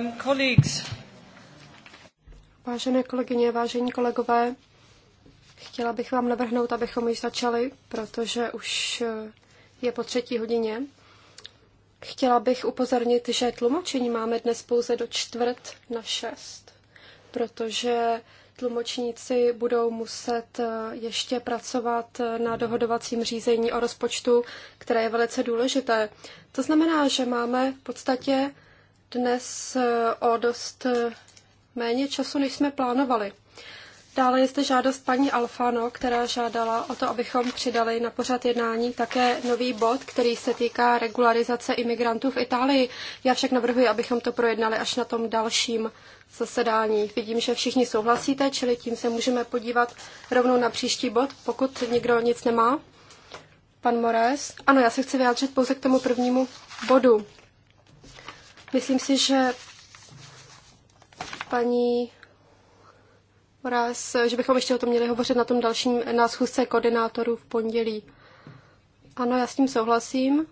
Um, colleagues. Vážené kolegyně, vážení kolegové, chtěla bych vám navrhnout, abychom již začali, protože už eh, je po třetí hodině. Chtěla bych upozornit, že tlumočení máme dnes pouze do čtvrt na šest, protože tlumočníci budou muset eh, ještě pracovat eh, na dohodovacím řízení o rozpočtu, které je velice důležité. To znamená, že máme v podstatě dnes eh, o dost eh, méně času, než jsme plánovali. Dále je zde žádost paní Alfano, která žádala o to, abychom přidali na pořad jednání také nový bod, který se týká regularizace imigrantů v Itálii. Já však navrhuji, abychom to projednali až na tom dalším zasedání. Vidím, že všichni souhlasíte, čili tím se můžeme podívat rovnou na příští bod, pokud nikdo nic nemá. Pan Mores. Ano, já se chci vyjádřit pouze k tomu prvnímu bodu. Myslím si, že paní Moraz, že bychom ještě o tom měli hovořit na tom dalším, na schůzce koordinátorů v pondělí. Ano, já s tím souhlasím.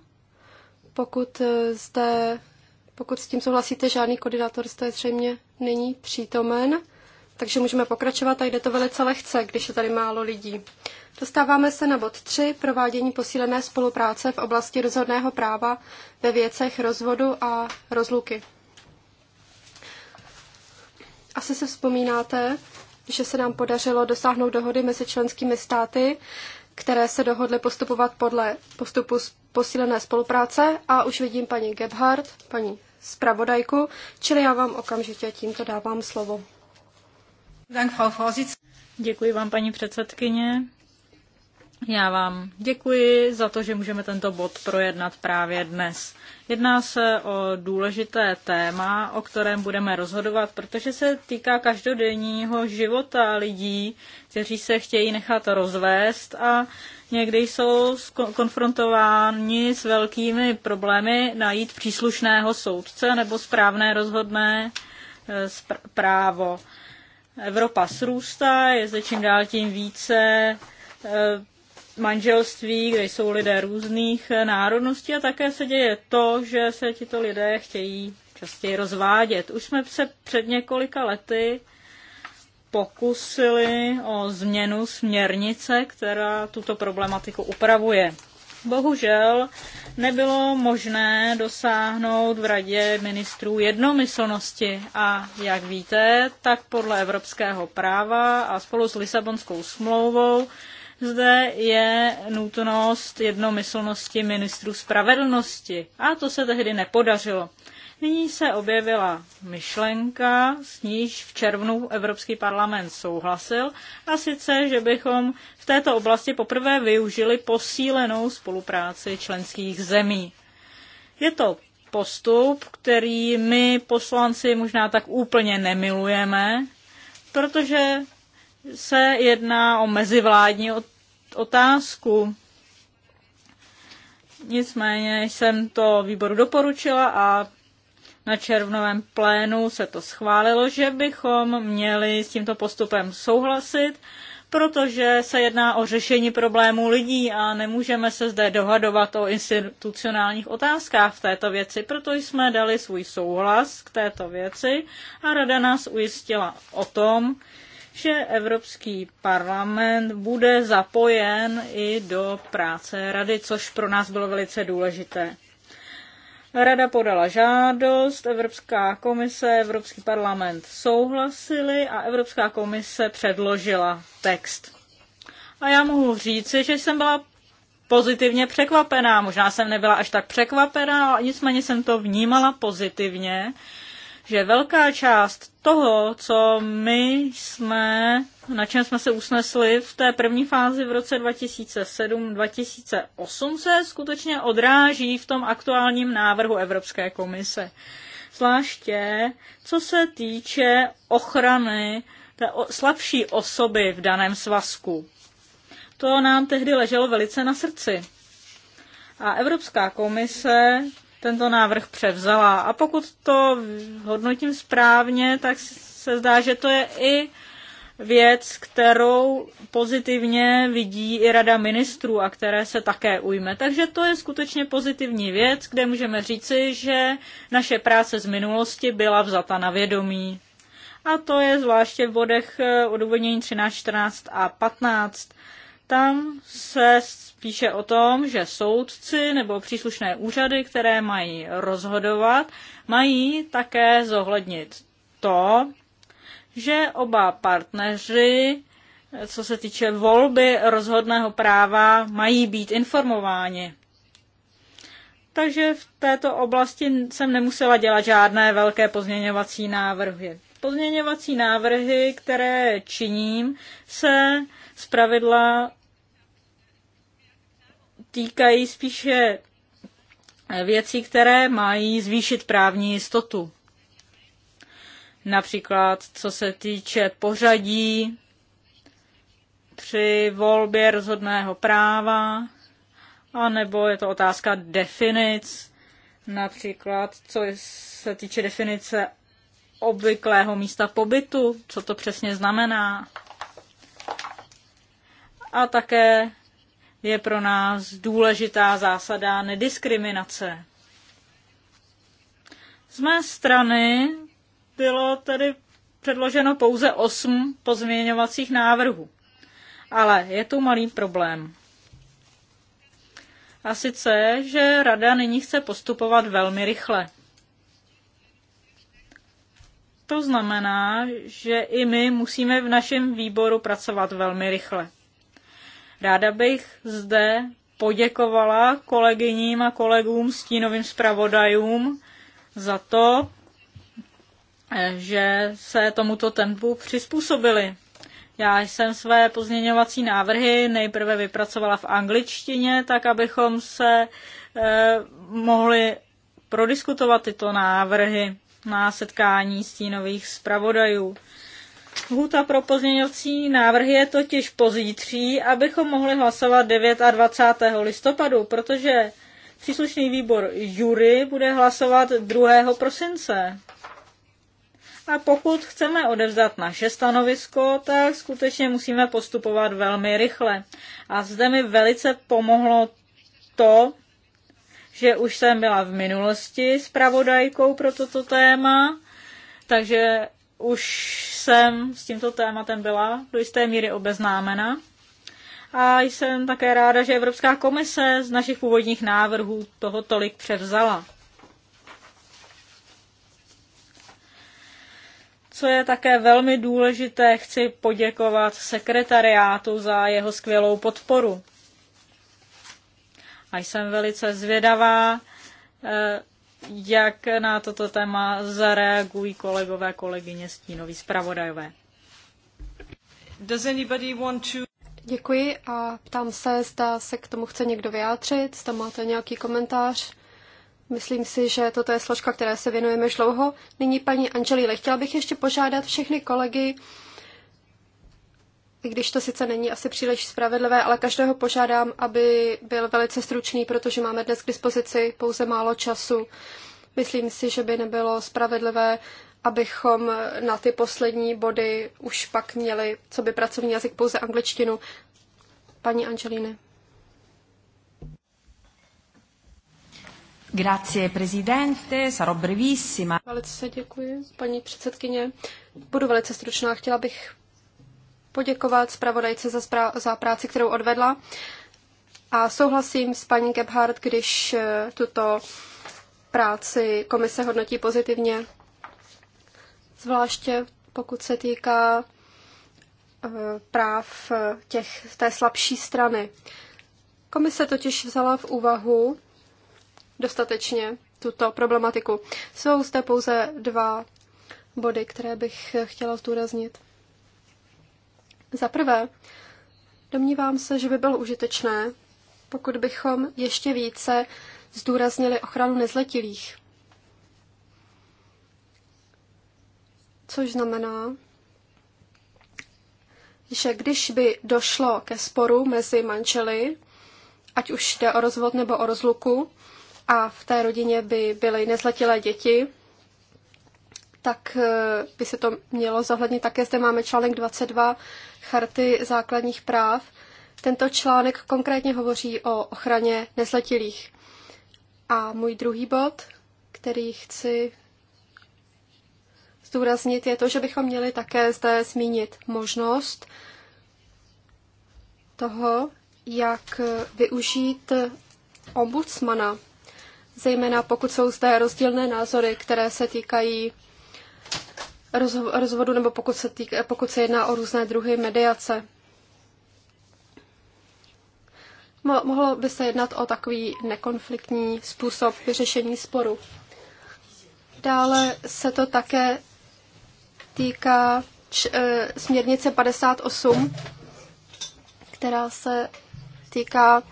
Pokud eh, zde, pokud s tím souhlasíte, žádný koordinátor zde zřejmě není přítomen, takže můžeme pokračovat a jde to velice lehce, když je tady málo lidí. Dostáváme se na bod 3, provádění posílené spolupráce v oblasti rozhodného práva ve věcech rozvodu a rozluky. Asi se vzpomínáte, že se nám podařilo dosáhnout dohody mezi členskými státy, které se dohodly postupovat podle postupu posílené spolupráce a už vidím paní Gebhardt, paní zpravodajku, čili já vám okamžitě tímto dávám slovo. Děkuji vám, paní předsedkyně. Já vám děkuji za to, že můžeme tento bod projednat právě dnes. Jedná se o důležité téma, o kterém budeme rozhodovat, protože se týká každodenního života lidí, kteří se chtějí nechat rozvést a někdy jsou konfrontováni s velkými problémy najít příslušného soudce nebo správné rozhodné eh, právo. Evropa srůstá, je zde čím dál tím více eh, manželství, kde jsou lidé různých eh, národností a také se děje to, že se tito lidé chtějí častěji rozvádět. Už jsme se před několika lety pokusili o změnu směrnice, která tuto problematiku upravuje. Bohužel nebylo možné dosáhnout v radě ministrů jednomyslnosti a jak víte, tak podle evropského práva a spolu s Lisabonskou smlouvou zde je nutnost jednomyslnosti ministrů spravedlnosti a to se tehdy nepodařilo. Nyní se objevila myšlenka, s níž v červnu Evropský parlament souhlasil, a sice, že bychom v této oblasti poprvé využili posílenou spolupráci členských zemí. Je to postup, který my poslanci možná tak úplně nemilujeme, protože se jedná o mezivládní otázku. Nicméně jsem to výboru doporučila a na červnovém plénu se to schválilo, že bychom měli s tímto postupem souhlasit, protože se jedná o řešení problémů lidí a nemůžeme se zde dohadovat o institucionálních otázkách v této věci, proto jsme dali svůj souhlas k této věci a rada nás ujistila o tom, že Evropský parlament bude zapojen i do práce rady, což pro nás bylo velice důležité. Rada podala žádost, Evropská komise, Evropský parlament souhlasili a Evropská komise předložila text. A já mohu říci, že jsem byla pozitivně překvapená. Možná jsem nebyla až tak překvapená, ale nicméně jsem to vnímala pozitivně, že velká část toho, co my jsme, na čem jsme se usnesli v té první fázi v roce 2007-2008, se skutečně odráží v tom aktuálním návrhu Evropské komise. Zvláště co se týče ochrany té slabší osoby v daném svazku. To nám tehdy leželo velice na srdci. A Evropská komise tento návrh převzala. A pokud to hodnotím správně, tak se zdá, že to je i věc, kterou pozitivně vidí i Rada ministrů a které se také ujme. Takže to je skutečně pozitivní věc, kde můžeme říci, že naše práce z minulosti byla vzata na vědomí. A to je zvláště v bodech eh, odůvodnění 13, 14 a 15. Tam se Píše o tom, že soudci nebo příslušné úřady, které mají rozhodovat, mají také zohlednit to, že oba partneři, co se týče volby rozhodného práva, mají být informováni. Takže v této oblasti jsem nemusela dělat žádné velké pozměňovací návrhy. Pozměňovací návrhy, které činím, se zpravidla týkají spíše věcí, které mají zvýšit právní jistotu. Například co se týče pořadí při volbě rozhodného práva, anebo je to otázka definic, například co se týče definice obvyklého místa pobytu, co to přesně znamená. A také je pro nás důležitá zásada nediskriminace. Z mé strany bylo tedy předloženo pouze osm pozměňovacích návrhů. Ale je tu malý problém. A sice, že rada nyní chce postupovat velmi rychle. To znamená, že i my musíme v našem výboru pracovat velmi rychle. Ráda bych zde poděkovala kolegyním a kolegům stínovým zpravodajům za to, že se tomuto tempu přizpůsobili. Já jsem své pozměňovací návrhy nejprve vypracovala v angličtině, tak abychom se eh, mohli prodiskutovat tyto návrhy na setkání stínových zpravodajů. Lhuta pro pozměňovací návrh je totiž pozítří, abychom mohli hlasovat 29. listopadu, protože příslušný výbor jury bude hlasovat 2. prosince. A pokud chceme odevzdat naše stanovisko, tak skutečně musíme postupovat velmi rychle. A zde mi velice pomohlo to, že už jsem byla v minulosti s pravodajkou pro toto téma, takže už jsem s tímto tématem byla do jisté míry obeznámena. A jsem také ráda, že Evropská komise z našich původních návrhů toho tolik převzala. Co je také velmi důležité, chci poděkovat sekretariátu za jeho skvělou podporu. A jsem velice zvědavá, eh, jak na toto téma zareagují kolegové, kolegyně, stínoví zpravodajové. Does anybody want to... Děkuji a ptám se, zda se k tomu chce někdo vyjádřit, zda máte nějaký komentář. Myslím si, že toto je složka, které se věnujeme dlouho. Nyní paní Angelile, chtěla bych ještě požádat všechny kolegy, když to sice není asi příliš spravedlivé, ale každého požádám, aby byl velice stručný, protože máme dnes k dispozici pouze málo času. Myslím si, že by nebylo spravedlivé, abychom na ty poslední body už pak měli, co by pracovní jazyk, pouze angličtinu. Paní Angelíny. Grazie, prezidente, sarò brevissima. Velice děkuji, paní předsedkyně. Budu velice stručná, chtěla bych poděkovat zpravodajce za, za práci, kterou odvedla. A souhlasím s paní Gebhardt, když eh, tuto práci komise hodnotí pozitivně, zvláště pokud se týká eh, práv eh, těch, té slabší strany. Komise totiž vzala v úvahu dostatečně tuto problematiku. Jsou zde pouze dva body, které bych chtěla zdůraznit. Za prvé, domnívám se, že by bylo užitečné, pokud bychom ještě více zdůraznili ochranu nezletilých. Což znamená, že když by došlo ke sporu mezi manželi, ať už jde o rozvod nebo o rozluku, a v té rodině by byly nezletilé děti, tak eh, by se to mělo zohlednit. Také zde máme článek 22 Charty základních práv. Tento článek konkrétně hovoří o ochraně nezletilých. A můj druhý bod, který chci zdůraznit, je to, že bychom měli také zde zmínit možnost toho, jak využít ombudsmana, zejména pokud jsou zde rozdílné názory, které se týkají rozvodu nebo pokud se, týk, pokud se jedná o různé druhy mediace. Mohlo by se jednat o takový nekonfliktní způsob vyřešení sporu. Dále se to také týká č, e, směrnice 58, která se týká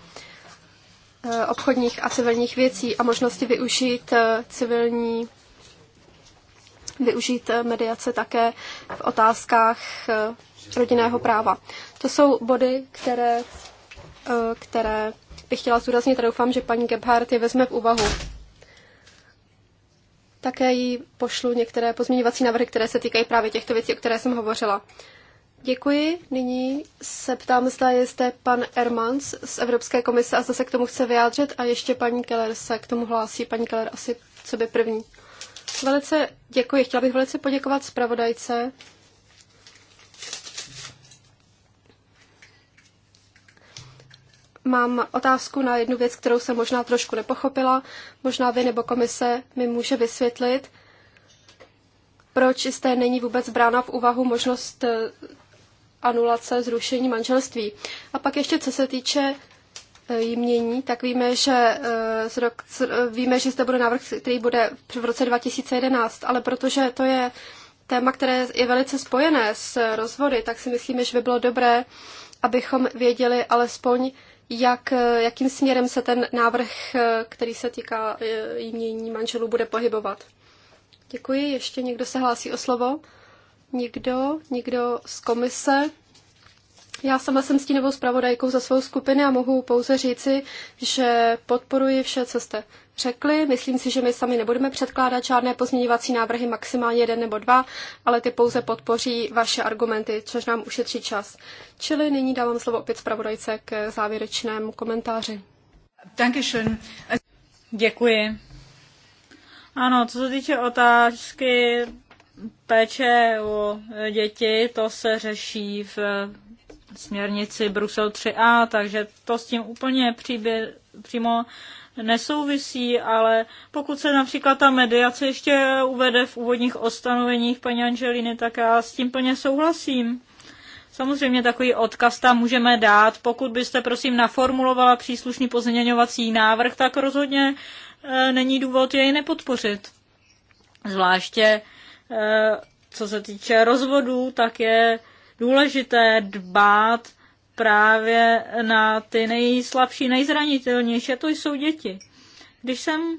e, obchodních a civilních věcí a možnosti využít e, civilní využít eh, mediace také v otázkách eh, rodinného práva. To jsou body, které, eh, které bych chtěla zúraznit a doufám, že paní Gebhardt je vezme v úvahu. Také jí pošlu některé pozměňovací návrhy, které se týkají právě těchto věcí, o které jsem hovořila. Děkuji. Nyní se ptám, zda je zde pan Ermans z Evropské komise a zase k tomu chce vyjádřit a ještě paní Keller se k tomu hlásí. Paní Keller asi co by první. Velice děkuji. Chtěla bych velice poděkovat zpravodajce. Mám otázku na jednu věc, kterou jsem možná trošku nepochopila. Možná vy nebo komise mi může vysvětlit, proč jste není vůbec brána v úvahu možnost eh, anulace, zrušení manželství. A pak ještě, co se týče ji mění, tak víme, že, eh, z rok, eh, víme, že zde bude návrh, který bude v roce 2011, ale protože to je téma, které je velice spojené s rozvody, tak si myslíme, že by bylo dobré, abychom věděli alespoň, jak, eh, jakým směrem se ten návrh, který se týká jmění manželů, bude pohybovat. Děkuji. Ještě někdo se hlásí o slovo? Nikdo? Nikdo z komise? Já sama jsem stínovou zpravodajkou za svou skupinu a mohu pouze říci, že podporuji vše, co jste řekli. Myslím si, že my sami nebudeme předkládat žádné pozměňovací návrhy, maximálně jeden nebo dva, ale ty pouze podpoří vaše argumenty, což nám ušetří čas. Čili nyní dávám slovo opět zpravodajce k závěrečnému komentáři. Děkuji. Ano, co se týče otázky péče o děti, to se řeší v směrnici Brusel 3a, takže to s tím úplně příbě, přímo nesouvisí, ale pokud se například ta mediace ještě uvede v úvodních ostanoveních paní Angeliny, tak já s tím plně souhlasím. Samozřejmě takový odkaz tam můžeme dát. Pokud byste prosím naformulovala příslušný pozměňovací návrh, tak rozhodně e, není důvod jej nepodpořit. Zvláště e, co se týče rozvodů, tak je důležité dbát právě na ty nejslabší, nejzranitelnější, a to jsou děti. Když jsem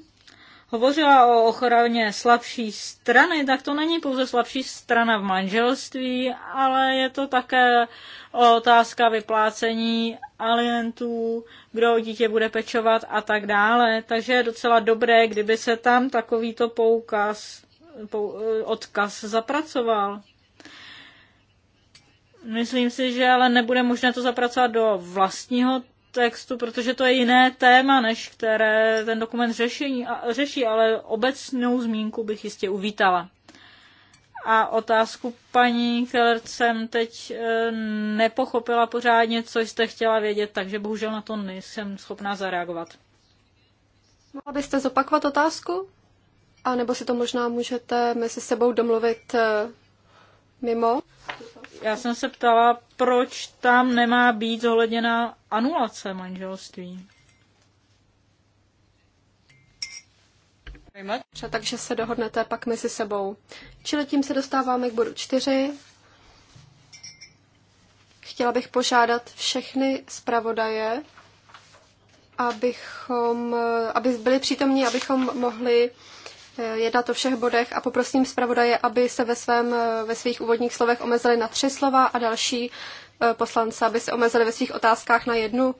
hovořila o ochraně slabší strany, tak to není pouze slabší strana v manželství, ale je to také otázka vyplácení alientů, kdo o dítě bude pečovat a tak dále. Takže je docela dobré, kdyby se tam takovýto poukaz, odkaz zapracoval. Myslím si, že ale nebude možné to zapracovat do vlastního textu, protože to je jiné téma, než které ten dokument řeší, a, řeší, ale obecnou zmínku bych jistě uvítala. A otázku paní Keller jsem teď e, nepochopila pořádně, co jste chtěla vědět, takže bohužel na to nejsem schopná zareagovat. Mohla byste zopakovat otázku? A nebo si to možná můžete mezi sebou domluvit e, mimo? já jsem se ptala, proč tam nemá být zohledněna anulace manželství. Takže se dohodnete pak mezi sebou. Čili tím se dostáváme k bodu čtyři. Chtěla bych požádat všechny zpravodaje, abychom, aby byli přítomní, abychom mohli jednat o všech bodech a poprosím zpravodaje, aby se ve, svém, ve svých úvodních slovech omezili na tři slova a další e, poslance, aby se omezili ve svých otázkách na jednu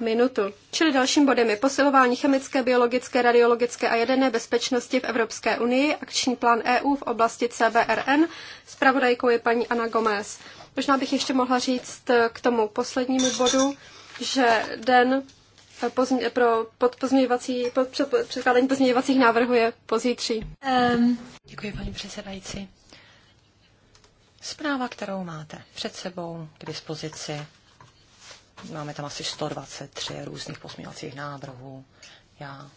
minutu. Čili dalším bodem je posilování chemické, biologické, radiologické a jedené bezpečnosti v Evropské unii, akční plán EU v oblasti CBRN. Spravodajkou je paní Ana Gomez. Možná bych ještě mohla říct k tomu poslednímu bodu, že den pozmě, pro pod pozměňovací, pod před, předkládání pozměňovacích návrhů je pozítří. Um. Děkuji, paní předsedající. Zpráva, kterou máte před sebou k dispozici, máme tam asi 123 různých pozměňovacích návrhů. Já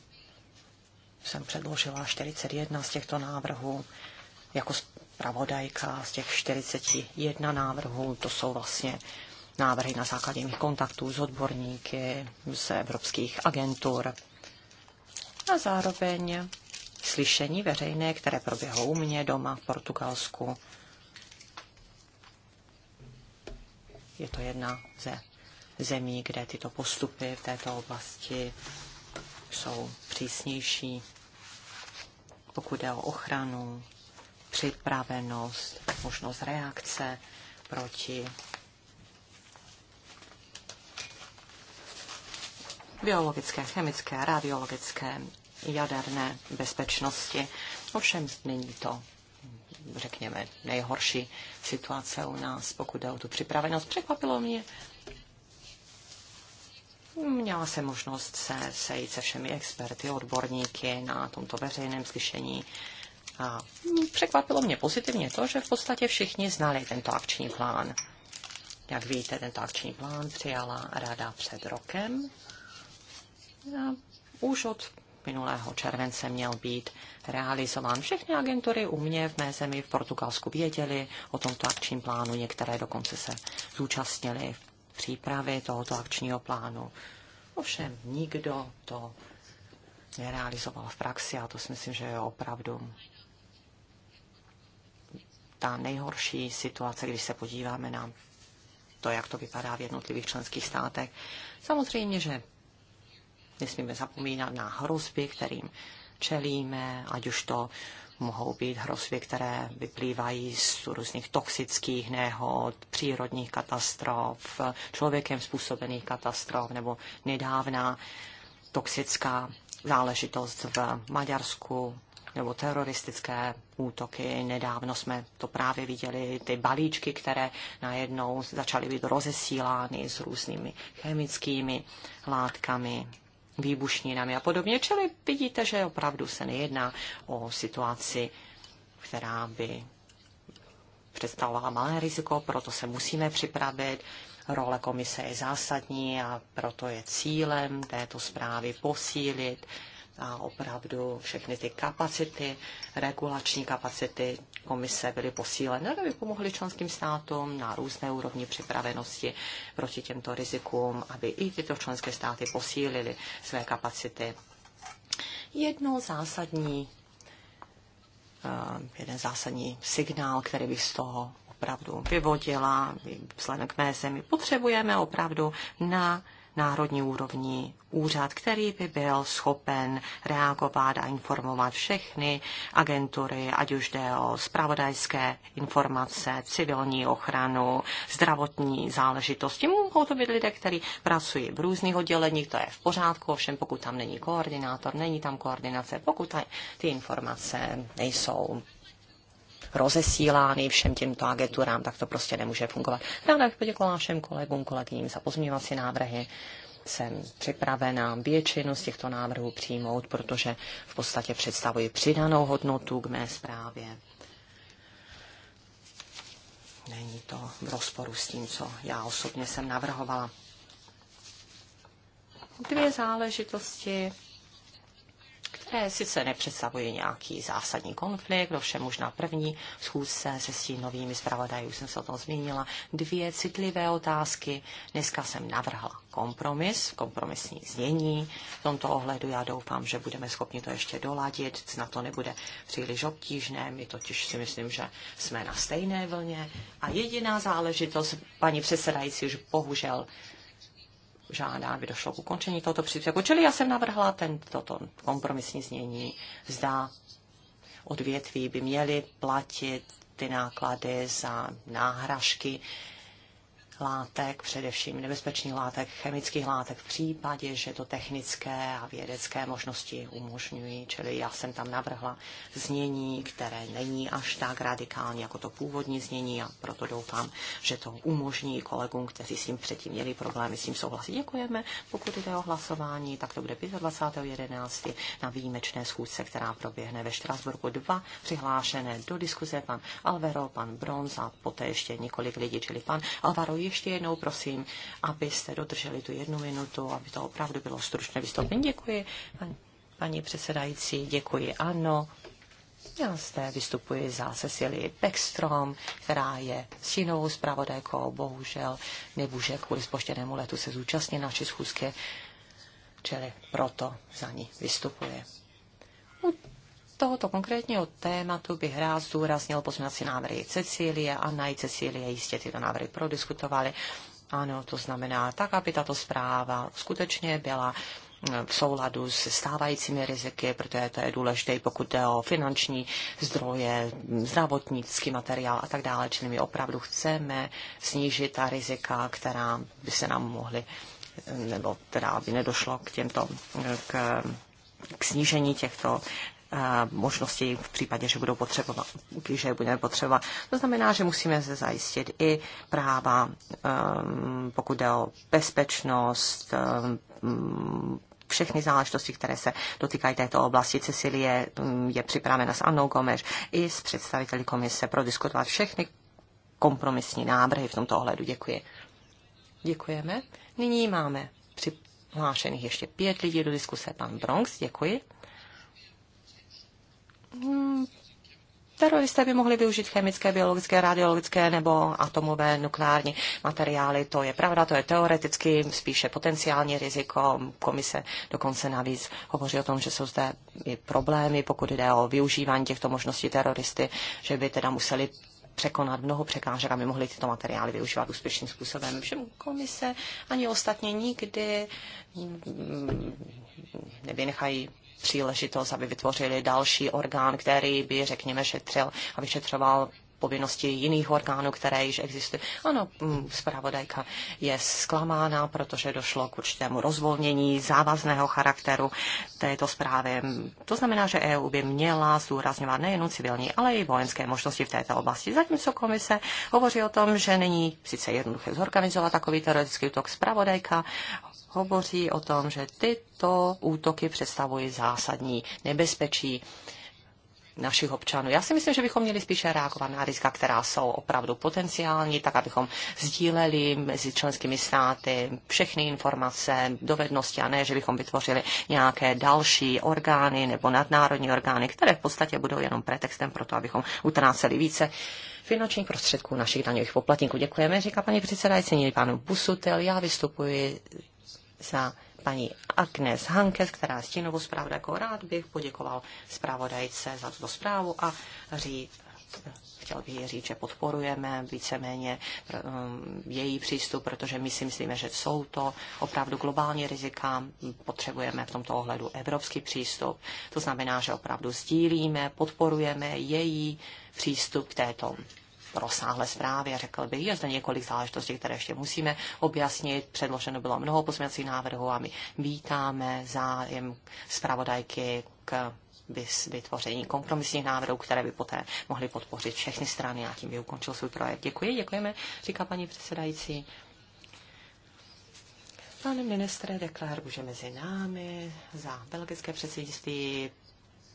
jsem předložila 41 z těchto návrhů jako zpravodajka z těch 41 návrhů. To jsou vlastně návrhy na základě mých kontaktů s odborníky, z evropských agentur a zároveň slyšení veřejné, které proběhlo u mě doma v Portugalsku. Je to jedna ze zemí, kde tyto postupy v této oblasti jsou přísnější, pokud jde o ochranu, připravenost, možnost reakce proti biologické, chemické, radiologické, jaderné bezpečnosti. Ovšem není to řekněme, nejhorší situace u nás, pokud jde o tu připravenost. Překvapilo mě, Měla jsem možnost se sejít se všemi experty, odborníky na tomto veřejném slyšení. A překvapilo mě pozitivně to, že v podstatě všichni znali tento akční plán. Jak víte, tento akční plán přijala rada před rokem už od minulého července měl být realizován. Všechny agentury u mě v mé zemi v Portugalsku věděly o tomto akčním plánu, některé dokonce se zúčastnily v přípravě tohoto akčního plánu. Ovšem nikdo to nerealizoval v praxi a to si myslím, že je opravdu ta nejhorší situace, když se podíváme na to, jak to vypadá v jednotlivých členských státech. Samozřejmě, že Nesmíme zapomínat na hrozby, kterým čelíme, ať už to mohou být hrozby, které vyplývají z různých toxických nehod, přírodních katastrof, člověkem způsobených katastrof nebo nedávná toxická záležitost v Maďarsku nebo teroristické útoky. Nedávno jsme to právě viděli, ty balíčky, které najednou začaly být rozesílány s různými chemickými látkami, výbušninami a podobně. Čili vidíte, že opravdu se nejedná o situaci, která by představovala malé riziko, proto se musíme připravit. Role komise je zásadní a proto je cílem této zprávy posílit a opravdu všechny ty kapacity, regulační kapacity komise byly posíleny, aby pomohly členským státům na různé úrovni připravenosti proti těmto rizikům, aby i tyto členské státy posílily své kapacity. Jedno zásadní, eh, jeden zásadní signál, který bych z toho opravdu vyvodila, vzhledem k mé zemi, potřebujeme opravdu na národní úrovni úřad, který by byl schopen reagovat a informovat všechny agentury, ať už jde o spravodajské informace, civilní ochranu, zdravotní záležitosti. Mohou to být lidé, kteří pracují v různých odděleních, to je v pořádku, ovšem pokud tam není koordinátor, není tam koordinace, pokud ty informace nejsou rozesílány všem těmto agenturám, tak to prostě nemůže fungovat. Ráda bych poděkovala všem kolegům, kolegyním za pozměňovací návrhy jsem připravena většinu z těchto návrhů přijmout, protože v podstatě představuji přidanou hodnotu k mé zprávě. Není to v rozporu s tím, co já osobně jsem navrhovala. Dvě záležitosti, které sice nepředstavuje nějaký zásadní konflikt, ovšem už na první schůzce se s novými zpravodaji, už jsem se o tom zmínila, dvě citlivé otázky. Dneska jsem navrhla kompromis, kompromisní znění. V tomto ohledu já doufám, že budeme schopni to ještě doladit, Na to nebude příliš obtížné, my totiž si myslím, že jsme na stejné vlně. A jediná záležitost, paní předsedající už bohužel žádá, aby došlo k ukončení tohoto příspěvku. Čili já jsem navrhla tento kompromisní znění. Zda odvětví by měly platit ty náklady za náhražky látek, především nebezpečných látek, chemických látek, v případě, že to technické a vědecké možnosti umožňují. Čili já jsem tam navrhla znění, které není až tak radikální jako to původní znění a proto doufám, že to umožní kolegům, kteří s tím předtím měli problémy, s tím souhlasí. Děkujeme. Pokud jde o hlasování, tak to bude 25.11. na výjimečné schůzce, která proběhne ve Štrasburku. Dva přihlášené do diskuze, pan Alvero, pan Bronz a poté ještě několik lidí, čili pan Alvaro ještě jednou prosím, abyste dodrželi tu jednu minutu, aby to opravdu bylo stručné vystoupení. Děkuji, paní předsedající, děkuji, ano. Já zde vystupuji za Cecily Beckstrom, která je synovou zpravodajkou, bohužel nebůže kvůli spoštěnému letu se zúčastnit naší schůzky, čili proto za ní vystupuje tohoto konkrétního tématu bych rád zdůraznil pozměnací návrhy Cecílie a na Cecílie jistě tyto návrhy prodiskutovali. Ano, to znamená tak, aby tato zpráva skutečně byla mm, v souladu s stávajícími riziky, protože to je důležité, pokud jde o finanční zdroje, zdravotnický materiál a tak dále. Čili my opravdu chceme snížit ta rizika, která by se nám mohly, mm, nebo která by nedošlo k těmto, k, k snížení těchto možnosti v případě, že, budou potřebovat, když je budeme potřebovat. To znamená, že musíme se zajistit i práva, ehm, pokud jde o bezpečnost, ehm, všechny záležitosti, které se dotýkají této oblasti. Cecilie ehm, je připravena s Annou Gomeš i s představiteli komise prodiskutovat všechny kompromisní návrhy v tomto ohledu. Děkuji. Děkujeme. Nyní máme přihlášených ještě pět lidí do diskuse. Pan Bronx, děkuji hmm, teroristé by mohli využít chemické, biologické, radiologické nebo atomové nukleární materiály. To je pravda, to je teoreticky spíše potenciální riziko. Komise dokonce navíc hovoří o tom, že jsou zde i problémy, pokud jde o využívání těchto možností teroristy, že by teda museli překonat mnoho překážek, aby mohli tyto materiály využívat úspěšným způsobem. Všem komise ani ostatně nikdy hmm, nevynechají příležitost, aby vytvořili další orgán, který by, řekněme, šetřil a vyšetřoval povinnosti jiných orgánů, které již existují. Ano, mm, zpravodajka je zklamána, protože došlo k určitému rozvolnění závazného charakteru této zprávy. To znamená, že EU by měla zdůrazňovat nejen civilní, ale i vojenské možnosti v této oblasti. Zatímco komise hovoří o tom, že není sice jednoduché zorganizovat takový teroristický útok, zpravodajka hovoří o tom, že tyto útoky představují zásadní nebezpečí našich občanů. Já si myslím, že bychom měli spíše reagovat na rizika, která jsou opravdu potenciální, tak abychom sdíleli mezi členskými státy všechny informace, dovednosti a ne, že bychom vytvořili nějaké další orgány nebo nadnárodní orgány, které v podstatě budou jenom pretextem pro to, abychom utráceli více finančních prostředků našich daňových poplatníků. Děkujeme, říká paní předsedající, milí panu Busutel. Já vystupuji za paní Agnes Hankes, která je zprávu, jako Rád bych poděkoval zpravodajce za tuto zprávu a říct, chtěl bych říct, že podporujeme víceméně um, její přístup, protože my si myslíme, že jsou to opravdu globální rizika. Potřebujeme v tomto ohledu evropský přístup. To znamená, že opravdu sdílíme, podporujeme její přístup k této rozsáhlé a řekl bych. Je zde několik záležitostí, které ještě musíme objasnit. Předloženo bylo mnoho pozměňovacích návrhů a my vítáme zájem zpravodajky k vytvoření kompromisních návrhů, které by poté mohly podpořit všechny strany a tím by ukončil svůj projekt. Děkuji, děkujeme, říká paní předsedající. Pane ministře, Deklar už mezi námi za belgické předsednictví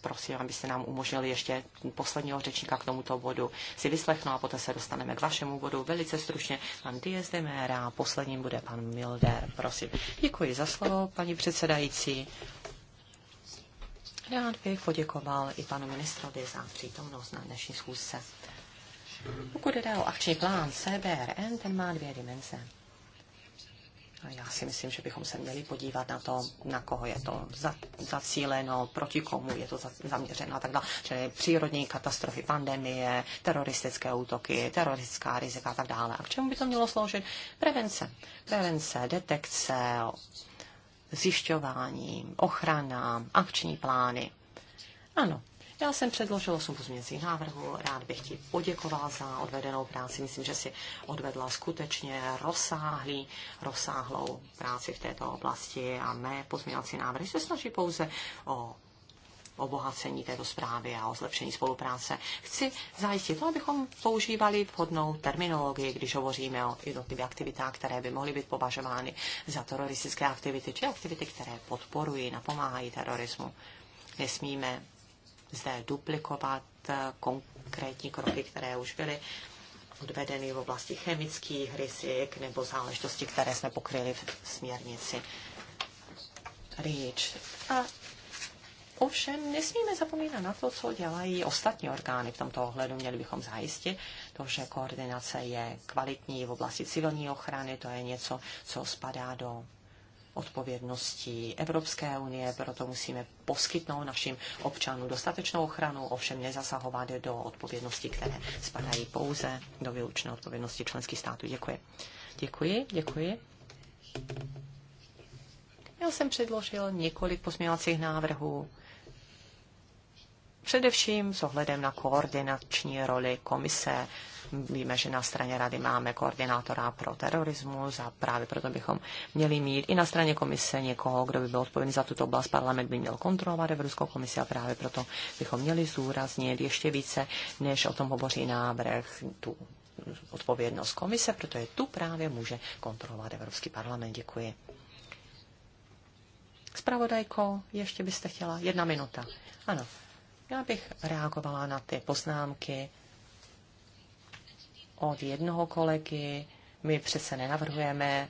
prosím, abyste nám umožnili ještě posledního řečníka k tomuto bodu si vyslechnout a poté se dostaneme k vašemu bodu. Velice stručně pan Diaz de Mera, posledním bude pan Milder, prosím. Děkuji za slovo, paní předsedající. Rád bych poděkoval i panu ministrovi za přítomnost na dnešní schůzce. Pokud jde o akční plán CBRN, ten má dvě dimenze. A já si myslím, že bychom se měli podívat na to, na koho je to zacíleno, proti komu je to zaměřeno a tak dále. Čili přírodní katastrofy, pandemie, teroristické útoky, teroristická rizika a tak dále. A k čemu by to mělo sloužit? Prevence. Prevence, detekce, zjišťování, ochrana, akční plány. Ano, já jsem předložil 8 pozměňovacích návrhů, rád bych ti poděkoval za odvedenou práci. Myslím, že si odvedla skutečně rozsáhlý, rozsáhlou práci v této oblasti a mé pozměňovací návrhy se snaží pouze o obohacení této zprávy a o zlepšení spolupráce. Chci zajistit to, abychom používali vhodnou terminologii, když hovoříme o jednotlivých aktivitách, které by mohly být považovány za teroristické aktivity či aktivity, které podporují, napomáhají terorismu. Nesmíme zde duplikovat eh, konkrétní kroky, které už byly odvedeny v oblasti chemických rizik nebo záležitosti, které jsme pokryli v směrnici REACH. A Ovšem nesmíme zapomínat na to, co dělají ostatní orgány v tomto ohledu. Měli bychom zajistit to, že koordinace je kvalitní v oblasti civilní ochrany, to je něco, co spadá do odpovědností Evropské unie, proto musíme poskytnout našim občanům dostatečnou ochranu, ovšem nezasahovat do odpovědnosti, které spadají pouze do výlučné odpovědnosti členských států. Děkuji. Děkuji, děkuji. Já jsem předložil několik posměvacích návrhů Především s ohledem na koordinační roli komise. Víme, že na straně rady máme koordinátora pro terorismus a právě proto bychom měli mít i na straně komise někoho, kdo by byl odpovědný za tuto oblast. Parlament by měl kontrolovat Evropskou komisi a právě proto bychom měli zúraznit ještě více, než o tom hovoří návrh tu odpovědnost komise, protože tu právě může kontrolovat Evropský parlament. Děkuji. Spravodajko, ještě byste chtěla jedna minuta. Ano, já bych reagovala na ty poznámky od jednoho kolegy. My přece nenavrhujeme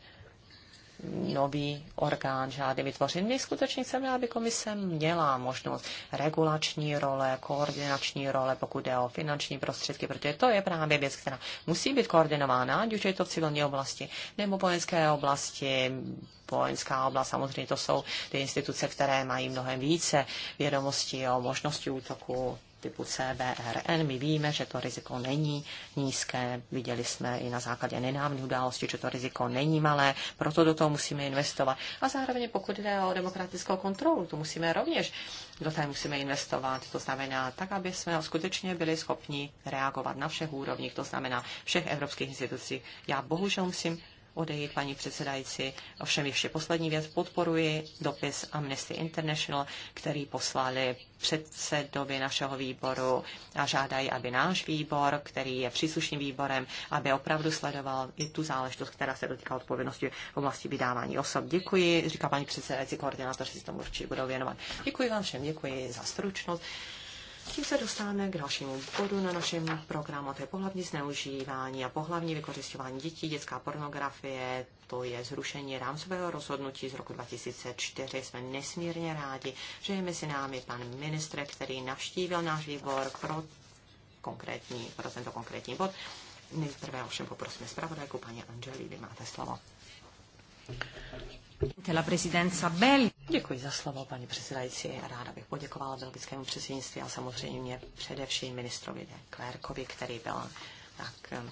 nový orgán žádný vytvořit. My skutečně chceme, aby komise měla možnost regulační role, koordinační role, pokud jde o finanční prostředky, protože to je právě věc, která musí být koordinována, ať už je to v civilní oblasti nebo vojenské oblasti, vojenská oblast, samozřejmě to jsou ty instituce, které mají mnohem více vědomostí o možnosti útoku, typu CBRN. My víme, že to riziko není nízké. Viděli jsme i na základě nedávných událostí, že to riziko není malé, proto do toho musíme investovat. A zároveň, pokud jde o demokratickou kontrolu, to musíme rovněž do té musíme investovat. To znamená tak, aby jsme skutečně byli schopni reagovat na všech úrovních, to znamená všech evropských institucí. Já bohužel musím odejít, paní předsedající. Ovšem ještě poslední věc. Podporuji dopis Amnesty International, který poslali předsedovi našeho výboru a žádají, aby náš výbor, který je příslušným výborem, aby opravdu sledoval i tu záležitost, která se dotýká odpovědnosti v oblasti vydávání osob. Děkuji, říká paní předsedající, koordinátor si tomu určitě budou věnovat. Děkuji vám všem, děkuji za stručnost. Tím se dostáváme k dalšímu bodu na našem programu, to je pohlavní zneužívání a pohlavní vykořišťování dětí, dětská pornografie, to je zrušení rámcového rozhodnutí z roku 2004. Jsme nesmírně rádi, že je mezi námi pan ministr, který navštívil náš výbor pro, konkrétní, pro tento konkrétní bod. Nejprve ovšem poprosíme zpravodajku paní vy máte slovo. Děkuji za slovo, paní předsedající. Ráda bych poděkovala belgickému předsednictví a samozřejmě především ministrovi Klérkovi, který byl tak eh,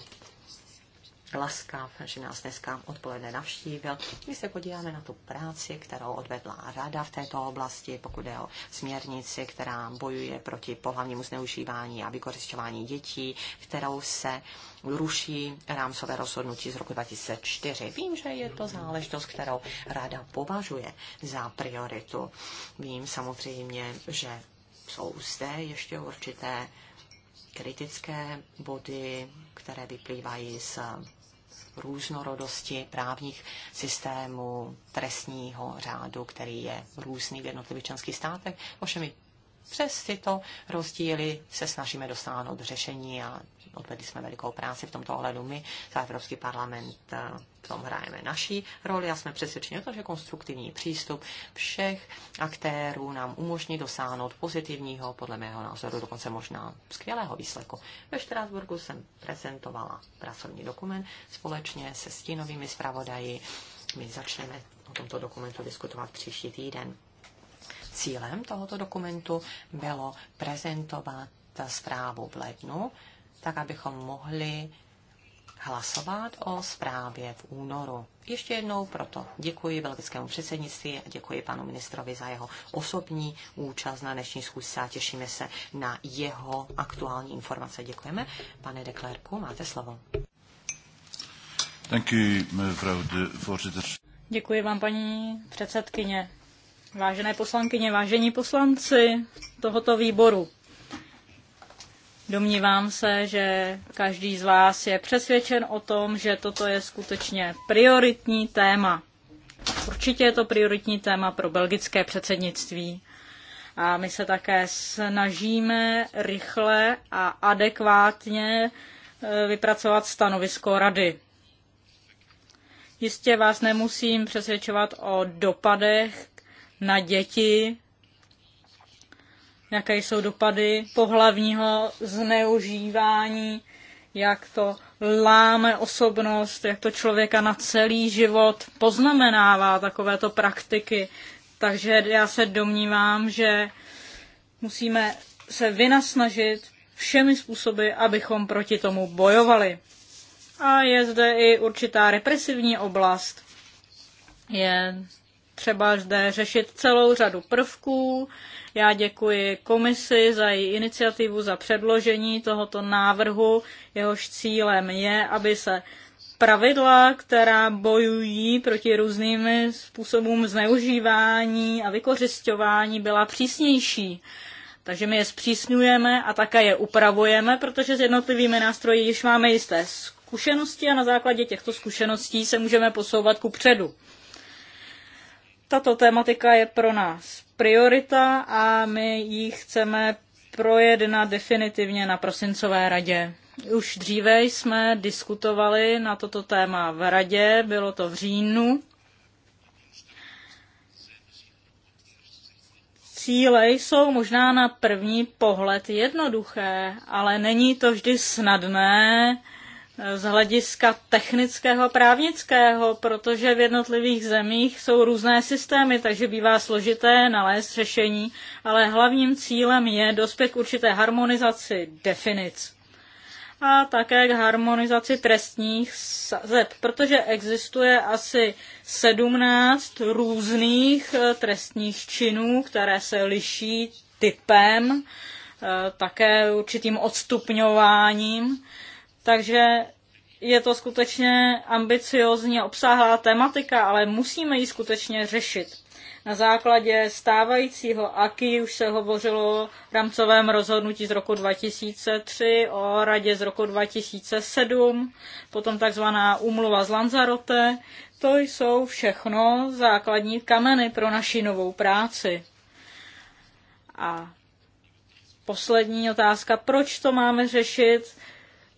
laskav, že nás dneska odpoledne navštívil. My se podíváme na tu práci, kterou odvedla rada v této oblasti, pokud je o směrnici, která bojuje proti pohlavnímu zneužívání a vykořišťování dětí, kterou se ruší rámcové rozhodnutí z roku 2004. Vím, že je to záležitost, kterou rada považuje za prioritu. Vím samozřejmě, že jsou zde ještě určité kritické body, které vyplývají z různorodosti právních systémů trestního řádu, který je různý v jednotlivých členských státech. Ovšem i přes tyto rozdíly se snažíme dosáhnout řešení a odvedli jsme velikou práci v tomto ohledu. My za Evropský parlament eh, v tom hrajeme naší roli a jsme přesvědčeni o tom, že konstruktivní přístup všech aktérů nám umožní dosáhnout pozitivního, podle mého názoru dokonce možná skvělého výsledku. Ve Štrásburgu jsem prezentovala pracovní dokument společně se stínovými zpravodaji. My začneme o tomto dokumentu diskutovat příští týden. Cílem tohoto dokumentu bylo prezentovat zprávu v lednu tak abychom mohli hlasovat o zprávě v únoru. Ještě jednou proto děkuji belgickému předsednictví a děkuji panu ministrovi za jeho osobní účast na dnešní schůzce a těšíme se na jeho aktuální informace. Děkujeme. Pane Deklerku, máte slovo. Eh, děkuji vám, paní předsedkyně. Vážené poslankyně, vážení poslanci tohoto výboru. Domnívám se, že každý z vás je přesvědčen o tom, že toto je skutečně prioritní téma. Určitě je to prioritní téma pro belgické předsednictví. A my se také snažíme rychle a adekvátně eh, vypracovat stanovisko rady. Jistě vás nemusím přesvědčovat o dopadech na děti jaké jsou dopady pohlavního zneužívání, jak to láme osobnost, jak to člověka na celý život poznamenává takovéto praktiky. Takže já se domnívám, že musíme se vynasnažit všemi způsoby, abychom proti tomu bojovali. A je zde i určitá represivní oblast. Je třeba zde řešit celou řadu prvků, já děkuji komisi za její iniciativu, za předložení tohoto návrhu. Jehož cílem je, aby se pravidla, která bojují proti různým způsobům zneužívání a vykořišťování, byla přísnější. Takže my je zpřísňujeme a také je upravujeme, protože s jednotlivými nástroji již máme jisté zkušenosti a na základě těchto zkušeností se můžeme posouvat ku předu. Tato tématika je pro nás priorita a my ji chceme projednat definitivně na prosincové radě. Už dříve jsme diskutovali na toto téma v radě, bylo to v říjnu. Cíle jsou možná na první pohled jednoduché, ale není to vždy snadné z hlediska technického a právnického, protože v jednotlivých zemích jsou různé systémy, takže bývá složité nalézt řešení, ale hlavním cílem je dospět k určité harmonizaci definic a také k harmonizaci trestních sazeb, protože existuje asi 17 různých eh, trestních činů, které se liší typem, eh, také určitým odstupňováním. Takže je to skutečně ambiciozní a obsáhlá tematika, ale musíme ji skutečně řešit. Na základě stávajícího AKI už se hovořilo v rámcovém rozhodnutí z roku 2003, o radě z roku 2007, potom takzvaná umluva z Lanzarote. To jsou všechno základní kameny pro naši novou práci. A poslední otázka, proč to máme řešit?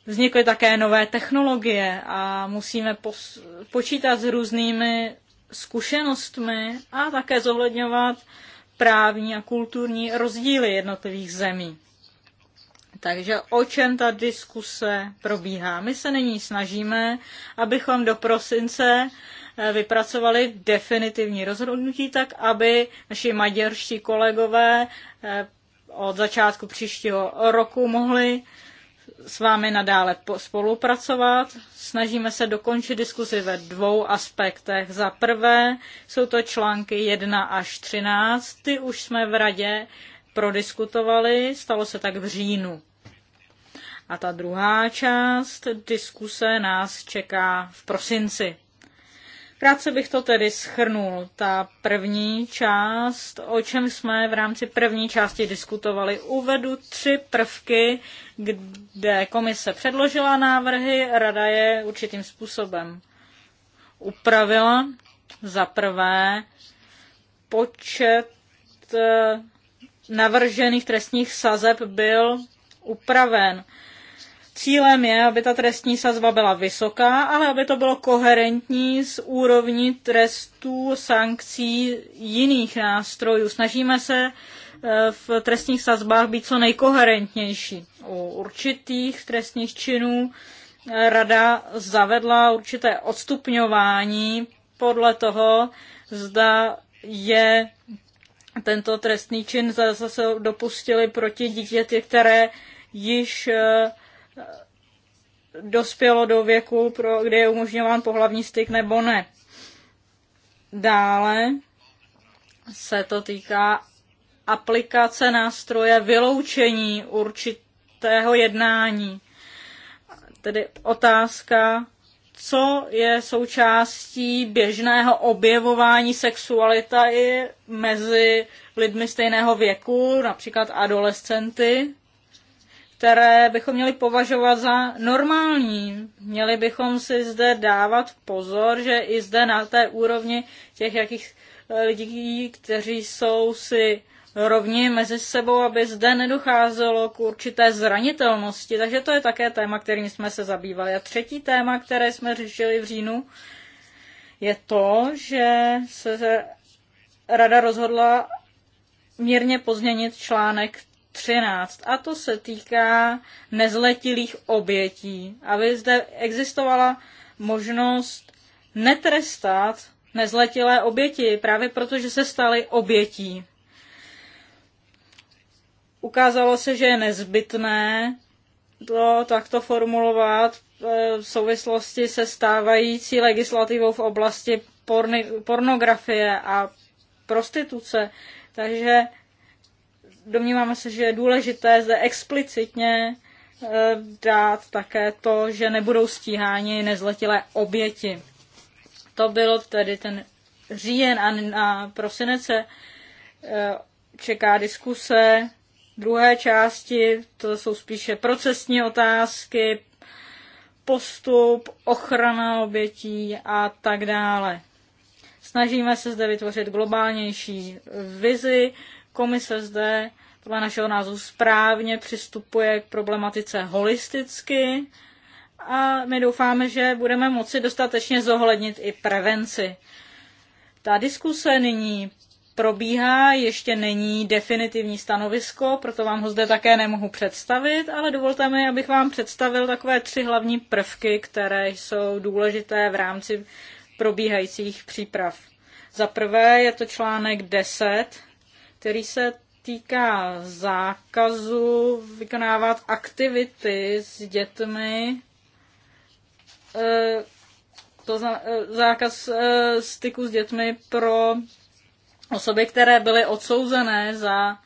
Vznikly také nové technologie a musíme počítat s různými zkušenostmi a také zohledňovat právní a kulturní rozdíly jednotlivých zemí. Takže o čem ta diskuse probíhá? My se nyní snažíme, abychom do prosince eh, vypracovali definitivní rozhodnutí tak, aby naši maďarští kolegové eh, od začátku příštího roku mohli s vámi nadále spolupracovat. Snažíme se dokončit diskuzi ve dvou aspektech. Za prvé jsou to články 1 až 13. Ty už jsme v radě prodiskutovali, stalo se tak v říjnu. A ta druhá část diskuse nás čeká v prosinci. Krátce bych to tedy schrnul. Ta první část, o čem jsme v rámci první části diskutovali, uvedu tři prvky, kde komise předložila návrhy, rada je určitým způsobem upravila. Za prvé, počet eh, navržených trestních sazeb byl upraven. Cílem je, aby ta trestní sazba byla vysoká, ale aby to bylo koherentní s úrovní trestů, sankcí, jiných nástrojů. Snažíme se eh, v trestních sazbách být co nejkoherentnější. U určitých trestních činů eh, rada zavedla určité odstupňování podle toho, zda je tento trestný čin zase dopustili proti dítěti, které již eh, dospělo do věku, pro, kde je umožňován pohlavní styk nebo ne. Dále se to týká aplikace nástroje vyloučení určitého jednání. Tedy otázka, co je součástí běžného objevování sexuality mezi lidmi stejného věku, například adolescenty, které bychom měli považovat za normální. Měli bychom si zde dávat pozor, že i zde na té úrovni těch jakých eh, lidí, kteří jsou si rovni mezi sebou, aby zde nedocházelo k určité zranitelnosti. Takže to je také téma, kterým jsme se zabývali. A třetí téma, které jsme řešili v říjnu, je to, že se rada rozhodla mírně pozměnit článek 13 a to se týká nezletilých obětí, aby zde existovala možnost netrestat nezletilé oběti, právě protože se staly obětí. Ukázalo se, že je nezbytné to takto formulovat e, v souvislosti se stávající legislativou v oblasti porny, pornografie a prostituce. Takže domníváme se, že je důležité zde explicitně eh, dát také to, že nebudou stíháni nezletilé oběti. To bylo tedy ten říjen a na prosinec se eh, čeká diskuse druhé části, to jsou spíše procesní otázky, postup, ochrana obětí a tak dále. Snažíme se zde vytvořit globálnější vizi, Komise zde podle našeho názvu správně přistupuje k problematice holisticky a my doufáme, že budeme moci dostatečně zohlednit i prevenci. Ta diskuse nyní probíhá, ještě není definitivní stanovisko, proto vám ho zde také nemohu představit, ale dovolte mi, abych vám představil takové tři hlavní prvky, které jsou důležité v rámci probíhajících příprav. Za prvé je to článek 10 který se týká zákazu vykonávat aktivity s dětmi, eh, to eh, zákaz eh, styku s dětmi pro osoby, které byly odsouzené za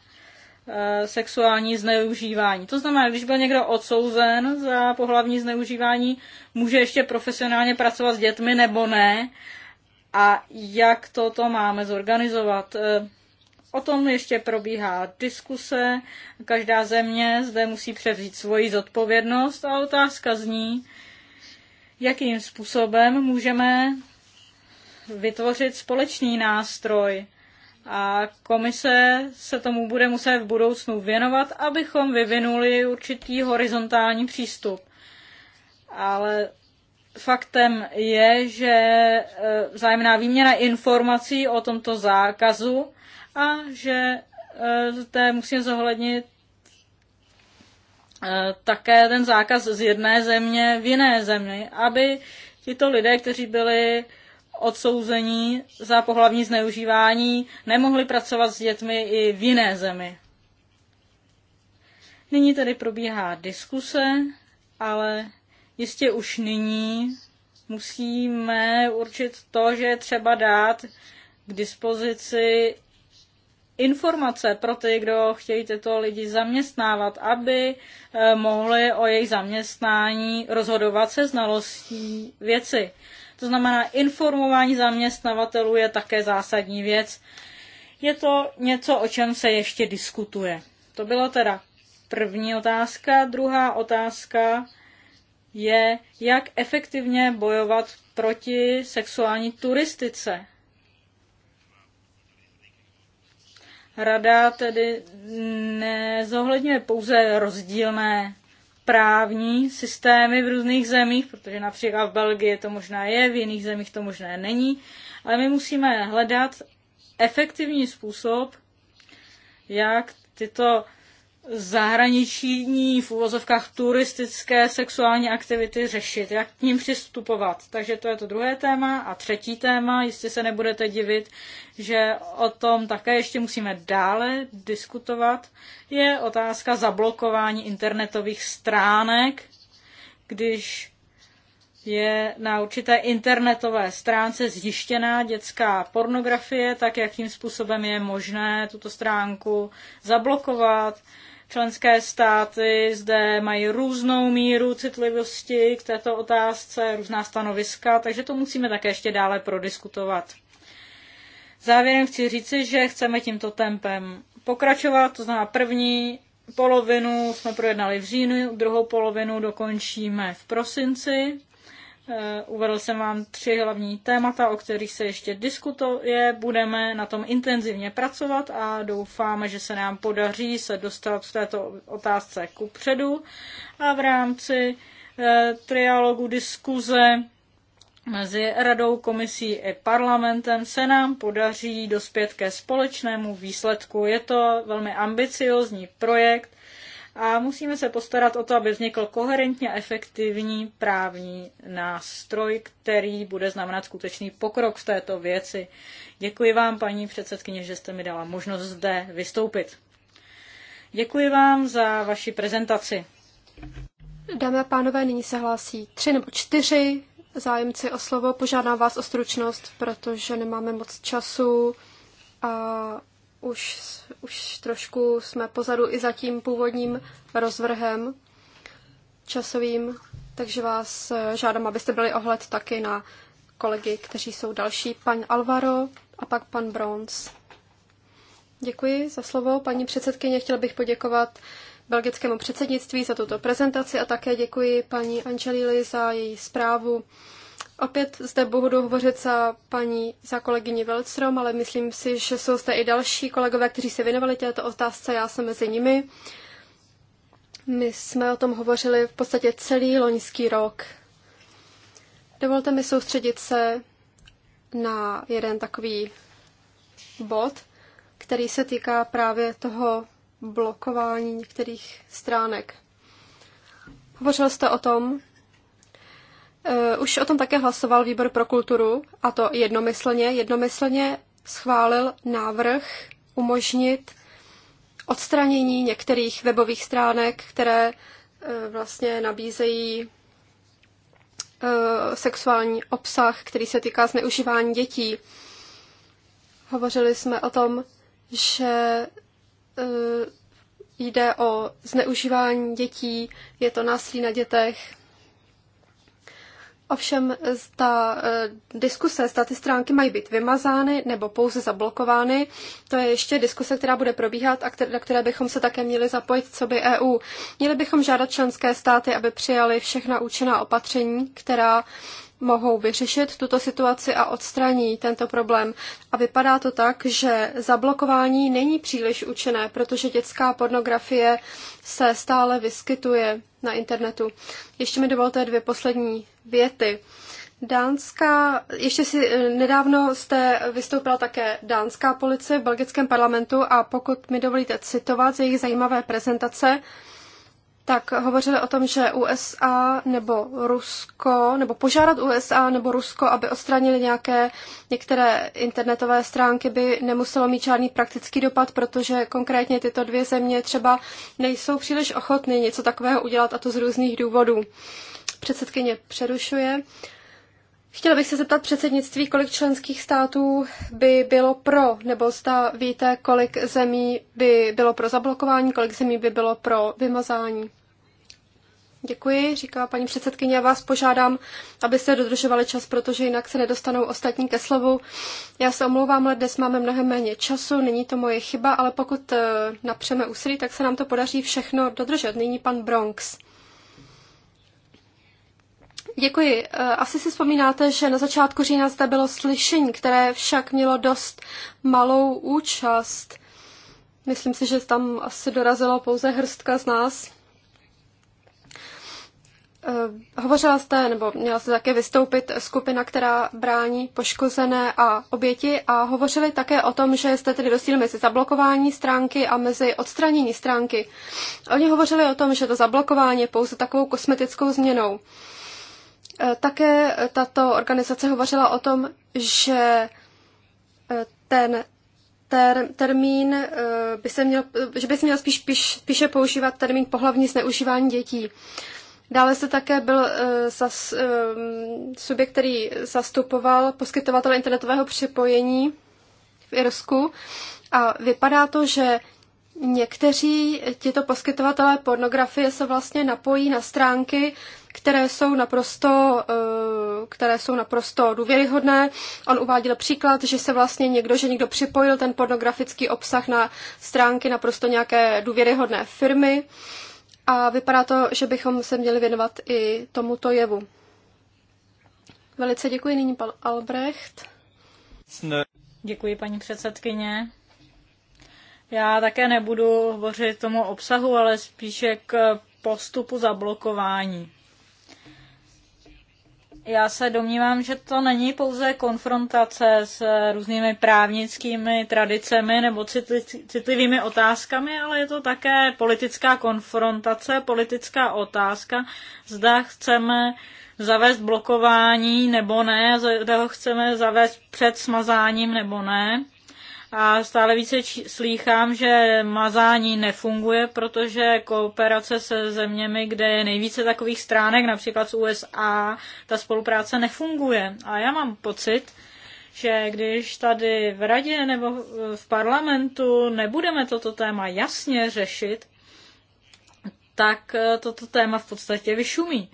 sexuální zneužívání. To znamená, když byl někdo odsouzen za pohlavní zneužívání, může ještě profesionálně pracovat s dětmi nebo ne. A jak toto máme zorganizovat? O tom ještě probíhá diskuse. Každá země zde musí převzít svoji zodpovědnost a otázka zní, jakým způsobem můžeme vytvořit společný nástroj. A komise se tomu bude muset v budoucnu věnovat, abychom vyvinuli určitý horizontální přístup. Ale faktem je, že e, vzájemná výměna informací o tomto zákazu a že eh, zde musím zohlednit eh, také ten zákaz z jedné země v jiné zemi, aby tito lidé, kteří byli odsouzení za pohlavní zneužívání, nemohli pracovat s dětmi i v jiné zemi. Nyní tedy probíhá diskuse, ale jistě už nyní musíme určit to, že je třeba dát k dispozici informace pro ty, kdo chtějí tyto lidi zaměstnávat, aby eh, mohli o jejich zaměstnání rozhodovat se znalostí věci. To znamená, informování zaměstnavatelů je také zásadní věc. Je to něco, o čem se ještě diskutuje. To byla teda první otázka. Druhá otázka je, jak efektivně bojovat proti sexuální turistice. Rada tedy nezohledňuje pouze rozdílné právní systémy v různých zemích, protože například v Belgii to možná je, v jiných zemích to možná není, ale my musíme hledat efektivní způsob, jak tyto zahraniční v uvozovkách turistické sexuální aktivity řešit, jak k ním přistupovat. Takže to je to druhé téma. A třetí téma, jistě se nebudete divit, že o tom také ještě musíme dále diskutovat, je otázka zablokování internetových stránek, když je na určité internetové stránce zjištěná dětská pornografie, tak jakým způsobem je možné tuto stránku zablokovat, Členské státy zde mají různou míru citlivosti k této otázce, různá stanoviska, takže to musíme také ještě dále prodiskutovat. Závěrem chci říci, že chceme tímto tempem pokračovat, to znamená první polovinu jsme projednali v říjnu, druhou polovinu dokončíme v prosinci Eh, uvedl jsem vám tři hlavní témata, o kterých se ještě diskutuje. Budeme na tom intenzivně pracovat a doufáme, že se nám podaří se dostat v této otázce ku předu. A v rámci eh, trialogu diskuze mezi Radou, Komisí i parlamentem se nám podaří dospět ke společnému výsledku. Je to velmi ambiciozní projekt, a musíme se postarat o to, aby vznikl koherentně efektivní právní nástroj, který bude znamenat skutečný pokrok v této věci. Děkuji vám, paní předsedkyně, že jste mi dala možnost zde vystoupit. Děkuji vám za vaši prezentaci. Dámy a pánové, nyní se hlásí tři nebo čtyři zájemci o slovo. Požádám vás o stručnost, protože nemáme moc času a už, už trošku jsme pozadu i za tím původním rozvrhem časovým, takže vás eh, žádám, abyste byli ohled taky na kolegy, kteří jsou další, pan Alvaro a pak pan Brons. Děkuji za slovo. Paní předsedkyně, chtěla bych poděkovat belgickému předsednictví za tuto prezentaci a také děkuji paní Angelili za její zprávu. Opět zde budu hovořit za paní, za kolegyni Velcrom, ale myslím si, že jsou zde i další kolegové, kteří se věnovali této otázce, já jsem mezi nimi. My jsme o tom hovořili v podstatě celý loňský rok. Dovolte mi soustředit se na jeden takový bod, který se týká právě toho blokování některých stránek. Hovořil jste o tom, Eh, už o tom také hlasoval výbor pro kulturu, a to jednomyslně. Jednomyslně schválil návrh umožnit odstranění některých webových stránek, které eh, vlastně nabízejí eh, sexuální obsah, který se týká zneužívání dětí. Hovořili jsme o tom, že jde o zneužívání dětí, je to násilí na dětech, Ovšem, ta e, diskuse, zda ty stránky mají být vymazány nebo pouze zablokovány, to je ještě diskuse, která bude probíhat a na které bychom se také měli zapojit, co by EU. Měli bychom žádat členské státy, aby přijali všechna účinná opatření, která mohou vyřešit tuto situaci a odstraní tento problém. A vypadá to tak, že zablokování není příliš účinné, protože dětská pornografie se stále vyskytuje na internetu. Ještě mi dovolte dvě poslední věty. Dánská, ještě si eh, nedávno jste vystoupila také dánská policie v belgickém parlamentu a pokud mi dovolíte citovat z jejich zajímavé prezentace, tak hovořili o tom, že USA nebo Rusko, nebo požádat USA nebo Rusko, aby odstranili nějaké, některé internetové stránky, by nemuselo mít žádný praktický dopad, protože konkrétně tyto dvě země třeba nejsou příliš ochotny něco takového udělat, a to z různých důvodů. Předsedkyně přerušuje. Chtěla bych se zeptat předsednictví, kolik členských států by bylo pro, nebo zda víte, kolik zemí by bylo pro zablokování, kolik zemí by bylo pro vymazání. Děkuji, říká paní předsedkyně. Já vás požádám, abyste dodržovali čas, protože jinak se nedostanou ostatní ke slovu. Já se omlouvám, ale dnes máme mnohem méně času, není to moje chyba, ale pokud eh, napřeme úsilí, tak se nám to podaří všechno dodržet. Nyní pan Bronx. Děkuji. Eh, asi si vzpomínáte, že na začátku října zde bylo slyšení, které však mělo dost malou účast. Myslím si, že tam asi dorazilo pouze hrstka z nás. Eh, hovořila jste, nebo měla jste také vystoupit skupina, která brání poškozené a oběti a hovořili také o tom, že jste tedy rozdíl mezi zablokování stránky a mezi odstranění stránky. Oni hovořili o tom, že to zablokování je pouze takovou kosmetickou změnou. Eh, také tato organizace hovořila o tom, že eh, ten ter, termín by se měl, že by se měl spíš, spíš, spíše používat termín pohlavní zneužívání dětí. Dále se také byl uh, subjekt, který zastupoval poskytovatele internetového připojení v Irsku a vypadá to, že někteří tito poskytovatelé pornografie se vlastně napojí na stránky, které jsou naprosto, eh, které jsou naprosto důvěryhodné. On uváděl příklad, že se vlastně někdo, že někdo připojil ten pornografický obsah na stránky naprosto nějaké důvěryhodné firmy a vypadá to, že bychom se měli věnovat i tomuto jevu. Velice děkuji nyní pan Albrecht. Děkuji paní předsedkyně. Já také nebudu hovořit tomu obsahu, ale spíše k postupu zablokování. Já se domnívám, že to není pouze konfrontace s různými právnickými tradicemi nebo citlivými otázkami, ale je to také politická konfrontace, politická otázka, zda chceme zavést blokování nebo ne, zda ho chceme zavést před smazáním nebo ne a stále více či- slýchám, že mazání nefunguje, protože kooperace se zeměmi, kde je nejvíce takových stránek, například z USA, ta spolupráce nefunguje. A já mám pocit, že když tady v radě nebo v parlamentu nebudeme toto téma jasně řešit, tak eh, toto téma v podstatě vyšumí.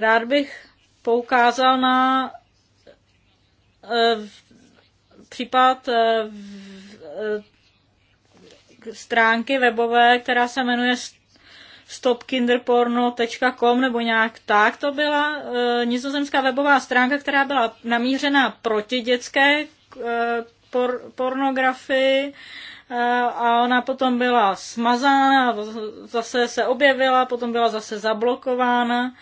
Rád bych poukázal na eh, případ eh, eh, stránky webové, která se jmenuje stopkinderporno.com nebo nějak tak. To byla eh, nizozemská webová stránka, která byla namířena proti dětské por- pornografii a ona potom byla smazána, zase se objevila, potom byla zase zablokována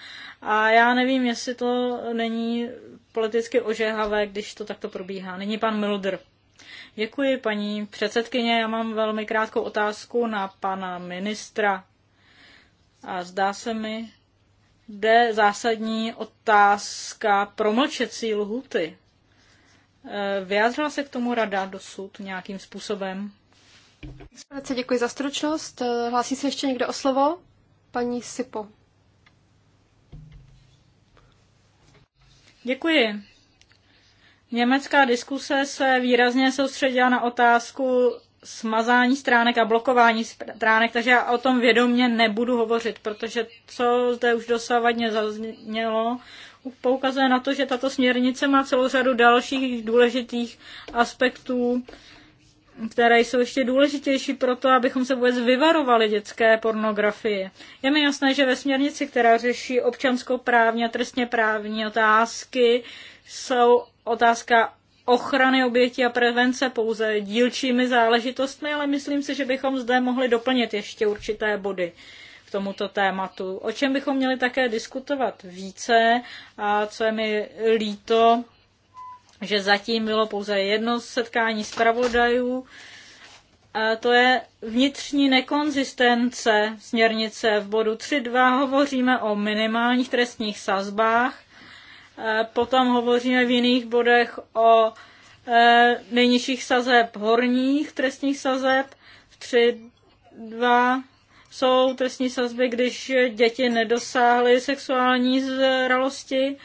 a já nevím, jestli to není politicky ožehavé, když to takto probíhá. Nyní pan Milder. Děkuji, paní předsedkyně. Já mám velmi krátkou otázku na pana ministra. A zdá se mi, jde zásadní otázka promlčecí lhuty. E, vyjádřila se k tomu rada dosud nějakým způsobem? děkuji za stručnost. E, hlásí se ještě někdo o slovo? Paní Sipo. Děkuji. Německá diskuse se výrazně soustředila na otázku smazání stránek a blokování stránek, takže já o tom vědomně nebudu hovořit, protože co zde už dosávadně zaznělo, poukazuje na to, že tato směrnice má celou řadu dalších důležitých aspektů, které jsou ještě důležitější pro to, abychom se vůbec vyvarovali dětské pornografie. Je mi jasné, že ve směrnici, která řeší právní a trestně právní otázky, jsou otázka ochrany obětí a prevence pouze dílčími záležitostmi, ale myslím si, že bychom zde mohli doplnit ještě určité body k tomuto tématu. O čem bychom měli také diskutovat více a co je mi líto, že zatím bylo pouze jedno setkání zpravodajů. A to je vnitřní nekonzistence směrnice. V bodu 3.2 hovoříme o minimálních trestních sazbách, potom hovoříme v jiných bodech o e, nejnižších sazeb horních trestních sazeb. V 3.2 jsou trestní sazby, když děti nedosáhly sexuální zralosti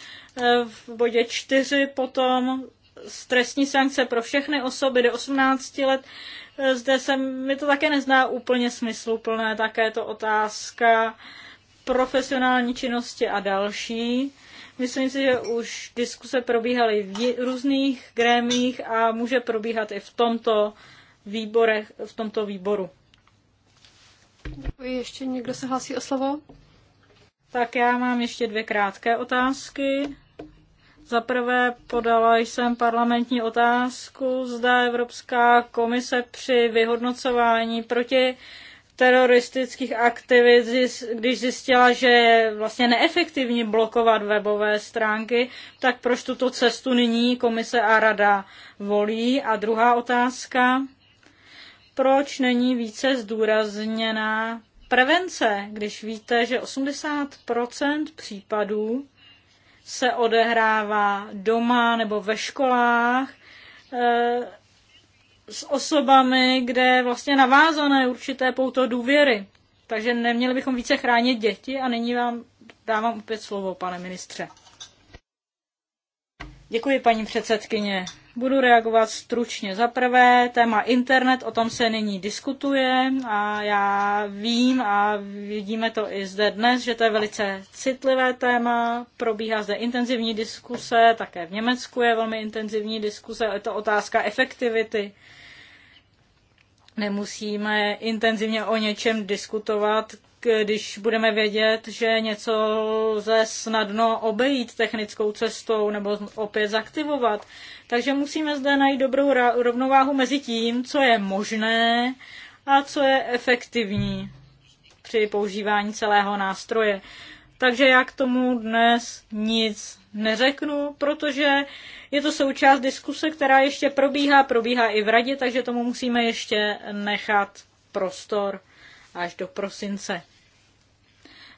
E, v bodě 4 potom stresní sankce pro všechny osoby do 18 let. E, zde se mi to také nezná úplně smysluplné, také je to otázka profesionální činnosti a další. Myslím si, že už diskuse probíhaly v různých grémích a může probíhat i v tomto, výborech, v tomto výboru. Děkuji. Ještě někdo se hlásí o slovo? Tak já mám ještě dvě krátké otázky. Za prvé podala jsem parlamentní otázku, zda Evropská komise při vyhodnocování proti teroristických aktivit, když zjistila, že je vlastně neefektivní blokovat webové stránky, tak proč tuto cestu nyní komise a rada volí? A druhá otázka, proč není více zdůrazněná prevence, když víte, že 80% případů se odehrává doma nebo ve školách eh, s osobami, kde je vlastně navázané určité pouto důvěry. Takže neměli bychom více chránit děti a nyní vám dávám opět slovo, pane ministře. Děkuji, paní předsedkyně. Budu reagovat stručně. Za prvé, téma internet, o tom se nyní diskutuje a já vím a vidíme to i zde dnes, že to je velice citlivé téma. Probíhá zde intenzivní diskuse, také v Německu je velmi intenzivní diskuse, je to otázka efektivity. Nemusíme intenzivně o něčem diskutovat, když budeme vědět, že něco lze snadno obejít technickou cestou nebo opět zaktivovat. Takže musíme zde najít dobrou rovnováhu mezi tím, co je možné a co je efektivní při používání celého nástroje. Takže já k tomu dnes nic neřeknu, protože je to součást diskuse, která ještě probíhá, probíhá i v radě, takže tomu musíme ještě nechat prostor až do prosince.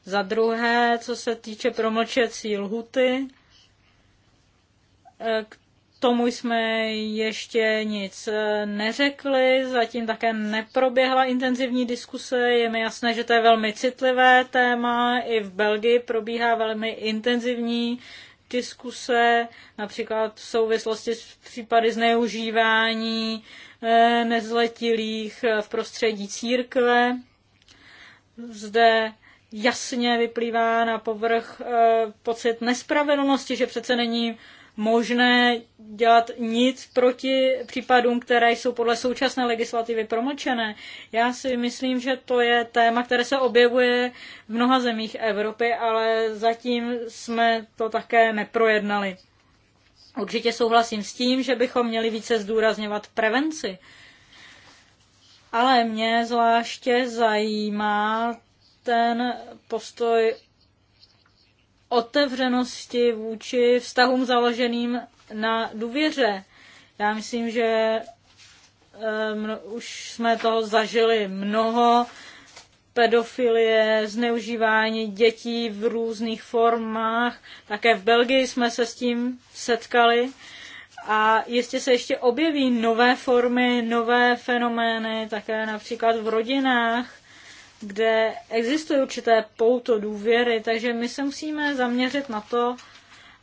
Za druhé, co se týče promlčecí lhuty, eh, k tomu jsme ještě nic eh, neřekli, zatím také neproběhla intenzivní diskuse. Je mi jasné, že to je velmi citlivé téma. I v Belgii probíhá velmi intenzivní diskuse, například v souvislosti s případy zneužívání eh, nezletilých v prostředí církve. Zde jasně vyplývá na povrch eh, pocit nespravedlnosti, že přece není možné dělat nic proti případům, které jsou podle současné legislativy promlčené. Já si myslím, že to je téma, které se objevuje v mnoha zemích Evropy, ale zatím jsme to také neprojednali. Určitě souhlasím s tím, že bychom měli více zdůrazňovat prevenci. Ale mě zvláště zajímá ten postoj otevřenosti vůči vztahům založeným na důvěře. Já myslím, že um, už jsme toho zažili mnoho. Pedofilie, zneužívání dětí v různých formách. Také v Belgii jsme se s tím setkali. A jistě se ještě objeví nové formy, nové fenomény, také například v rodinách kde existuje určité pouto důvěry, takže my se musíme zaměřit na to,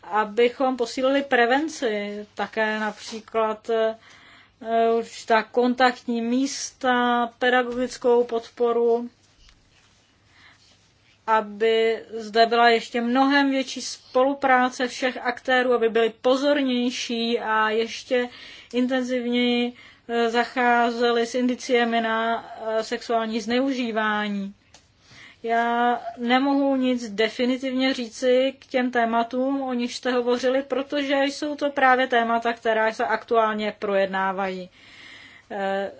abychom posílili prevenci, také například eh, určitá kontaktní místa, pedagogickou podporu, aby zde byla ještě mnohem větší spolupráce všech aktérů, aby byli pozornější a ještě intenzivněji Eh, zacházeli s indiciemi na eh, sexuální zneužívání. Já nemohu nic definitivně říci k těm tématům, o nich jste hovořili, protože jsou to právě témata, která se aktuálně projednávají. Eh,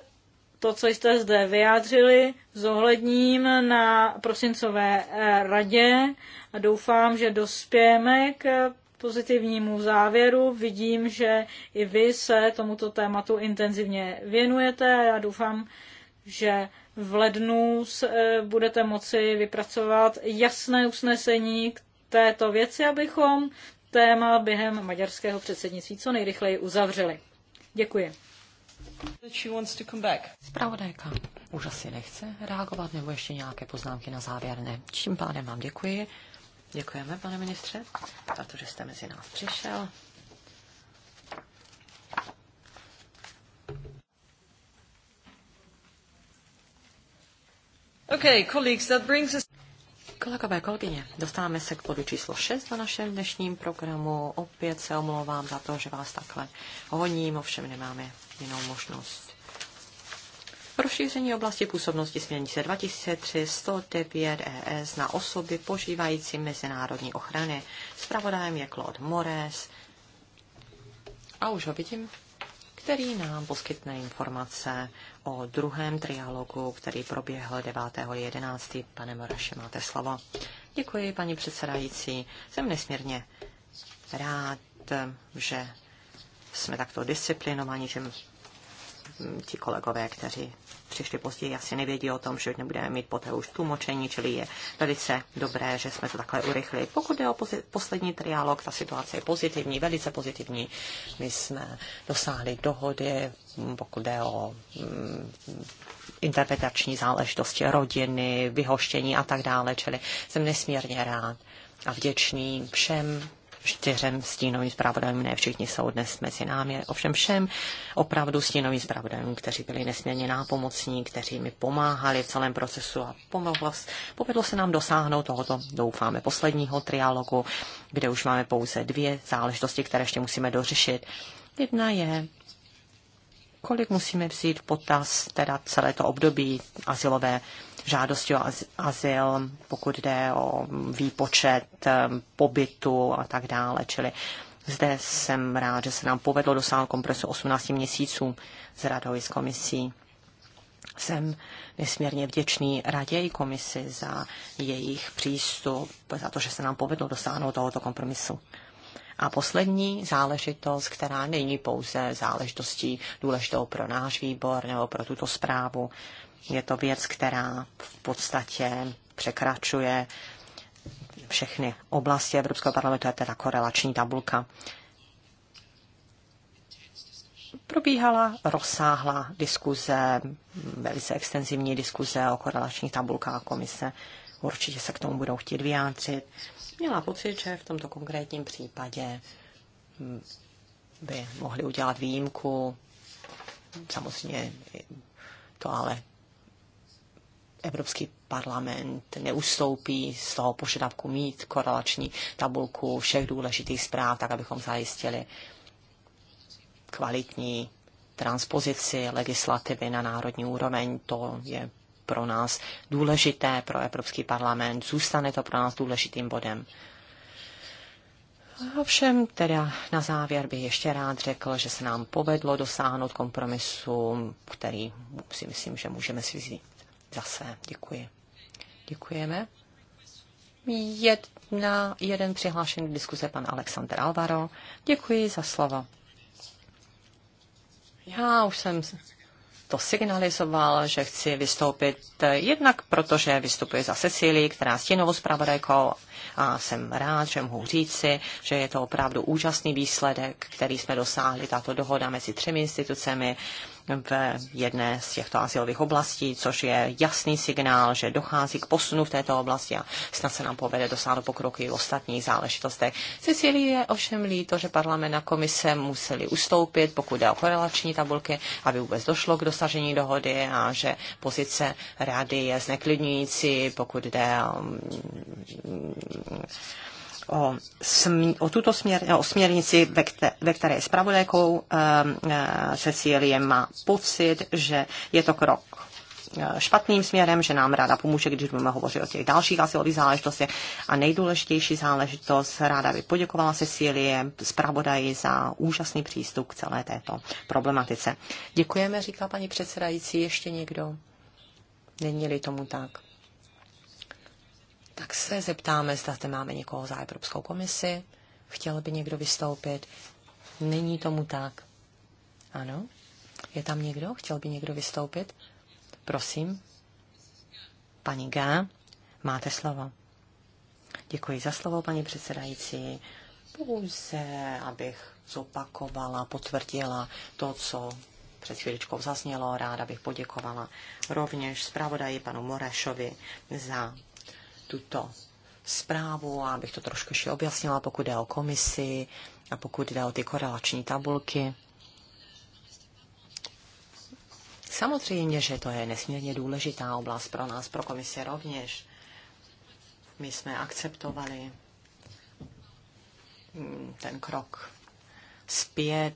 to, co jste zde vyjádřili, zohledním na prosincové radě a doufám, že dospějeme k pozitivnímu závěru. Vidím, že i vy se tomuto tématu intenzivně věnujete a já doufám, že v lednu e, budete moci vypracovat jasné usnesení k této věci, abychom téma během maďarského předsednictví co nejrychleji uzavřeli. Děkuji. Spravodajka už asi nechce reagovat, nebo ještě nějaké poznámky na závěr ne. Čím pádem vám děkuji. Děkujeme, pane ministře, za to, že jste mezi nás přišel. Okay, colleagues, that brings us... Kolegové, kolegyně, dostáváme se k bodu číslo 6 na našem dnešním programu. Opět se omlouvám za to, že vás takhle honím, ovšem nemáme jinou možnost. Rozšíření oblasti působnosti směrnice 2003-109 ES na osoby požívající mezinárodní ochrany. Spravodajem je Claude Mores. A už ho vidím který nám poskytne informace o druhém trialogu, který proběhl 9.11. Pane Moraši, máte slovo. Děkuji, paní předsedající. Jsem nesmírně rád, že jsme takto disciplinovaní, že ti kolegové, kteří přišli později, asi nevědí o tom, že nebudeme mít poté už tlumočení, čili je velice dobré, že jsme to takhle urychlili. Pokud jde o poslední triálog, ta situace je pozitivní, velice pozitivní. My jsme dosáhli dohody, pokud jde o mm, interpretační záležitosti rodiny, vyhoštění a tak dále, čili jsem nesmírně rád a vděčný všem čtyřem stínovým zpravodajům, ne všichni jsou dnes mezi námi, ovšem všem opravdu stínovým zpravodajům, kteří byli nesmírně nápomocní, kteří mi pomáhali v celém procesu a pomohlo, povedlo se nám dosáhnout tohoto, doufáme, posledního trialogu, kde už máme pouze dvě záležitosti, které ještě musíme dořešit. Jedna je kolik musíme vzít potaz teda celé to období asilové žádosti o azyl, pokud jde o výpočet eh, pobytu a tak dále. Čili zde jsem rád, že se nám povedlo dosáhnout kompresu 18 měsíců s radou i s komisí. Jsem nesmírně vděčný radě i komisi za jejich přístup, za to, že se nám povedlo dosáhnout tohoto kompromisu. A poslední záležitost, která není pouze záležitostí důležitou pro náš výbor nebo pro tuto zprávu, je to věc, která v podstatě překračuje všechny oblasti Evropského parlamentu, je teda korelační tabulka. Probíhala rozsáhlá diskuze, velice extenzivní diskuze o korelačních tabulkách komise. Určitě se k tomu budou chtít vyjádřit. Měla pocit, že v tomto konkrétním případě by mohli udělat výjimku. Samozřejmě to ale Evropský parlament neustoupí z toho požadavku mít korelační tabulku všech důležitých zpráv, tak abychom zajistili kvalitní transpozici legislativy na národní úroveň. To je pro nás důležité, pro Evropský parlament. Zůstane to pro nás důležitým bodem. Ovšem teda na závěr bych ještě rád řekl, že se nám povedlo dosáhnout kompromisu, který si myslím, že můžeme si zase. Děkuji. Děkujeme. Jedna, jeden přihlášený do diskuze, pan Alexander Alvaro. Děkuji za slovo. Já už jsem to signalizoval, že chci vystoupit jednak, protože vystupuji za Cecílii, která s stěnovou zpravodajkou a jsem rád, že mohu říci, že je to opravdu úžasný výsledek, který jsme dosáhli, tato dohoda mezi třemi institucemi v jedné z těchto asilových oblastí, což je jasný signál, že dochází k posunu v této oblasti a snad se nám povede dosáhnout pokroky v ostatních záležitostech. Cecilie je ovšem líto, že parlament a komise museli ustoupit, pokud jde o korelační tabulky, aby vůbec došlo k dosažení dohody a že pozice rady je zneklidňující, pokud jde o mm, o, o tuto směr, o směrnici, ve, kte, ve které je zpravodajkou eh, eh, Cecílie má pocit, že je to krok eh, špatným směrem, že nám ráda pomůže, když budeme hovořit o těch dalších asilových záležitostech. A nejdůležitější záležitost, ráda by poděkovala Cecílie, zpravodaji za úžasný přístup k celé této problematice. Děkujeme, říká paní předsedající. Ještě někdo? Není-li tomu tak tak se zeptáme, zda zde máme někoho za Evropskou komisi. Chtěl by někdo vystoupit? Není tomu tak. Ano? Je tam někdo? Chtěl by někdo vystoupit? Prosím. Paní G, máte slovo. Děkuji za slovo, paní předsedající. Pouze, abych zopakovala, potvrdila to, co před chvíličkou zaznělo. Ráda bych poděkovala rovněž zpravodaji panu Morešovi za tuto zprávu a abych to trošku ještě objasnila, pokud jde o komisi a pokud jde o ty korelační tabulky. Samozřejmě, že to je nesmírně důležitá oblast pro nás, pro komisi rovněž. My jsme akceptovali mm, ten krok zpět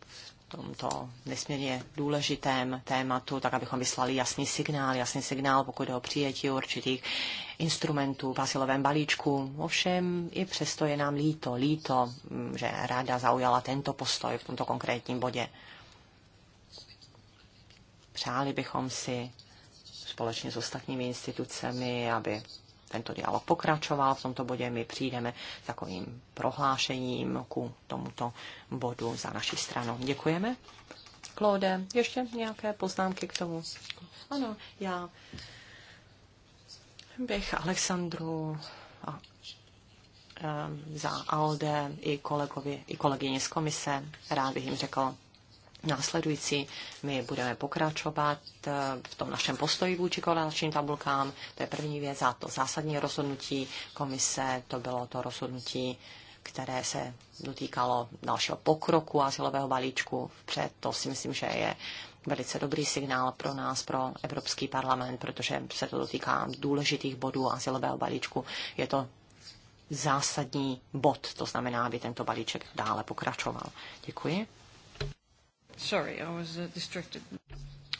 v tomto nesmírně důležitém tématu, tak abychom vyslali jasný signál, jasný signál, pokud jde o přijetí určitých instrumentů v asilovém balíčku. Ovšem i přesto je nám líto, líto, mm, že ráda zaujala tento postoj v tomto konkrétním bodě. Přáli bychom si společně s ostatními institucemi, aby tento dialog pokračoval. V tomto bodě my přijdeme s takovým prohlášením ku tomuto bodu za naší stranu. Děkujeme. Claude, ještě nějaké poznámky k tomu? Ano, já bych Alexandru a eh, za ALDE i, kolegovi, i kolegyně z komise. Rád bych jim řekl následující. My budeme pokračovat eh, v tom našem postoji vůči korelačním tabulkám. To je první věc a to zásadní rozhodnutí komise. To bylo to rozhodnutí, které se dotýkalo dalšího pokroku asilového balíčku vpřed. To si myslím, že je velice dobrý signál pro nás, pro Evropský parlament, protože se to dotýká důležitých bodů asilového balíčku. Je to zásadní bod, to znamená, aby tento balíček dále pokračoval. Děkuji. Sorry, I was uh, distracted.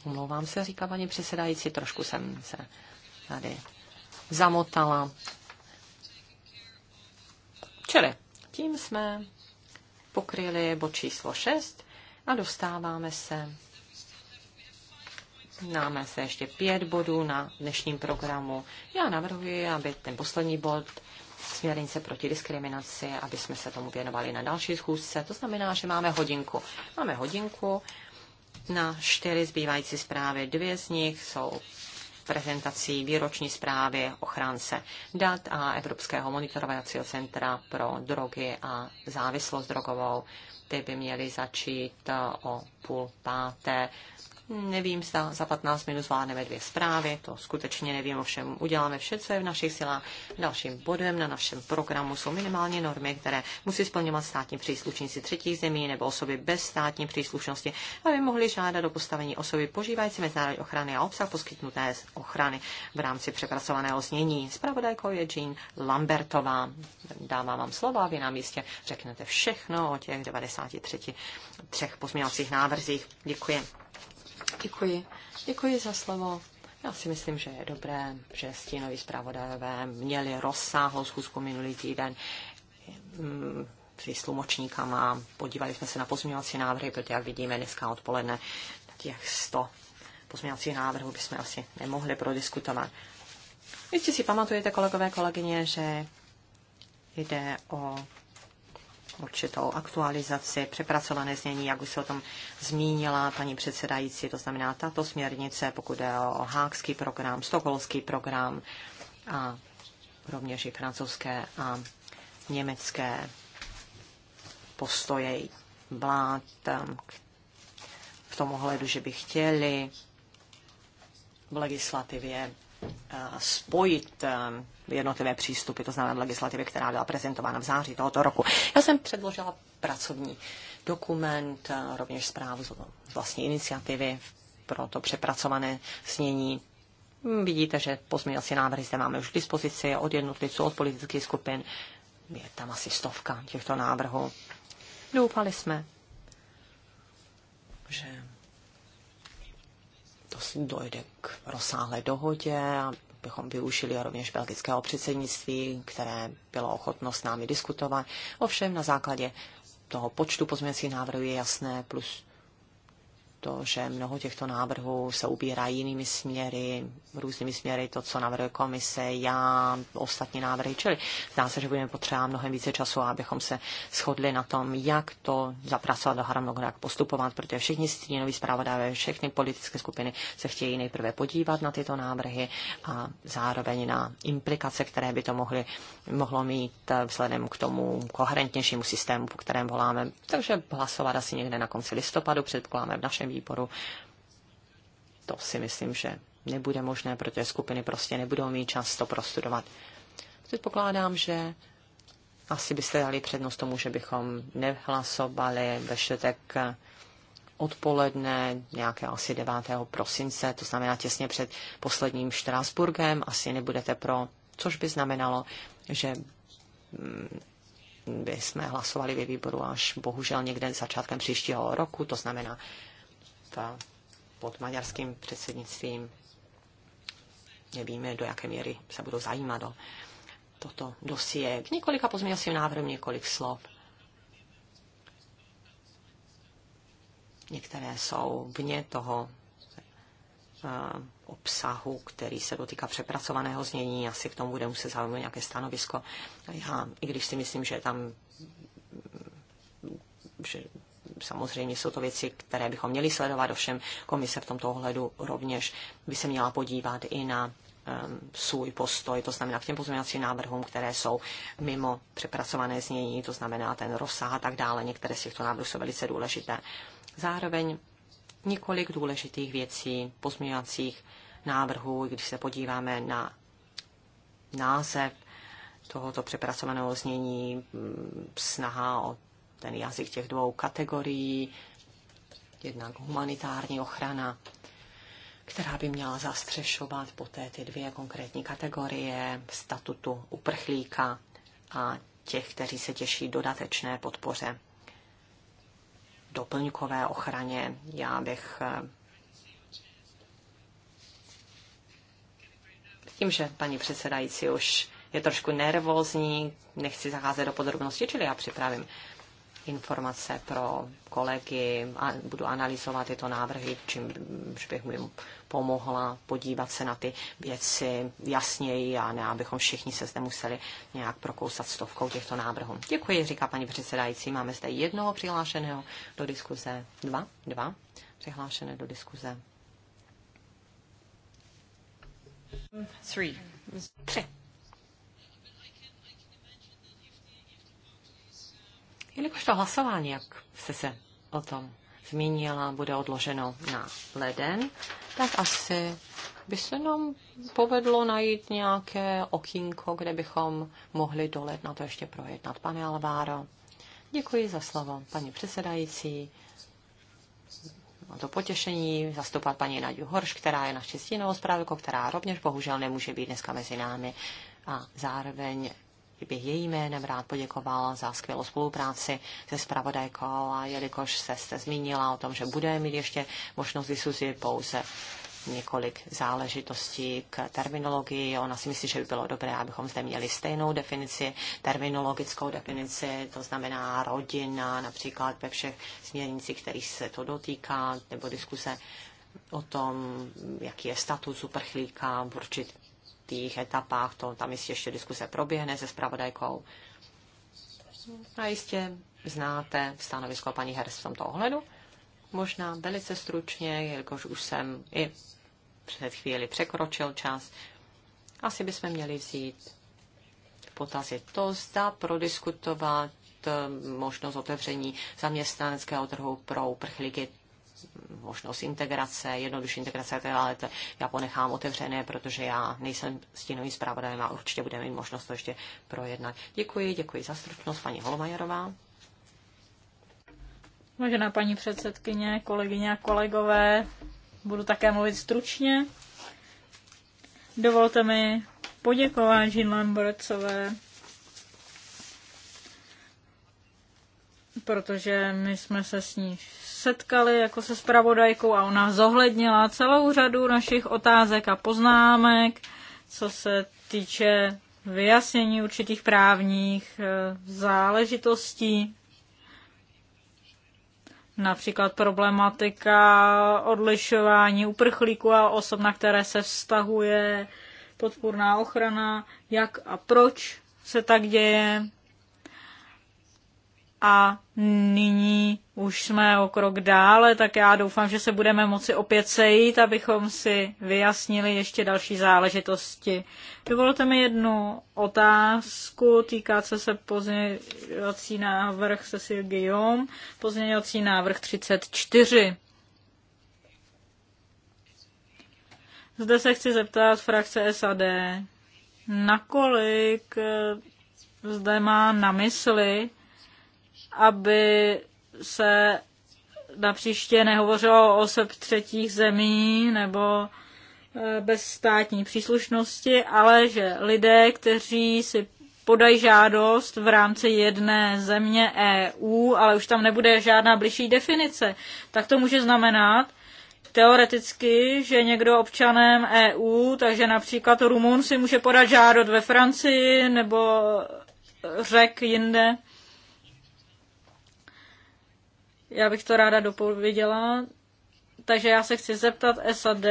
Omlouvám se, říká paní předsedající, trošku jsem se tady zamotala. Čili tím jsme pokryli bod číslo 6 a dostáváme se Máme se ještě pět bodů na dnešním programu. Já navrhuji, aby ten poslední bod směrnice proti diskriminaci, aby jsme se tomu věnovali na další schůzce. To znamená, že máme hodinku. Máme hodinku na čtyři zbývající zprávy. Dvě z nich jsou prezentací výroční zprávy ochránce dat a Evropského monitorovacího centra pro drogy a závislost drogovou. Ty by měly začít o půl páté Nevím, zda za 15 minut zvládneme dvě zprávy, to skutečně nevím, ovšem uděláme vše, co je v našich silách. Dalším bodem na našem programu jsou minimální normy, které musí splňovat státní příslušníci třetích zemí nebo osoby bez státní příslušnosti, aby mohli žádat o postavení osoby požívající mezinárodní ochrany a obsah poskytnuté ochrany v rámci přepracovaného znění. Spravodajkou je Jean Lambertová. Dávám vám slova, vy nám jistě řeknete všechno o těch 93 třech pozměňovacích návrzích. Děkuji. Děkuji. Děkuji za slovo. Já si myslím, že je dobré, že stínoví zpravodajové měli rozsáhlou schůzku minulý týden mm, s tlumočníkama. Podívali jsme se na pozměňovací návrhy, protože jak vidíme dneska odpoledne těch 100 pozměňovacích návrhů bychom asi nemohli prodiskutovat. Jistě si pamatujete, kolegové, kolegyně, že jde o určitou aktualizaci, přepracované znění, jak už se o tom zmínila paní předsedající, to znamená tato směrnice, pokud je o hákský program, stokholský program a rovněž i francouzské a německé postoje vlád v um, tom ohledu, že by chtěli v legislativě Eh, spojit eh, jednotlivé přístupy, to znamená legislativy, která byla prezentována v září tohoto roku. Já jsem předložila pracovní dokument, eh, rovněž zprávu z vlastní iniciativy pro to přepracované snění. Hm, vidíte, že pozměňovací návrhy zde máme už k dispozici od jednotlivců, od politických skupin. Je tam asi stovka těchto návrhů. Doufali jsme, že to dojde k rozsáhlé dohodě, a bychom využili rovněž belgického předsednictví, které bylo ochotno s námi diskutovat. Ovšem na základě toho počtu pozměňovacích návrhů je jasné, plus to, že mnoho těchto návrhů se ubírá jinými směry, různými směry, to, co navrhuje komise, já, ostatní návrhy, čili zdá se, že budeme potřebovat mnohem více času, abychom se shodli na tom, jak to zapracovat do harmonogramu, jak postupovat, protože všichni stínoví zpravodajové, všechny politické skupiny se chtějí nejprve podívat na tyto návrhy a zároveň na implikace, které by to mohly, mohlo mít vzhledem k tomu koherentnějšímu systému, po kterém voláme. Takže hlasovat asi někde na konci listopadu, předpokládáme v našem výboru. To si myslím, že nebude možné, protože skupiny prostě nebudou mít čas to prostudovat. Předpokládám, že asi byste dali přednost tomu, že bychom nehlasovali ve čtvrtek odpoledne, nějaké asi 9. prosince, to znamená těsně před posledním Štrásburgem, asi nebudete pro, což by znamenalo, že mm, by jsme hlasovali ve výboru až bohužel někde začátkem příštího roku, to znamená pod maďarským předsednictvím. Nevíme, do jaké míry se budou zajímat o toto dosie. K několika pozměňovacím návrhům několik slov. Některé jsou vně toho eh, obsahu, který se dotýká přepracovaného znění, asi k tomu bude muset zaujmout nějaké stanovisko. Já, i když si myslím, že tam že Samozřejmě jsou to věci, které bychom měli sledovat, ovšem komise v tomto ohledu rovněž by se měla podívat i na svůj postoj, to znamená k těm pozměňovacím návrhům, které jsou mimo přepracované znění, to znamená ten rozsah a tak dále. Některé z těchto návrhů jsou velice důležité. Zároveň několik důležitých věcí, pozměňovacích návrhů, když se podíváme na název tohoto přepracovaného znění, snaha o ten jazyk těch dvou kategorií, jednak humanitární ochrana, která by měla zastřešovat poté ty dvě konkrétní kategorie statutu uprchlíka a těch, kteří se těší dodatečné podpoře. Doplňkové ochraně já bych eh, tím, že paní předsedající už je trošku nervózní, nechci zacházet do podrobností, čili já připravím informace pro kolegy a budu analyzovat tyto návrhy, čím bych mu pomohla podívat se na ty věci jasněji a ne, abychom všichni se zde museli nějak prokousat stovkou těchto návrhů. Děkuji, říká paní předsedající. Máme zde jednoho přihlášeného do diskuze. Dva? Dva přihlášené do diskuze. Three. Tři. Jelikož to hlasování, jak jste se o tom zmínila, bude odloženo na leden, tak asi by se nám povedlo najít nějaké okýnko, kde bychom mohli do ledna to ještě projednat. Pane Alváro, děkuji za slovo. Paní předsedající, mám to potěšení zastupat paní Naďu Horš, která je naši stínovou zpravodajkou, která rovněž bohužel nemůže být dneska mezi námi a zároveň bych její jménem rád poděkoval za skvělou spolupráci se spravodajkou a jelikož se jste zmínila o tom, že bude mít ještě možnost diskuzi pouze několik záležitostí k terminologii. Ona si myslí, že by bylo dobré, abychom zde měli stejnou definici, terminologickou definici, to znamená rodina, například ve všech směrnicích, kterých se to dotýká, nebo diskuse o tom, jaký je status uprchlíka v určitých určitých etapách, to tam jistě ještě diskuse proběhne se spravodajkou. A jistě znáte stanovisko paní Hers v tomto ohledu. Možná velice stručně, jelikož už jsem i před chvíli překročil čas, asi bychom měli vzít v potaz to, zda prodiskutovat eh, možnost otevření zaměstnaneckého trhu pro uprchlíky možnost integrace, jednodušší integrace, ale to já ponechám otevřené, protože já nejsem stínovým zpravodajem a určitě budeme mít možnost to ještě projednat. Děkuji, děkuji za stručnost, paní Holmajerová. Vážená paní předsedkyně, kolegyně a kolegové, budu také mluvit stručně. Dovolte mi poděkovat Jean Lambertsové protože my jsme se s ní setkali jako se spravodajkou a ona zohlednila celou řadu našich otázek a poznámek, co se týče vyjasnění určitých právních eh, záležitostí. Například problematika odlišování uprchlíků a osob, na které se vztahuje podpůrná ochrana, jak a proč se tak děje, a nyní už jsme o krok dále, tak já doufám, že se budeme moci opět sejít, abychom si vyjasnili ještě další záležitosti. Dovolte mi jednu otázku, týká se se pozměňovací návrh se Silgium, pozměňovací návrh 34. Zde se chci zeptat frakce SAD, nakolik eh, zde má na mysli aby se napříště nehovořilo o osob třetích zemí nebo e, bez státní příslušnosti, ale že lidé, kteří si podají žádost v rámci jedné země EU, ale už tam nebude žádná bližší definice, tak to může znamenat teoreticky, že někdo občanem EU, takže například Rumun si může podat žádost ve Francii nebo e, Řek jinde. Já bych to ráda dopověděla. Takže já se chci zeptat SAD,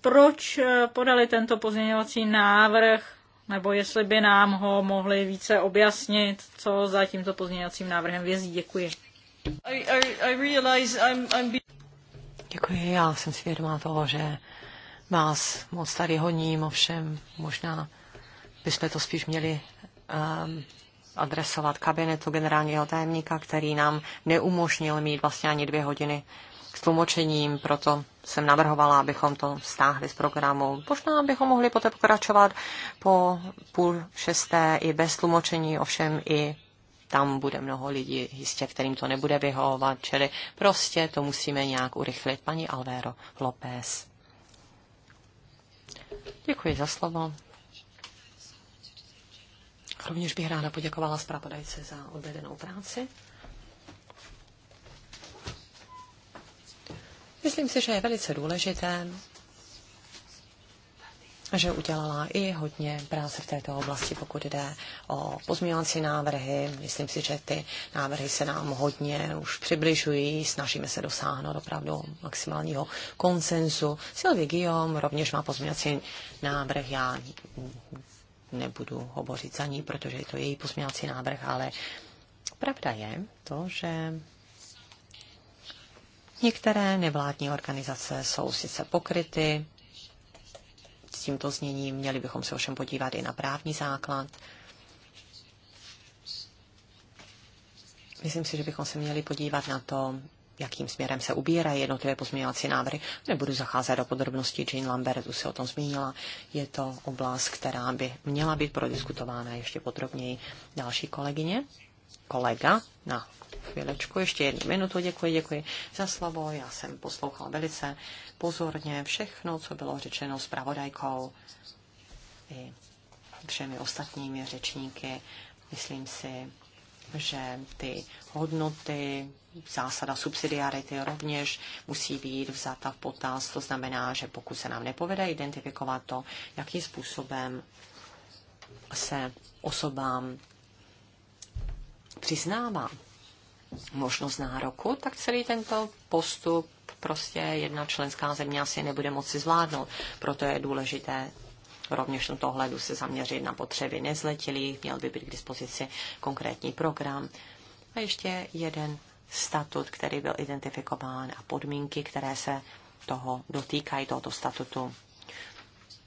proč podali tento pozměňovací návrh, nebo jestli by nám ho mohli více objasnit, co za tímto pozměňovacím návrhem vězí. Děkuji. I, I, I I'm, I'm... Děkuji, já jsem svědomá toho, že vás moc tady honím, ovšem možná bychom to spíš měli um, adresovat kabinetu generálního tajemníka, který nám neumožnil mít vlastně ani dvě hodiny s tlumočením, proto jsem navrhovala, abychom to stáhli z programu. Možná bychom mohli poté pokračovat po půl šesté i bez tlumočení, ovšem i tam bude mnoho lidí jistě, kterým to nebude vyhovovat, čili prostě to musíme nějak urychlit. Paní Alvéro López. Děkuji za slovo. Rovněž bych ráda poděkovala zpravodajce za odvedenou práci. Myslím si, že je velice důležité, že udělala i hodně práce v této oblasti, pokud jde o pozměňovací návrhy. Myslím si, že ty návrhy se nám hodně už přibližují, snažíme se dosáhnout opravdu maximálního konsenzu. Silvi Guillaume rovněž má pozměňovací návrh, já nebudu hovořit za ní, protože je to její pozměňovací návrh, ale pravda je to, že některé nevládní organizace jsou sice pokryty s tímto zněním, měli bychom se ovšem podívat i na právní základ. Myslím si, že bychom se měli podívat na to, jakým směrem se ubírají jednotlivé pozměňovací návrhy. Nebudu zacházet do podrobností, Jane Lambert už se o tom zmínila. Je to oblast, která by měla být prodiskutována ještě podrobněji. Další kolegyně, kolega, na chvílečku, ještě jednu minutu, děkuji, děkuji za slovo. Já jsem poslouchala velice pozorně všechno, co bylo řečeno s pravodajkou i všemi ostatními řečníky. Myslím si, že ty hodnoty zásada subsidiarity rovněž musí být vzata v potaz. To znamená, že pokud se nám nepovede identifikovat to, jakým způsobem se osobám přiznává možnost nároku, tak celý tento postup prostě jedna členská země asi nebude moci zvládnout. Proto je důležité rovněž na tomto se zaměřit na potřeby nezletilých, měl by být k dispozici konkrétní program. A ještě jeden statut, který byl identifikován a podmínky, které se toho dotýkají, tohoto statutu.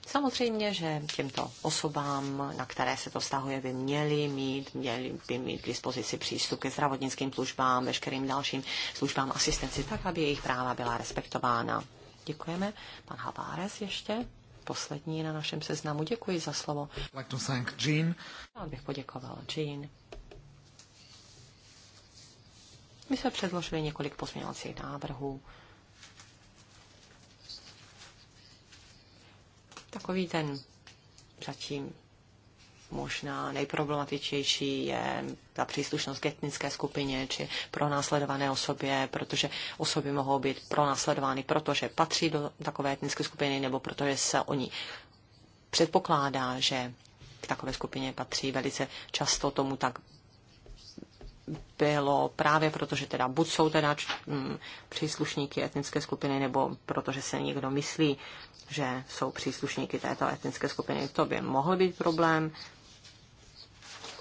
Samozřejmě, že těmto osobám, na které se to stahuje, by měli mít, měli by mít k dispozici přístup ke zdravotnickým službám, veškerým dalším službám asistenci, tak, aby jejich práva byla respektována. Děkujeme. Pan Havárez ještě, poslední na našem seznamu. Děkuji za slovo. Like to thank Jean. Já bych poděkoval Jean my jsme předložili několik pozměňovacích návrhů. Takový ten zatím možná nejproblematičtější je ta příslušnost k etnické skupině či pro následované osobě, protože osoby mohou být pronásledovány, protože patří do takové etnické skupiny nebo protože se oni předpokládá, že k takové skupině patří. Velice často tomu tak bylo právě proto, že teda buď jsou teda mm, příslušníky etnické skupiny, nebo protože se někdo myslí, že jsou příslušníky této etnické skupiny. To by mohl být problém.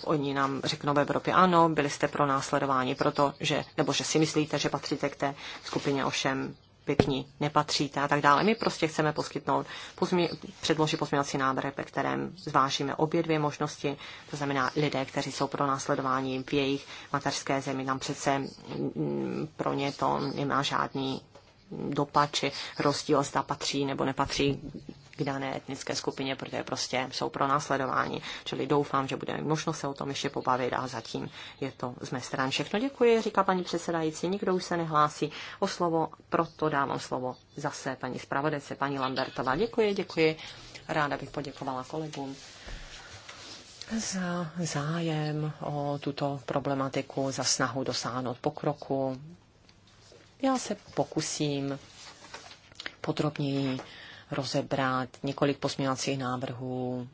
Oni nám řeknou v Evropě, ano, byli jste pro následování, proto, že, nebo že si myslíte, že patříte k té skupině, ovšem by k ní nepatříte a tak dále. My prostě chceme poskytnout, pozmě, předložit pozměňovací návrh, ve kterém zvážíme obě dvě možnosti, to znamená lidé, kteří jsou pro následování v jejich mateřské zemi, tam přece mm, pro ně to nemá žádný dopad či rozdíl, zda patří nebo nepatří k dané etnické skupině, protože prostě jsou pro následování. Čili doufám, že budeme možnost se o tom ještě pobavit a zatím je to z mé strany všechno. Děkuji, říká paní předsedající. Nikdo už se nehlásí o slovo, proto dávám slovo zase paní zpravodajce, paní Lambertová. Děkuji, děkuji. Ráda bych poděkovala kolegům za zájem o tuto problematiku, za snahu dosáhnout pokroku. Já se pokusím podrobněji rozebrat několik posměvacích návrhů.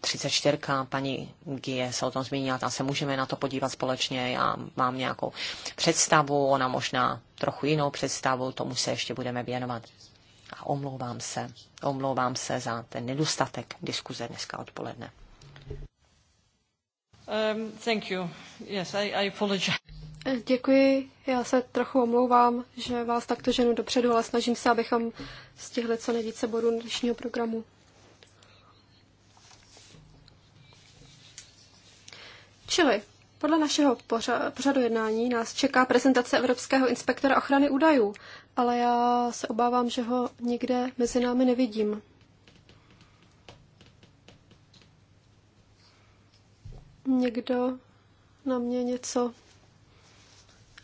34. paní Gie se o tom zmínila, tam se můžeme na to podívat společně. Já mám nějakou představu, ona možná trochu jinou představu, tomu se ještě budeme věnovat. A omlouvám se, omlouvám se za ten nedostatek diskuze dneska odpoledne. Um, thank you. Yes, I, I apologize. Děkuji. Já se trochu omlouvám, že vás takto ženu dopředu, ale snažím se, abychom stihli co nejvíce bodů dnešního programu. Čili podle našeho pořadu jednání nás čeká prezentace Evropského inspektora ochrany údajů, ale já se obávám, že ho nikde mezi námi nevidím. Někdo na mě něco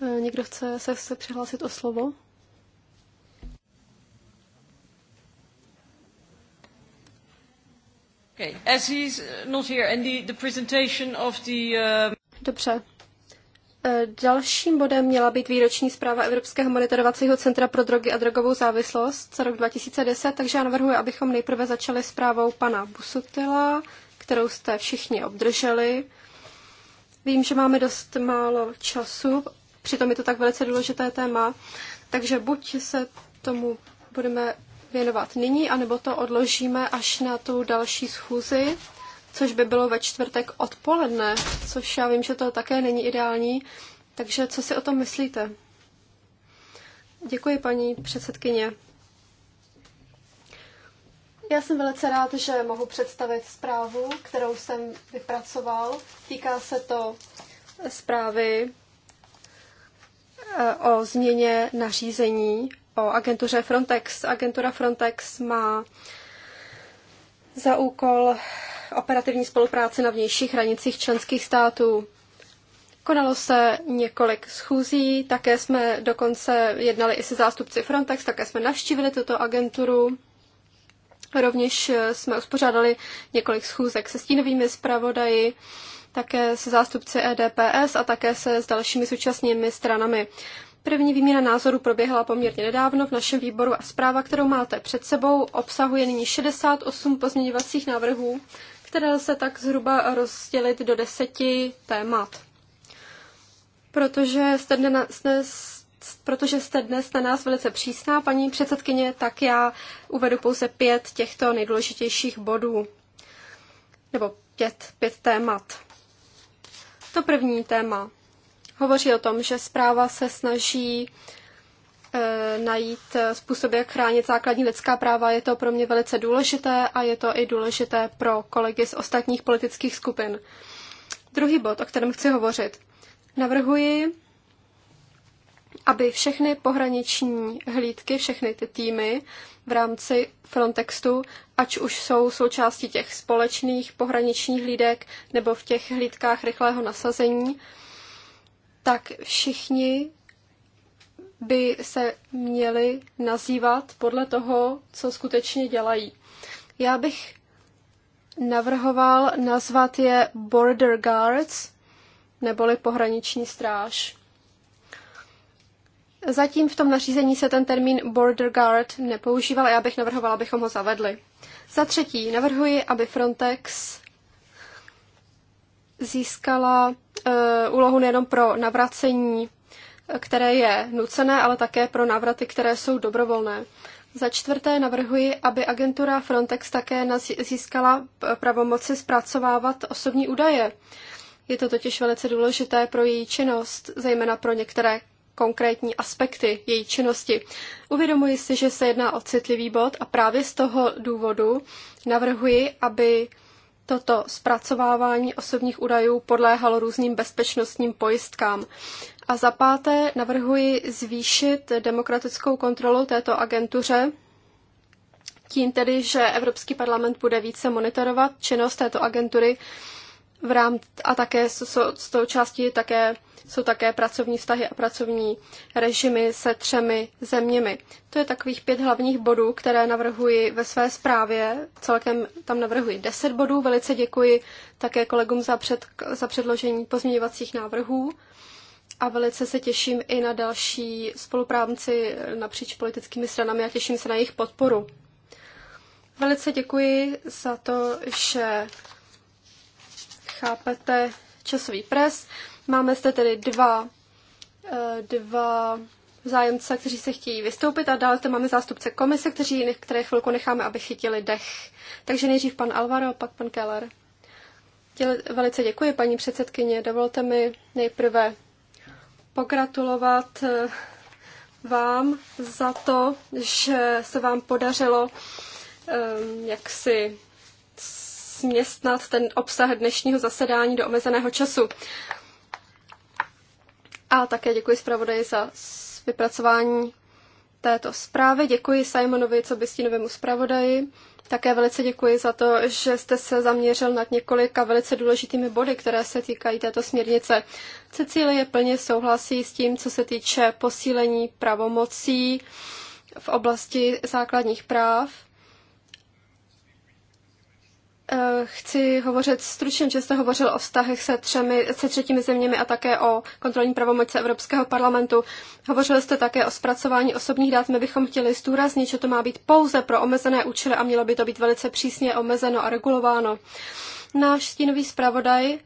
Eh, někdo chce se se přihlásit o slovo? Dobře. Dalším bodem měla být výroční zpráva Evropského monitorovacího centra pro drogy a drogovou závislost za rok 2010, takže já navrhuji, abychom nejprve začali zprávou pana Busutila, kterou jste všichni obdrželi. Vím, že máme dost málo času Přitom je to tak velice důležité téma, takže buď se tomu budeme věnovat nyní, anebo to odložíme až na tu další schůzi, což by bylo ve čtvrtek odpoledne, což já vím, že to také není ideální. Takže co si o tom myslíte? Děkuji, paní předsedkyně. Já jsem velice rád, že mohu představit zprávu, kterou jsem vypracoval. Týká se to zprávy Eh, o změně nařízení o agentuře Frontex. Agentura Frontex má za úkol operativní spolupráci na vnějších hranicích členských států. Konalo se několik schůzí, také jsme dokonce jednali i se zástupci Frontex, také jsme navštívili tuto agenturu. Rovněž eh, jsme uspořádali několik schůzek se stínovými zpravodaji také se zástupci EDPS a také se s dalšími současnými stranami. První výměna názorů proběhla poměrně nedávno v našem výboru a zpráva, kterou máte před sebou, obsahuje nyní 68 pozměňovacích návrhů, které se tak zhruba rozdělit do deseti témat. Protože jste dnes, protože jste dnes na nás velice přísná, paní předsedkyně, tak já uvedu pouze pět těchto nejdůležitějších bodů, nebo pět, pět témat. To první téma hovoří o tom, že zpráva se snaží eh, najít eh, způsob, jak chránit základní lidská práva. Je to pro mě velice důležité a je to i důležité pro kolegy z ostatních politických skupin. Druhý bod, o kterém chci hovořit. Navrhuji aby všechny pohraniční hlídky, všechny ty týmy v rámci Frontextu, ať už jsou součástí těch společných pohraničních hlídek nebo v těch hlídkách rychlého nasazení, tak všichni by se měli nazývat podle toho, co skutečně dělají. Já bych navrhoval nazvat je Border Guards, neboli pohraniční stráž. Zatím v tom nařízení se ten termín border guard nepoužíval a já bych navrhovala, abychom ho zavedli. Za třetí, navrhuji, aby Frontex získala uh, úlohu nejenom pro navracení, které je nucené, ale také pro návraty, které jsou dobrovolné. Za čtvrté navrhuji, aby agentura Frontex také získala eh, pravomoci zpracovávat osobní údaje. Je to totiž velice důležité pro její činnost, zejména pro některé konkrétní aspekty její činnosti. Uvědomuji si, že se jedná o citlivý bod a právě z toho důvodu navrhuji, aby toto zpracovávání osobních údajů podléhalo různým bezpečnostním pojistkám. A za páté navrhuji zvýšit demokratickou kontrolu této agentuře, tím tedy, že Evropský parlament bude více monitorovat činnost této agentury v rám, a také jsou, z toho části také, jsou také pracovní vztahy a pracovní režimy se třemi zeměmi. To je takových pět hlavních bodů, které navrhuji ve své zprávě. Celkem tam navrhuji deset bodů. Velice děkuji také kolegům za, před, za předložení pozměňovacích návrhů a velice se těším i na další spolupráci napříč politickými stranami a těším se na jejich podporu. Velice děkuji za to, že chápete časový pres. Máme zde tedy dva, eh, dva zájemce, kteří se chtějí vystoupit a dále zde máme zástupce komise, kteří, které chvilku necháme, aby chytili dech. Takže nejdřív pan Alvaro, pak pan Keller. Velice děkuji, paní předsedkyně. Dovolte mi nejprve pogratulovat eh, vám za to, že se vám podařilo eh, jak si směstnat ten obsah dnešního zasedání do omezeného času. A také děkuji zpravodaji za vypracování této zprávy. Děkuji Simonovi, co by stínovému zpravodaji. Také velice děkuji za to, že jste se zaměřil nad několika velice důležitými body, které se týkají této směrnice. Cecílie plně souhlasí s tím, co se týče posílení pravomocí v oblasti základních práv. Eh, chci hovořit stručně, že jste hovořil o vztahech se, třemi, se třetími zeměmi a také o kontrolní pravomoci Evropského parlamentu. Hovořil jste také o zpracování osobních dát. My bychom chtěli zdůraznit, že to má být pouze pro omezené účely a mělo by to být velice přísně omezeno a regulováno. Náš stínový zpravodaj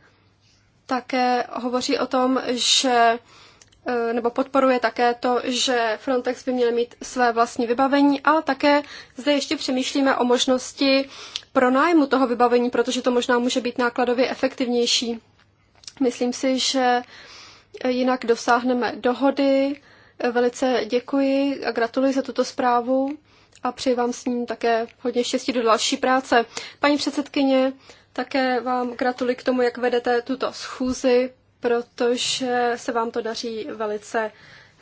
také hovoří o tom, že Eh, nebo podporuje také to, že Frontex by měl mít své vlastní vybavení a také zde ještě přemýšlíme o možnosti pronájmu toho vybavení, protože to možná může být nákladově efektivnější. Myslím si, že eh, jinak dosáhneme dohody. Eh, velice děkuji a gratuluji za tuto zprávu a přeji vám s ním také hodně štěstí do další práce. Paní předsedkyně, také vám gratuluji k tomu, jak vedete tuto schůzi protože se vám to daří velice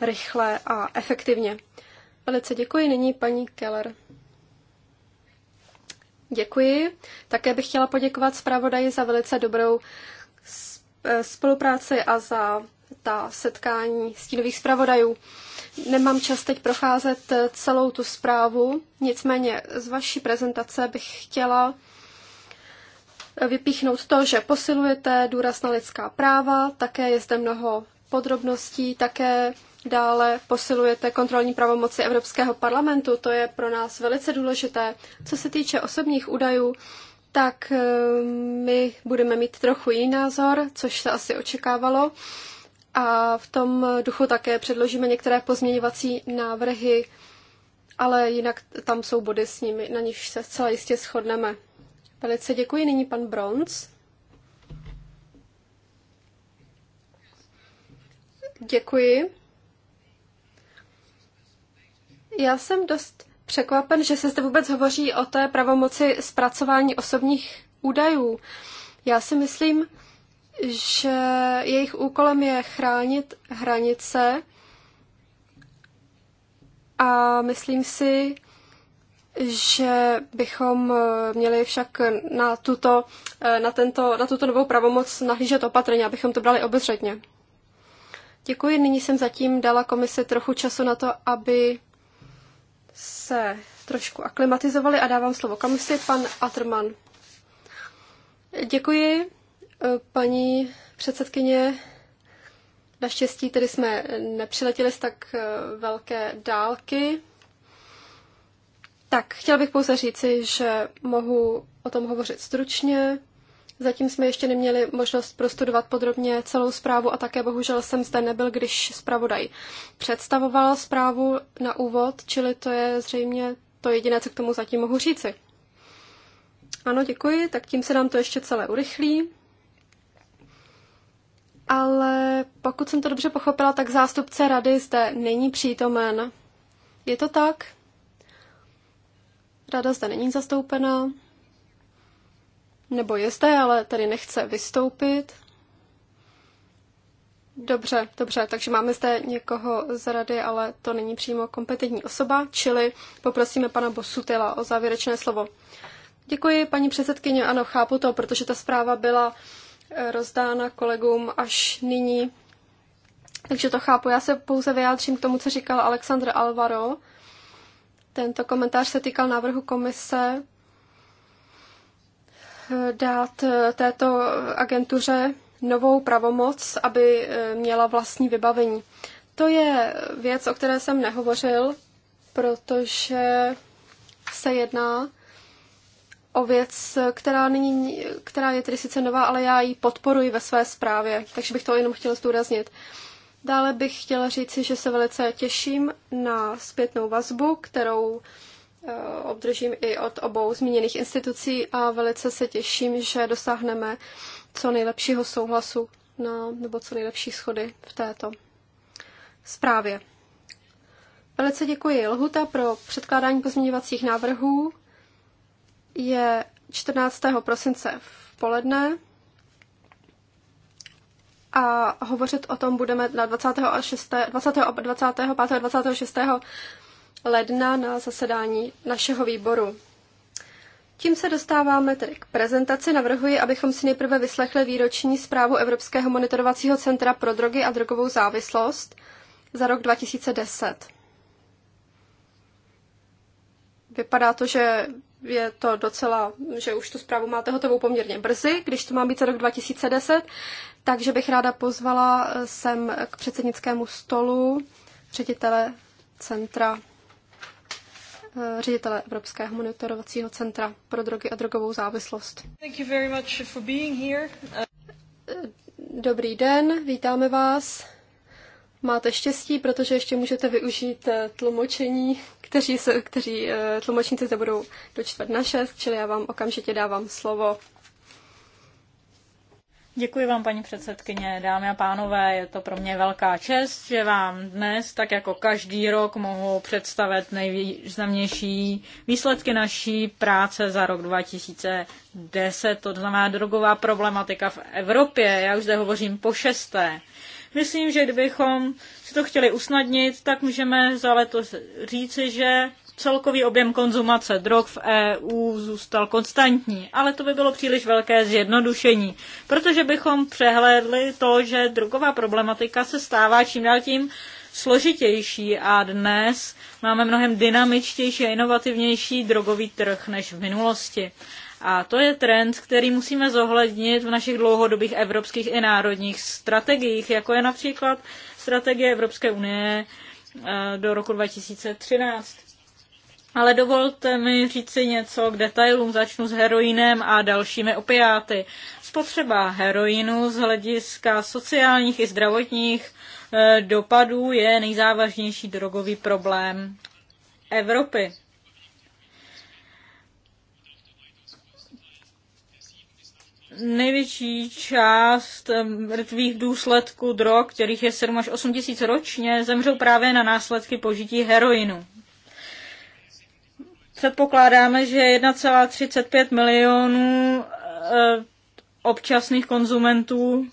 rychle a efektivně. Velice děkuji. Nyní paní Keller. Děkuji. Také bych chtěla poděkovat zpravodaji za velice dobrou eh, spolupráci a za ta setkání stínových zpravodajů. Nemám čas teď procházet eh, celou tu zprávu, nicméně z vaší prezentace bych chtěla vypíchnout to, že posilujete důraz na lidská práva, také je zde mnoho podrobností, také dále posilujete kontrolní pravomoci Evropského parlamentu, to je pro nás velice důležité. Co se týče osobních údajů, tak eh, my budeme mít trochu jiný názor, což se asi očekávalo. A v tom duchu také předložíme některé pozměňovací návrhy, ale jinak tam jsou body s nimi, na nich se zcela jistě shodneme. Velice děkuji. Nyní pan Bronz. Děkuji. Já jsem dost překvapen, že se zde vůbec hovoří o té pravomoci zpracování osobních údajů. Já si myslím, že jejich úkolem je chránit hranice a myslím si, že bychom eh, měli však na, tuto, eh, na, tento, na tuto novou pravomoc nahlížet opatrně, abychom to brali obezřetně. Děkuji. Nyní jsem zatím dala komisi trochu času na to, aby se trošku aklimatizovali a dávám slovo komisi, pan Atrman. Děkuji, eh, paní předsedkyně. Naštěstí tedy jsme nepřiletěli z tak velké dálky. Tak, chtěl bych pouze říci, že mohu o tom hovořit stručně. Zatím jsme ještě neměli možnost prostudovat podrobně celou zprávu a také bohužel jsem zde nebyl, když zpravodaj představoval zprávu na úvod, čili to je zřejmě to jediné, co k tomu zatím mohu říci. Ano, děkuji, tak tím se nám to ještě celé urychlí. Ale pokud jsem to dobře pochopila, tak zástupce rady zde není přítomen. Je to tak? Rada zde není zastoupena, nebo je zde, ale tady nechce vystoupit. Dobře, dobře, takže máme zde někoho z rady, ale to není přímo kompetentní osoba, čili poprosíme pana Bosutila o závěrečné slovo. Děkuji, paní předsedkyně, ano, chápu to, protože ta zpráva byla eh, rozdána kolegům až nyní, takže to chápu. Já se pouze vyjádřím k tomu, co říkal Alexandr Alvaro. Tento komentář se týkal návrhu komise eh, dát eh, této agentuře novou pravomoc, aby eh, měla vlastní vybavení. To je věc, o které jsem nehovořil, protože se jedná o věc, která, není, která je tedy sice nová, ale já ji podporuji ve své zprávě, takže bych to jenom chtěla zdůraznit. Dále bych chtěla říci, že se velice těším na zpětnou vazbu, kterou eh, obdržím i od obou zmíněných institucí a velice se těším, že dosáhneme co nejlepšího souhlasu na, nebo co nejlepší schody v této zprávě. Velice děkuji. Lhuta pro předkládání pozměňovacích návrhů je 14. prosince v poledne a hovořit o tom budeme na 26, 20, 25. 26. ledna na zasedání našeho výboru. Tím se dostáváme tedy k prezentaci. Navrhuji, abychom si nejprve vyslechli výroční zprávu Evropského monitorovacího centra pro drogy a drogovou závislost za rok 2010. Vypadá to, že je to docela, že už tu zprávu máte hotovou poměrně brzy, když to má být za rok 2010, takže bych ráda pozvala eh, sem k předsednickému stolu ředitele centra eh, ředitele Evropského monitorovacího centra pro drogy a drogovou závislost. Thank you very much for being here. Eh, dobrý den, vítáme vás. Máte štěstí, protože ještě můžete využít eh, tlumočení, kteří, se, kteří eh, tlumočníci se budou do čtvrt na šest, čili já vám okamžitě dávám slovo. Děkuji vám, paní předsedkyně, dámy a pánové, je to pro mě velká čest, že vám dnes, tak jako každý rok, mohu představit nejvýznamnější výsledky naší práce za rok 2010, to znamená drogová problematika v Evropě. Já už zde hovořím po šesté. Myslím, že kdybychom si to chtěli usnadnit, tak můžeme za letos říci, že celkový objem konzumace drog v EU zůstal konstantní, ale to by bylo příliš velké zjednodušení, protože bychom přehlédli to, že drogová problematika se stává čím dál tím složitější a dnes máme mnohem dynamičtější a inovativnější drogový trh než v minulosti. A to je trend, který musíme zohlednit v našich dlouhodobých evropských i národních strategiích, jako je například strategie Evropské unie eh, do roku 2013. Ale dovolte mi si něco k detailům. Začnu s heroinem a dalšími opiáty. Spotřeba heroinu z hlediska sociálních i zdravotních eh, dopadů je nejzávažnější drogový problém Evropy. největší část mrtvých důsledků drog, kterých je 7 až 8 tisíc ročně, zemřou právě na následky požití heroinu. Předpokládáme, že 1,35 milionů eh, občasných konzumentů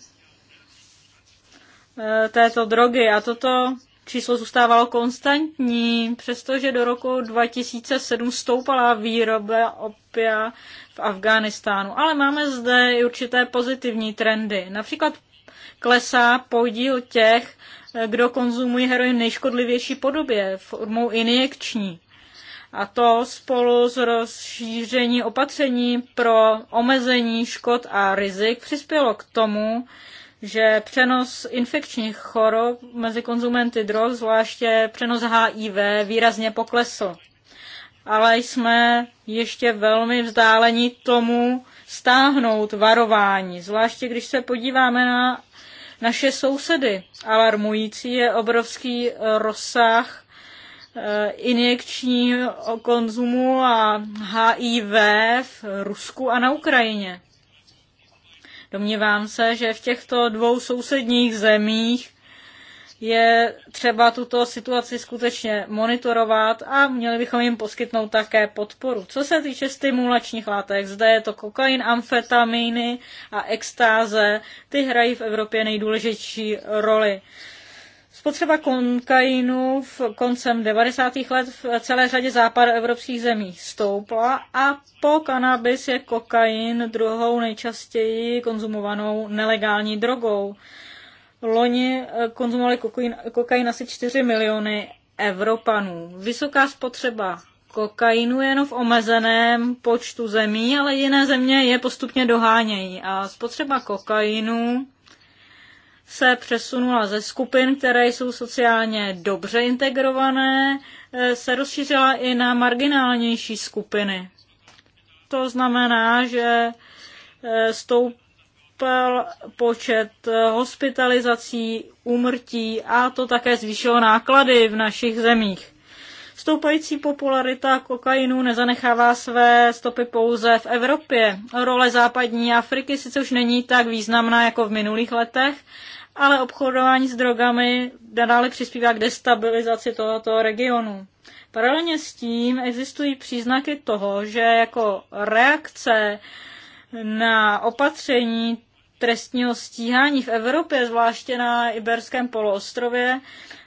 eh, této drogy a toto číslo zůstávalo konstantní, přestože do roku 2007 stoupala výroba opia v Afghánistánu. Ale máme zde i určité pozitivní trendy. Například klesá podíl těch, kdo konzumují heroin v nejškodlivější podobě, formou injekční. A to spolu s rozšíření opatření pro omezení škod a rizik přispělo k tomu, že přenos infekčních chorob mezi konzumenty drog, zvláště přenos HIV, výrazně poklesl. Ale jsme ještě velmi vzdáleni tomu stáhnout varování, zvláště když se podíváme na naše sousedy. Alarmující je obrovský rozsah eh, injekčního konzumu a HIV v Rusku a na Ukrajině. Domnívám se, že v těchto dvou sousedních zemích je třeba tuto situaci skutečně monitorovat a měli bychom jim poskytnout také podporu. Co se týče stimulačních látek, zde je to kokain, amfetamíny a extáze, ty hrají v Evropě nejdůležitější roli. Spotřeba kokainu v koncem 90. let v celé řadě západoevropských zemí stoupla a po kanabis je kokain druhou nejčastěji konzumovanou nelegální drogou. Loni konzumovali kokain, kokain asi 4 miliony Evropanů. Vysoká spotřeba kokainu je jenom v omezeném počtu zemí, ale jiné země je postupně dohánějí. A spotřeba kokainu se přesunula ze skupin, které jsou sociálně dobře integrované, eh, se rozšířila i na marginálnější skupiny. To znamená, že eh, stoupal počet eh, hospitalizací, úmrtí a to také zvýšilo náklady v našich zemích. Stoupající popularita kokainu nezanechává své stopy pouze v Evropě. Role západní Afriky sice už není tak významná jako v minulých letech, ale obchodování s drogami nadále přispívá k destabilizaci tohoto regionu. Paralelně s tím existují příznaky toho, že jako reakce na opatření trestního stíhání v Evropě, zvláště na Iberském poloostrově,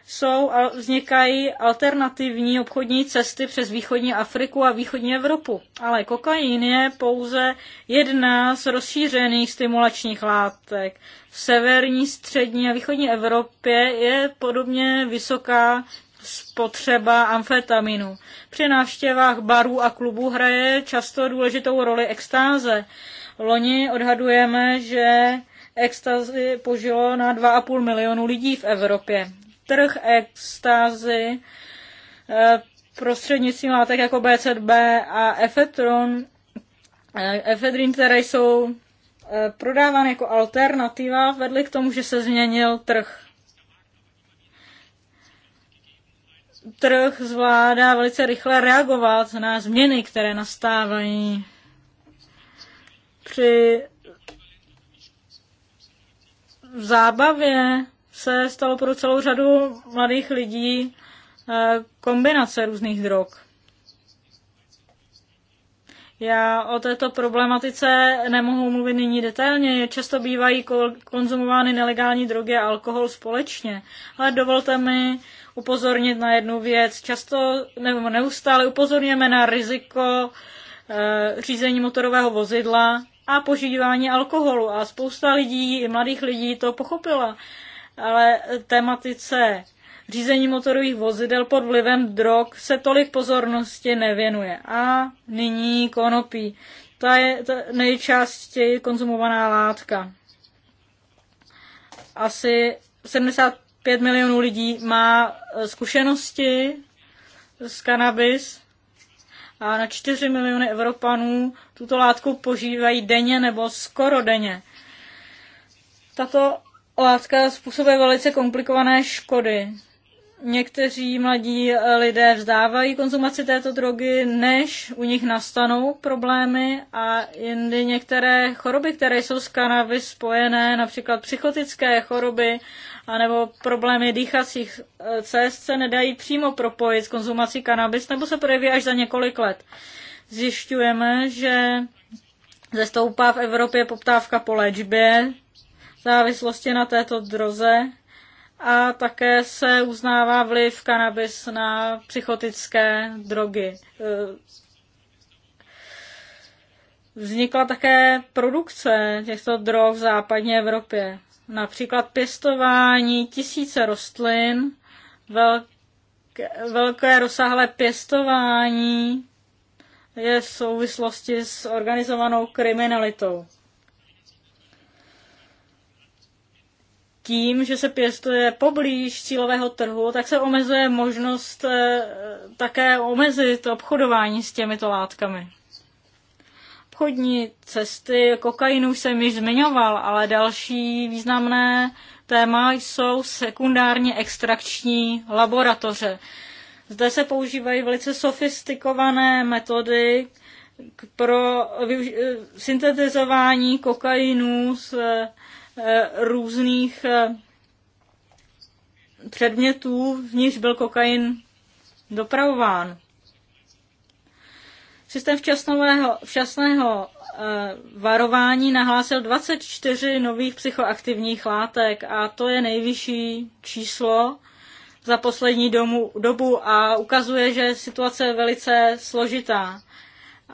jsou a vznikají alternativní obchodní cesty přes východní Afriku a východní Evropu. Ale kokain je pouze jedna z rozšířených stimulačních látek. V severní, střední a východní Evropě je podobně vysoká spotřeba amfetaminu. Při návštěvách barů a klubů hraje často důležitou roli extáze. Loni odhadujeme, že extazy požilo na 2,5 milionu lidí v Evropě trh extázy eh, prostřednictvím látek jako BCB a efetron, eh, efedrin, které jsou eh, prodávány jako alternativa, vedly k tomu, že se změnil trh. Trh zvládá velice rychle reagovat na změny, které nastávají při zábavě se stalo pro celou řadu mladých lidí eh, kombinace různých drog. Já o této problematice nemohu mluvit nyní detailně. Často bývají konzumovány nelegální drogy a alkohol společně. Ale dovolte mi upozornit na jednu věc. Často nebo neustále upozorněme na riziko e, řízení motorového vozidla a požívání alkoholu. A spousta lidí, i mladých lidí, to pochopila ale tematice řízení motorových vozidel pod vlivem drog se tolik pozornosti nevěnuje. A nyní konopí. Ta je ta nejčastěji konzumovaná látka. Asi 75 milionů lidí má eh, zkušenosti s kanabis a na 4 miliony Evropanů tuto látku požívají denně nebo skoro denně. Tato látka způsobuje velice komplikované škody. Někteří mladí lidé vzdávají konzumaci této drogy, než u nich nastanou problémy a jindy některé choroby, které jsou s kanavy spojené, například psychotické choroby anebo problémy dýchacích eh, cest, se nedají přímo propojit s konzumací kanabis nebo se projeví až za několik let. Zjišťujeme, že zestoupá v Evropě poptávka po léčbě závislosti na této droze a také se uznává vliv kanabis na psychotické drogy. E, vznikla také produkce těchto drog v západní Evropě. Například pěstování tisíce rostlin, velké, velké rozsáhlé pěstování je v souvislosti s organizovanou kriminalitou. tím, že se pěstuje poblíž cílového trhu, tak se omezuje možnost eh, také omezit obchodování s těmito látkami. Obchodní cesty kokainu jsem již zmiňoval, ale další významné téma jsou sekundárně extrakční laboratoře. Zde se používají velice sofistikované metody pro eh, syntetizování kokainu z Eh, různých eh, předmětů, v níž byl kokain dopravován. Systém včasného, včasného eh, varování nahlásil 24 nových psychoaktivních látek a to je nejvyšší číslo za poslední domu, dobu a ukazuje, že situace je velice složitá.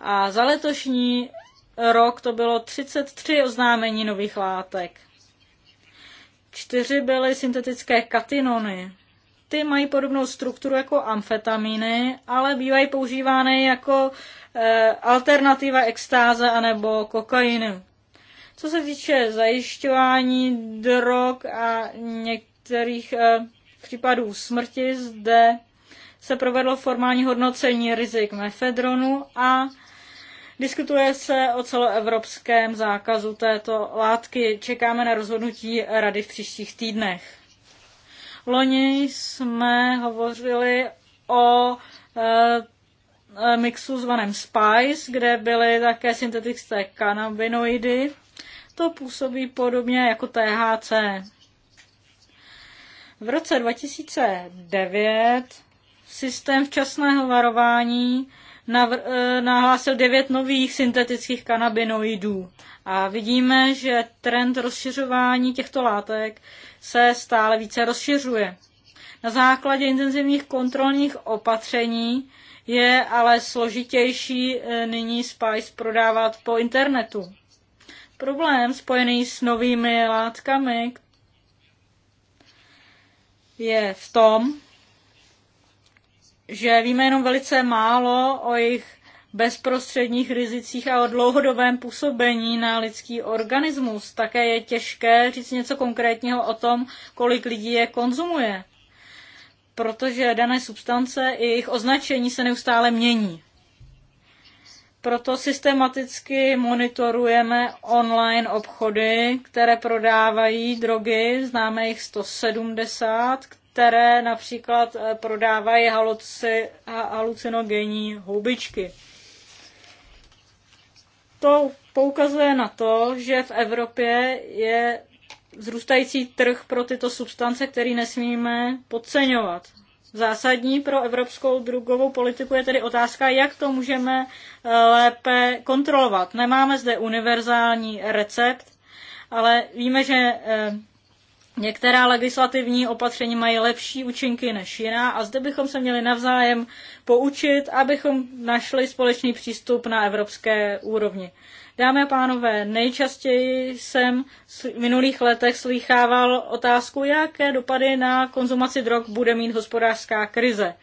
A za letošní rok to bylo 33 oznámení nových látek. Čtyři byly syntetické katinony. Ty mají podobnou strukturu jako amfetamíny, ale bývají používány jako e, alternativa extáze anebo kokainu. Co se týče zajišťování drog a některých e, případů smrti, zde se provedlo formální hodnocení rizik mefedronu a Diskutuje se o celoevropském zákazu této látky. Čekáme na rozhodnutí rady v příštích týdnech. Loni jsme hovořili o e, mixu zvaném Spice, kde byly také syntetické kanabinoidy. To působí podobně jako THC. V roce 2009 systém včasného varování navr- eh, nahlásil devět nových syntetických kanabinoidů. A vidíme, že trend rozšiřování těchto látek se stále více rozšiřuje. Na základě intenzivních kontrolních opatření je ale složitější eh, nyní Spice prodávat po internetu. Problém spojený s novými látkami je v tom, že víme jenom velice málo o jejich bezprostředních rizicích a o dlouhodobém působení na lidský organismus. Také je těžké říct něco konkrétního o tom, kolik lidí je konzumuje, protože dané substance i jejich označení se neustále mění. Proto systematicky monitorujeme online obchody, které prodávají drogy, známe jich 170, které například eh, prodávají halucinogenní houbičky. To poukazuje na to, že v Evropě je vzrůstající trh pro tyto substance, který nesmíme podceňovat. Zásadní pro evropskou drogovou politiku je tedy otázka, jak to můžeme eh, lépe kontrolovat. Nemáme zde univerzální recept, ale víme, že eh, Některá legislativní opatření mají lepší účinky než jiná a zde bychom se měli navzájem poučit, abychom našli společný přístup na evropské úrovni. Dámy a pánové, nejčastěji jsem v minulých letech slýchával otázku, jaké dopady na konzumaci drog bude mít hospodářská krize.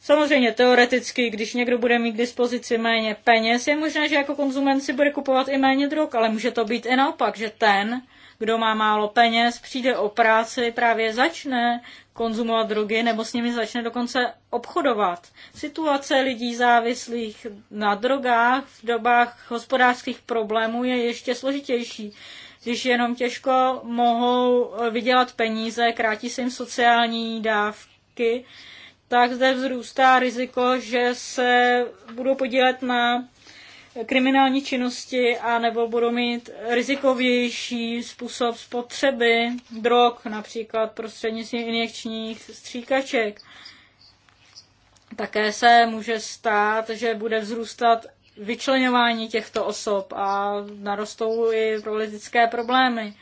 Samozřejmě teoreticky, když někdo bude mít k dispozici méně peněz, je možné, že jako konzument si bude kupovat i méně drog, ale může to být i naopak, že ten, kdo má málo peněz, přijde o práci, právě začne konzumovat drogy nebo s nimi začne dokonce obchodovat. Situace lidí závislých na drogách v dobách hospodářských problémů je ještě složitější. Když jenom těžko mohou vydělat peníze, krátí se jim sociální dávky, tak zde vzrůstá riziko, že se budou podílet na kriminální činnosti a nebo budou mít rizikovější způsob spotřeby drog, například prostřednictvím injekčních stříkaček. Také se může stát, že bude vzrůstat vyčlenování těchto osob a narostou i politické problémy.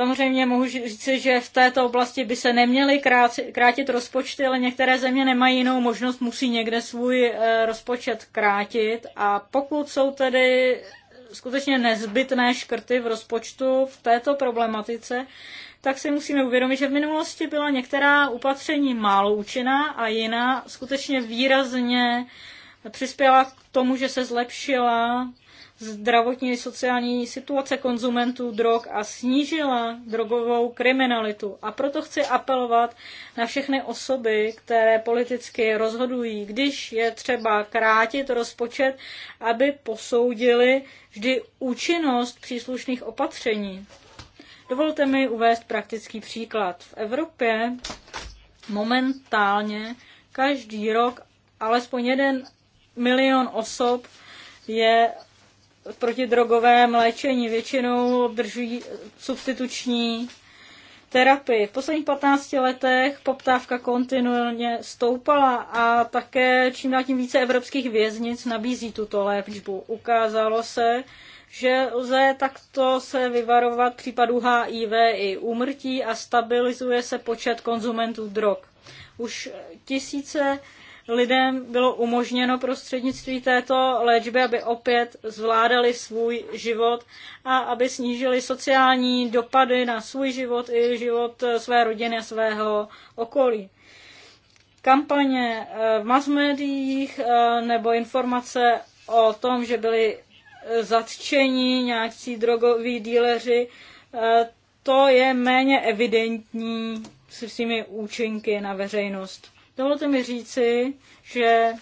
Samozřejmě mohu říci, že v této oblasti by se neměly krátit rozpočty, ale některé země nemají jinou možnost, musí někde svůj eh, rozpočet krátit. A pokud jsou tedy skutečně nezbytné škrty v rozpočtu v této problematice, tak si musíme uvědomit, že v minulosti byla některá upatření málo účinná a jiná skutečně výrazně přispěla k tomu, že se zlepšila zdravotní a sociální situace konzumentů drog a snížila drogovou kriminalitu. A proto chci apelovat na všechny osoby, které politicky rozhodují, když je třeba krátit rozpočet, aby posoudili vždy účinnost příslušných opatření. Dovolte mi uvést praktický příklad. V Evropě momentálně každý rok alespoň jeden milion osob je proti protidrogovém léčení. Většinou obdržují substituční terapii. V posledních 15 letech poptávka kontinuálně stoupala a také čím dál tím více evropských věznic nabízí tuto léčbu. Ukázalo se, že lze takto se vyvarovat případů HIV i úmrtí a stabilizuje se počet konzumentů drog. Už tisíce lidem bylo umožněno prostřednictví této léčby, aby opět zvládali svůj život a aby snížili sociální dopady na svůj život i život své rodiny a svého okolí. Kampaně eh, v masmédiích eh, nebo informace o tom, že byli eh, zatčeni nějakí drogoví díleři, to je méně evidentní s svými účinky na veřejnost. Dovolte mi říci, že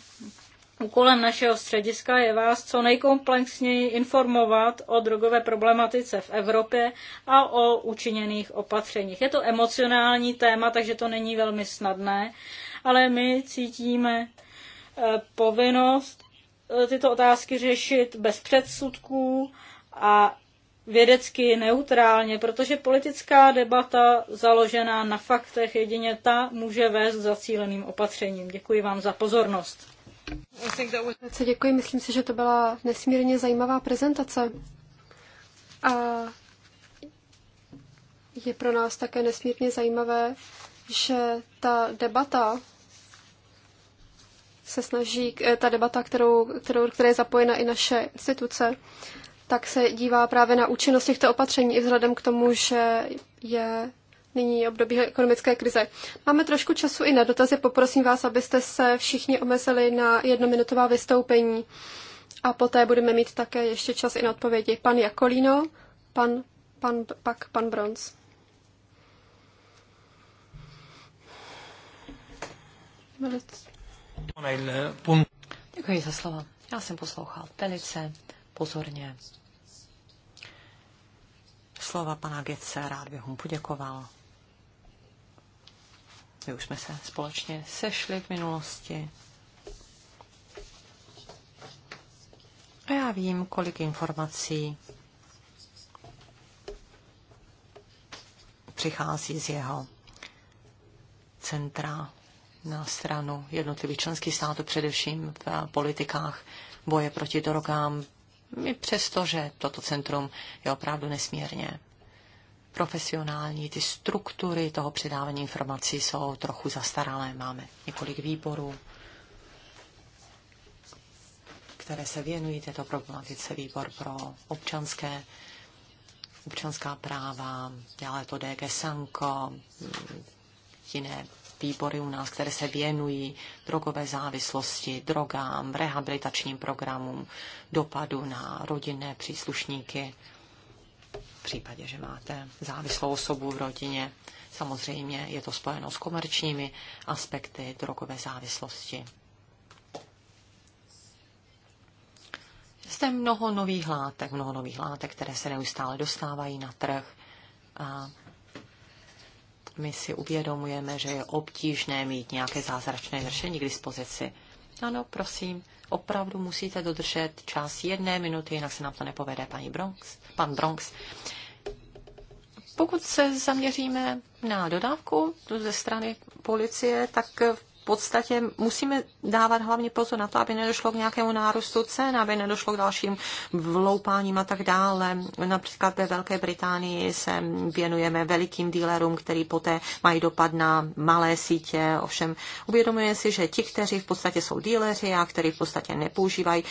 úkolem našeho střediska je vás co nejkomplexněji informovat o drogové problematice v Evropě a o učiněných opatřeních. Je to emocionální téma, takže to není velmi snadné, ale my cítíme eh, povinnost eh, tyto otázky řešit bez předsudků a vědecky neutrálně, protože politická debata založená na faktech jedině ta může vést zacíleným opatřením. Děkuji vám za pozornost. děkuji, myslím si, že to byla nesmírně zajímavá prezentace. A je pro nás také nesmírně zajímavé, že ta debata se snaží, eh, ta debata, kterou, kterou, která je zapojena i naše instituce, tak se dívá právě na účinnost těchto opatření i vzhledem k tomu, že je nyní období ekonomické krize. Máme trošku času i na dotazy. Poprosím vás, abyste se všichni omezili na jednominutová vystoupení a poté budeme mít také ještě čas i na odpovědi. Pan Jakolino, pan, pan, pak pan Bronz. Děkuji za slovo. Já jsem poslouchal velice pozorně slova pana Getce, rád bych mu poděkoval. My už jsme se společně sešli v minulosti. A já vím, kolik informací přichází z jeho centra na stranu jednotlivých členských států, především v politikách boje proti drogám, i přesto, že toto centrum je opravdu nesmírně profesionální, ty struktury toho předávání informací jsou trochu zastaralé. Máme několik výborů, které se věnují této problematice. Výbor pro občanské občanská práva, dále to DG Sanko, jiné výbory u nás, které se věnují drogové závislosti, drogám, rehabilitačním programům, dopadu na rodinné příslušníky v případě, že máte závislou osobu v rodině. Samozřejmě je to spojeno s komerčními aspekty drogové závislosti. Zde mnoho nových látek, mnoho nových látek, které se neustále dostávají na trh a my si uvědomujeme, že je obtížné mít nějaké zázračné řešení k dispozici. Ano, prosím, opravdu musíte dodržet čas jedné minuty, jinak se nám to nepovede, paní Bronx, pan Bronx. Pokud se zaměříme na dodávku ze strany policie, tak v podstatě musíme dávat hlavně pozor na to, aby nedošlo k nějakému nárůstu cen, aby nedošlo k dalším vloupáním a tak dále. Například ve Velké Británii se věnujeme velikým dílerům, který poté mají dopad na malé sítě. Ovšem uvědomuje si, že ti, kteří v podstatě jsou díleři a kteří v podstatě nepoužívají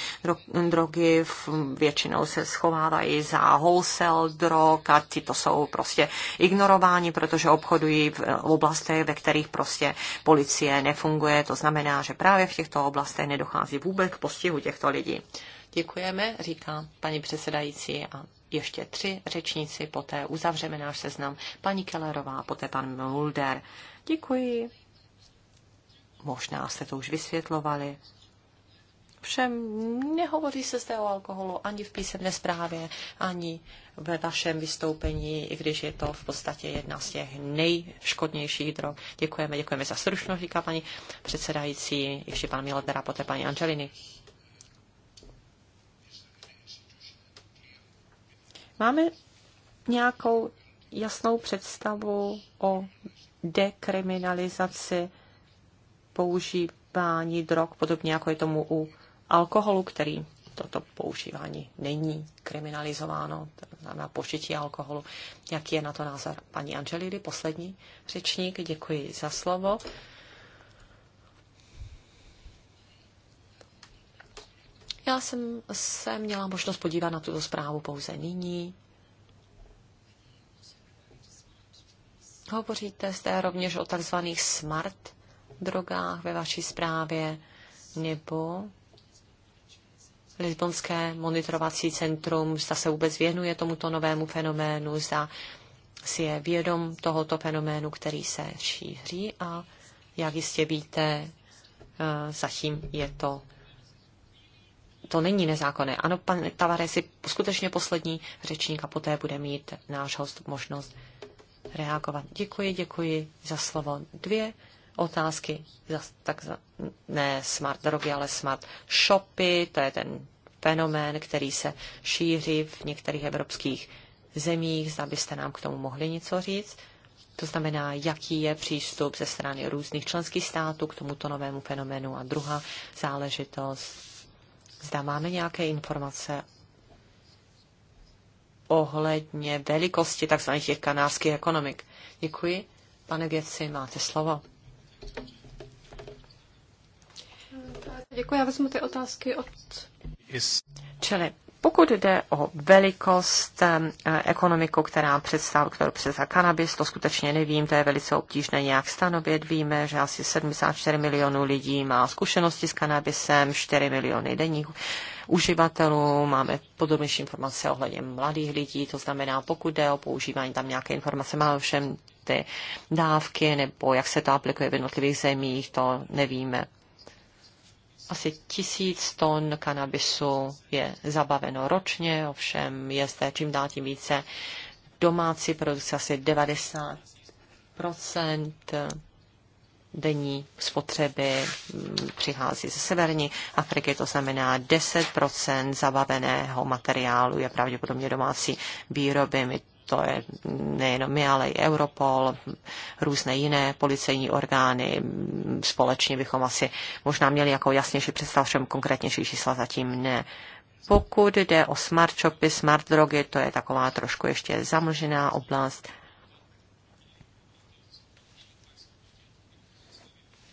drogy, většinou se schovávají za wholesale drog a ti to jsou prostě ignorováni, protože obchodují v oblastech, ve kterých prostě policie nefunguje nefunguje. To znamená, že právě v těchto oblastech nedochází vůbec k postihu těchto lidí. Děkujeme, říká paní předsedající a ještě tři řečníci, poté uzavřeme náš seznam. Paní Kellerová, poté pan Mulder. Děkuji. Možná jste to už vysvětlovali. Ovšem nehovoří se zde o alkoholu ani v písemné zprávě, ani ve vašem vystoupení, i když je to v podstatě jedna z těch nejškodnějších drog. Děkujeme, děkujeme za stručnost, říká paní předsedající, ještě pan Miletera, poté paní Angeliny. Máme nějakou jasnou představu o dekriminalizaci používání drog, podobně jako je tomu u alkoholu, který toto používání není kriminalizováno, na pošetí alkoholu. Jaký je na to názor paní Angelidy, poslední řečník? Děkuji za slovo. Já jsem se měla možnost podívat na tuto zprávu pouze nyní. Hovoříte zde rovněž o takzvaných smart drogách ve vaší zprávě, nebo Lisbonské monitorovací centrum, zda se vůbec věnuje tomuto novému fenoménu, zda si je vědom tohoto fenoménu, který se šíří a jak jistě víte, eh, zatím je to to není nezákonné. Ano, pan Tavares je skutečně poslední řečník a poté bude mít náš host možnost reagovat. Děkuji, děkuji za slovo. Dvě otázky, tak ne smart drogy, ale smart shopy, to je ten fenomén, který se šíří v některých evropských zemích, zda byste nám k tomu mohli něco říct. To znamená, jaký je přístup ze strany různých členských států k tomuto novému fenoménu. A druhá záležitost, zda máme nějaké informace ohledně velikosti tzv. těch ekonomik. Děkuji. Pane Geci, máte slovo. Děkuji, já vezmu ty otázky od... Čili pokud jde o velikost eh, ekonomiku, která představ, kterou představuje kanabis, to skutečně nevím, to je velice obtížné nějak stanovit. Víme, že asi 74 milionů lidí má zkušenosti s kanabisem, 4 miliony denních uživatelů, máme podobnější informace ohledně mladých lidí, to znamená, pokud jde o používání tam nějaké informace, máme všem ty dávky nebo jak se to aplikuje v jednotlivých zemích, to nevíme. Asi tisíc ton kanabisu je zabaveno ročně, ovšem je zde čím dál tím více domácí produkce, asi 90 denní spotřeby mm, přichází ze severní Afriky, to znamená 10 zabaveného materiálu je pravděpodobně domácí výroby. My to je nejenom my, ale i Europol, různé jiné policejní orgány. Společně bychom asi možná měli jako jasnější představ, všem konkrétnější čísla zatím ne. Pokud jde o smart shopy, smart drogy, to je taková trošku ještě zamlžená oblast.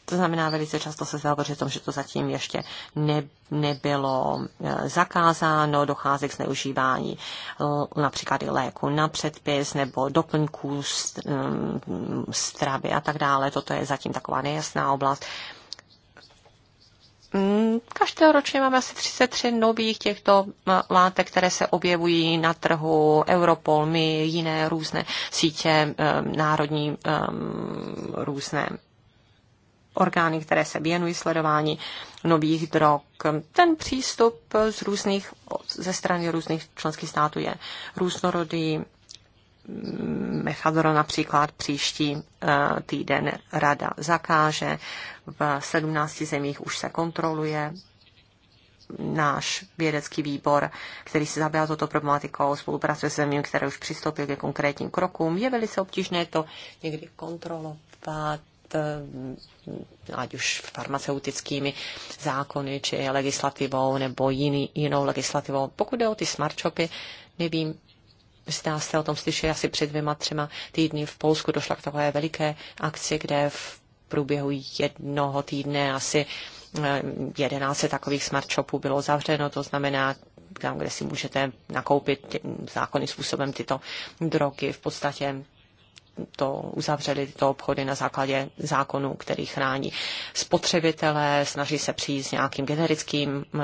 To znamená, velice často se zde že, že to zatím ještě ne, nebylo e, zakázáno, dochází k zneužívání e, například i léku na předpis nebo doplňků e, stravy a tak dále. Toto je zatím taková nejasná oblast. Mm, každoročně máme asi 33 nových těchto látek, které se objevují na trhu, Europol, my, jiné různé sítě, národní různé orgány, které se věnují sledování nových drog. Ten přístup z různých, ze strany různých členských států je různorodý. Mechadro například příští eh, týden rada zakáže. V 17 zemích už se kontroluje náš vědecký výbor, který se zabývá toto problematikou, spolupracuje s zeměmi, které už přistoupily ke konkrétním krokům. Je velice obtížné to někdy kontrolovat Eh, ať už farmaceutickými zákony, či legislativou, nebo jiný, jinou legislativou. Pokud jde o ty smart shopy, nevím, zda jste o tom slyšeli asi před dvěma, třema týdny v Polsku došla k takové veliké akci, kde v průběhu jednoho týdne asi 11 eh, takových smart shopů bylo zavřeno, to znamená tam, kde si můžete nakoupit zákonným způsobem tyto drogy. V podstatě to uzavřeli tyto obchody na základě zákonů, který chrání spotřebitele, snaží se přijít s nějakým generickým eh,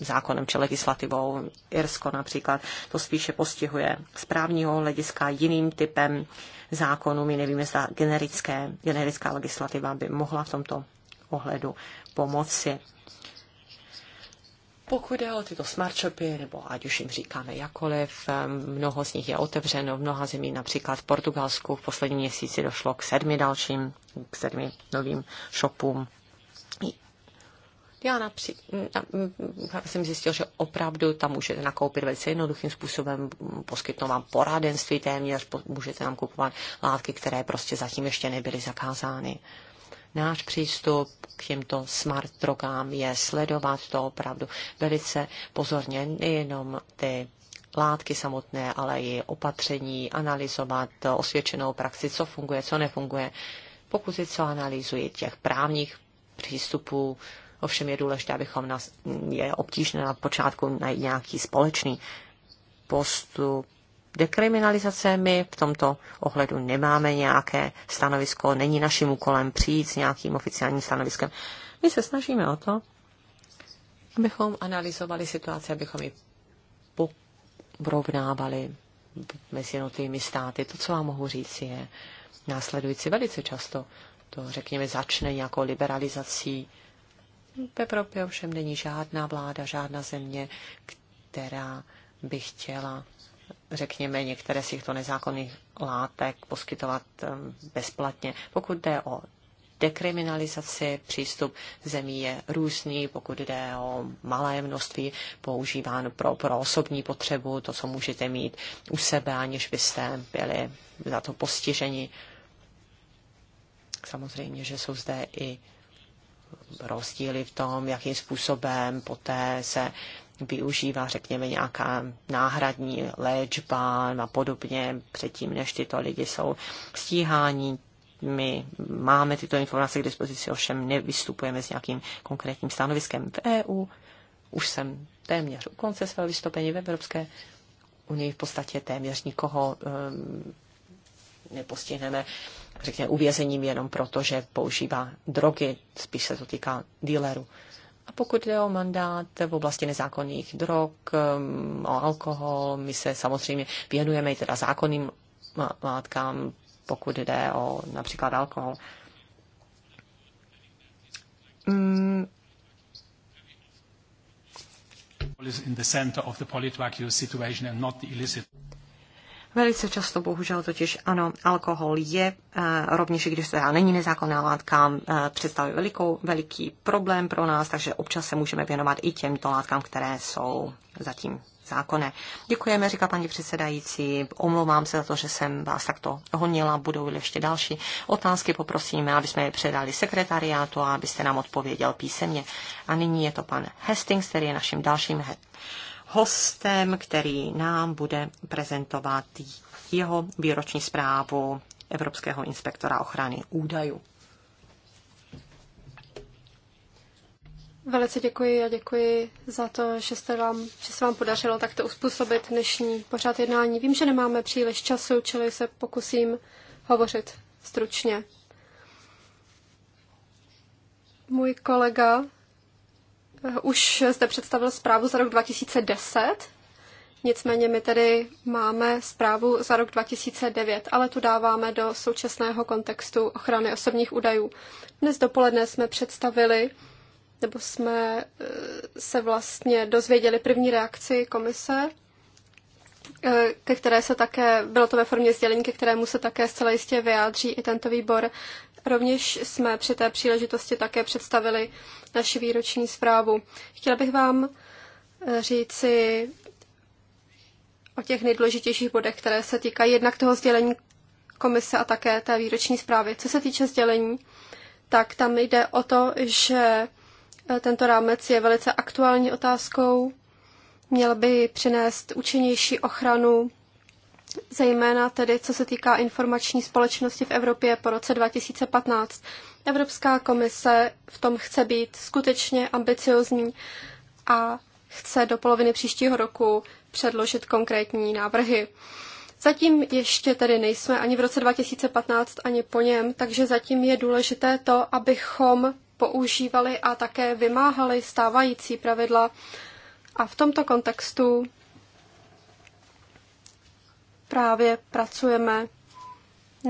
zákonem či legislativou. Irsko například to spíše postihuje z právního hlediska jiným typem zákonů. My nevíme, zda generické, generická legislativa by mohla v tomto ohledu pomoci. Pokud jde o tyto smart shopy, nebo ať už jim říkáme jakoliv, mnoho z nich je otevřeno v mnoha zemí, například v Portugalsku v poslední měsíci došlo k sedmi dalším, k sedmi novým shopům. Já napří, já jsem zjistil, že opravdu tam můžete nakoupit velice jednoduchým způsobem, poskytnou vám poradenství téměř, můžete tam kupovat látky, které prostě zatím ještě nebyly zakázány náš přístup k těmto smart drogám je sledovat to opravdu velice pozorně, nejenom ty látky samotné, ale i opatření, analyzovat osvědčenou praxi, co funguje, co nefunguje. pokusit se co analýzuji těch právních přístupů, ovšem je důležité, abychom nás, je obtížné na počátku najít nějaký společný postup, dekriminalizace. My v tomto ohledu nemáme nějaké stanovisko, není naším úkolem přijít s nějakým oficiálním stanoviskem. My se snažíme o to, abychom analyzovali situaci, abychom ji porovnávali mezi jednotlivými státy. To, co vám mohu říct, je následující velice často. To, řekněme, začne nějakou liberalizací. V Evropě ovšem není žádná vláda, žádná země, která by chtěla řekněme, některé z těchto nezákonných látek poskytovat bezplatně. Pokud jde o dekriminalizaci, přístup zemí je různý, pokud jde o malé množství používán pro, pro osobní potřebu, to, co můžete mít u sebe, aniž byste byli za to postiženi. Samozřejmě, že jsou zde i rozdíly v tom, jakým způsobem poté se využívá, řekněme, nějaká náhradní léčba a podobně předtím, než tyto lidi jsou stíháni. My máme tyto informace k dispozici, ovšem nevystupujeme s nějakým konkrétním stanoviskem v EU. Už jsem téměř u konce svého vystoupení v Evropské unii v podstatě téměř nikoho um, nepostihneme, řekněme, uvězením jenom proto, že používá drogy. Spíš se to týká dílerů. A pokud jde o mandát v oblasti nezákonných drog, um, o alkohol, my se samozřejmě věnujeme i teda zákonným uh, látkám, pokud jde o například alkohol. Mm. Velice často, bohužel, totiž ano, alkohol je eh, rovněž, když se není nezákonná látka, eh, představuje velikou, veliký problém pro nás, takže občas se můžeme věnovat i těmto látkám, které jsou zatím zákonné. Děkujeme, říká paní předsedající. Omlouvám se za to, že jsem vás takto honila. Budou ještě další otázky. Poprosíme, aby jsme je předali sekretariátu a abyste nám odpověděl písemně. A nyní je to pan Hastings, který je naším dalším hostem, který nám bude prezentovat jeho výroční zprávu Evropského inspektora ochrany údajů. Velice děkuji a děkuji za to, že, jste vám, že se vám podařilo takto uspůsobit dnešní pořád jednání. Vím, že nemáme příliš času, čili se pokusím hovořit stručně. Můj kolega už zde představil zprávu za rok 2010, nicméně my tedy máme zprávu za rok 2009, ale tu dáváme do současného kontextu ochrany osobních údajů. Dnes dopoledne jsme představili, nebo jsme eh, se vlastně dozvěděli první reakci komise, eh, ke které se také, bylo to ve formě sdělení, ke kterému se také zcela jistě vyjádří i tento výbor. Rovněž jsme při té příležitosti také představili naši výroční zprávu. Chtěla bych vám eh, říci o těch nejdůležitějších bodech, které se týkají jednak toho sdělení komise a také té výroční zprávy. Co se týče sdělení, tak tam jde o to, že eh, tento rámec je velice aktuální otázkou, měl by přinést účinnější ochranu zejména tedy co se týká informační společnosti v Evropě po roce 2015. Evropská komise v tom chce být skutečně ambiciozní a chce do poloviny příštího roku předložit konkrétní návrhy. Zatím ještě tedy nejsme ani v roce 2015, ani po něm, takže zatím je důležité to, abychom používali a také vymáhali stávající pravidla. A v tomto kontextu právě pracujeme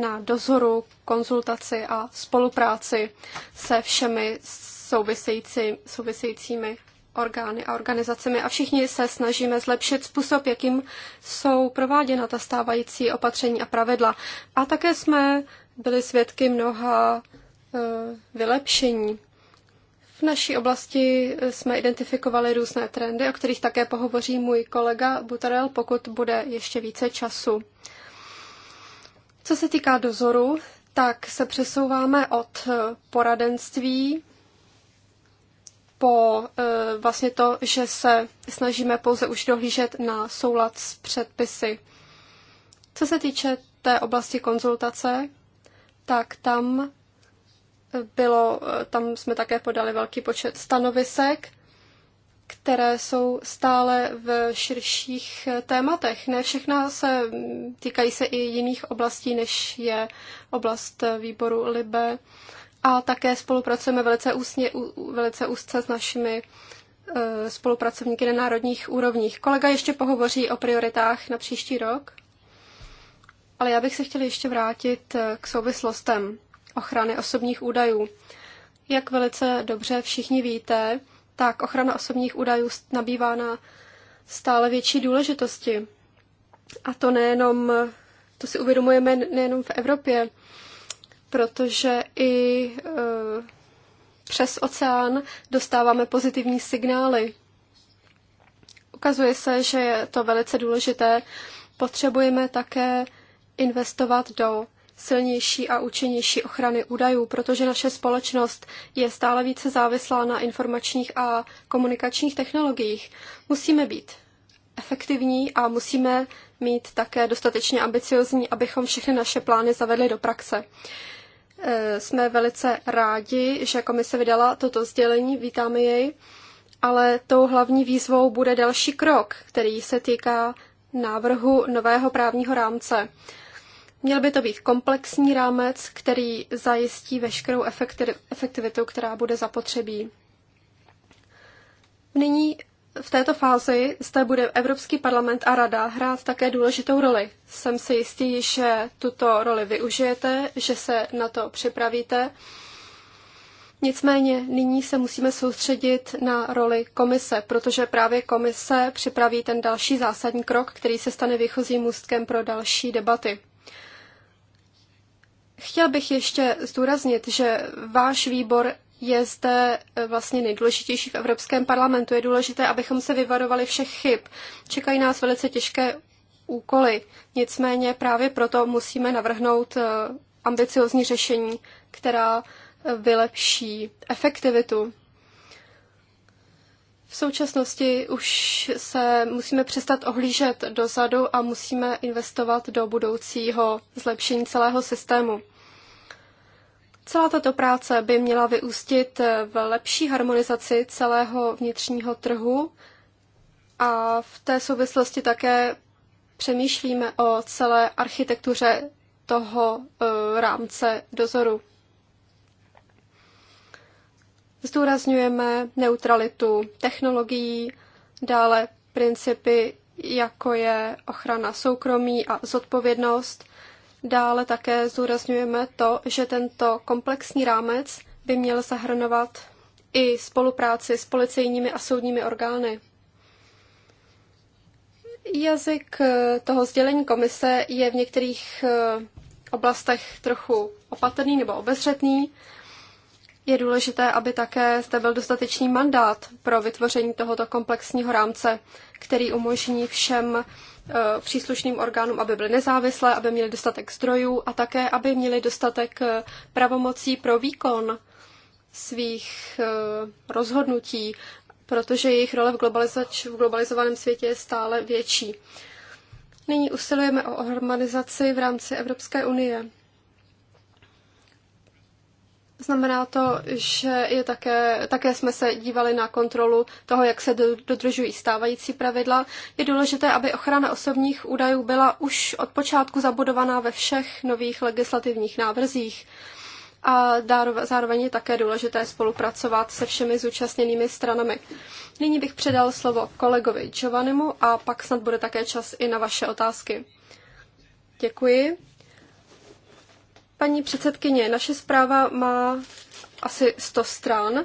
na dozoru, konzultaci a spolupráci se všemi související, souvisejícími orgány a organizacemi a všichni se snažíme zlepšit způsob, jakým jsou prováděna ta stávající opatření a pravidla. A také jsme byli svědky mnoha e, vylepšení v naší oblasti jsme identifikovali různé trendy, o kterých také pohovoří můj kolega Butarel, pokud bude ještě více času. Co se týká dozoru, tak se přesouváme od eh, poradenství po eh, vlastně to, že se snažíme pouze už dohlížet na soulad s předpisy. Co se týče té oblasti konzultace, tak tam bylo, tam jsme také podali velký počet stanovisek, které jsou stále v širších tématech. Ne všechna se týkají se i jiných oblastí, než je oblast výboru Libe. A také spolupracujeme velice, úsně, velice úzce s našimi eh, spolupracovníky na národních úrovních. Kolega ještě pohovoří o prioritách na příští rok, ale já bych se chtěla ještě vrátit eh, k souvislostem ochrany osobních údajů. Jak velice dobře všichni víte, tak ochrana osobních údajů nabývá na stále větší důležitosti. A to nejenom, to si uvědomujeme nejenom v Evropě, protože i e, přes oceán dostáváme pozitivní signály. Ukazuje se, že je to velice důležité. Potřebujeme také investovat do silnější a účinnější ochrany údajů, protože naše společnost je stále více závislá na informačních a komunikačních technologiích. Musíme být efektivní a musíme mít také dostatečně ambiciozní, abychom všechny naše plány zavedli do praxe. Eh, jsme velice rádi, že komise vydala toto sdělení, vítáme jej, ale tou hlavní výzvou bude další krok, který se týká návrhu nového právního rámce. Měl by to být komplexní rámec, který zajistí veškerou efektivitu, která bude zapotřebí. Nyní v této fázi zde bude Evropský parlament a Rada hrát také důležitou roli. Jsem si jistý, že tuto roli využijete, že se na to připravíte. Nicméně nyní se musíme soustředit na roli komise, protože právě komise připraví ten další zásadní krok, který se stane výchozím můstkem pro další debaty. Chtěl bych ještě zdůraznit, že váš výbor je zde eh, vlastně nejdůležitější v Evropském parlamentu. Je důležité, abychom se vyvarovali všech chyb. Čekají nás velice těžké úkoly. Nicméně právě proto musíme navrhnout eh, ambiciozní řešení, která eh, vylepší efektivitu. V současnosti už se musíme přestat ohlížet dozadu a musíme investovat do budoucího zlepšení celého systému. Celá tato práce by měla vyústit v lepší harmonizaci celého vnitřního trhu a v té souvislosti také přemýšlíme o celé architektuře toho eh, rámce dozoru. Zdůrazňujeme neutralitu technologií, dále principy, jako je ochrana soukromí a zodpovědnost – Dále také zúrazňujeme to, že tento komplexní rámec by měl zahrnovat i spolupráci s policejními a soudními orgány. Jazyk eh, toho sdělení komise je v některých eh, oblastech trochu opatrný nebo obezřetný. Je důležité, aby také zde byl dostatečný mandát pro vytvoření tohoto komplexního rámce, který umožní všem Eh, příslušným orgánům, aby byly nezávislé, aby měly dostatek zdrojů a také, aby měly dostatek eh, pravomocí pro výkon svých eh, rozhodnutí, protože jejich role v, globalizač, v globalizovaném světě je stále větší. Nyní usilujeme o harmonizaci v rámci Evropské unie. Znamená to, že je také, také jsme se dívali na kontrolu toho, jak se dodržují stávající pravidla. Je důležité, aby ochrana osobních údajů byla už od počátku zabudovaná ve všech nových legislativních návrzích. A zároveň je také důležité spolupracovat se všemi zúčastněnými stranami. Nyní bych předal slovo kolegovi Giovannimu a pak snad bude také čas i na vaše otázky. Děkuji. Paní předsedkyně, naše zpráva má asi 100 stran.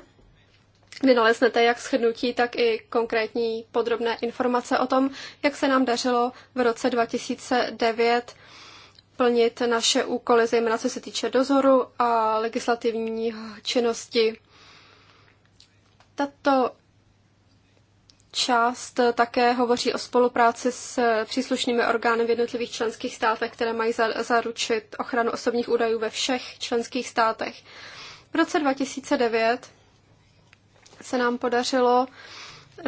Vy naleznete jak shrnutí, tak i konkrétní podrobné informace o tom, jak se nám dařilo v roce 2009 plnit naše úkoly, zejména co se týče dozoru a legislativní činnosti. Tato část také hovoří o spolupráci s příslušnými orgány v jednotlivých členských státech, které mají zaručit ochranu osobních údajů ve všech členských státech. V roce 2009 se nám podařilo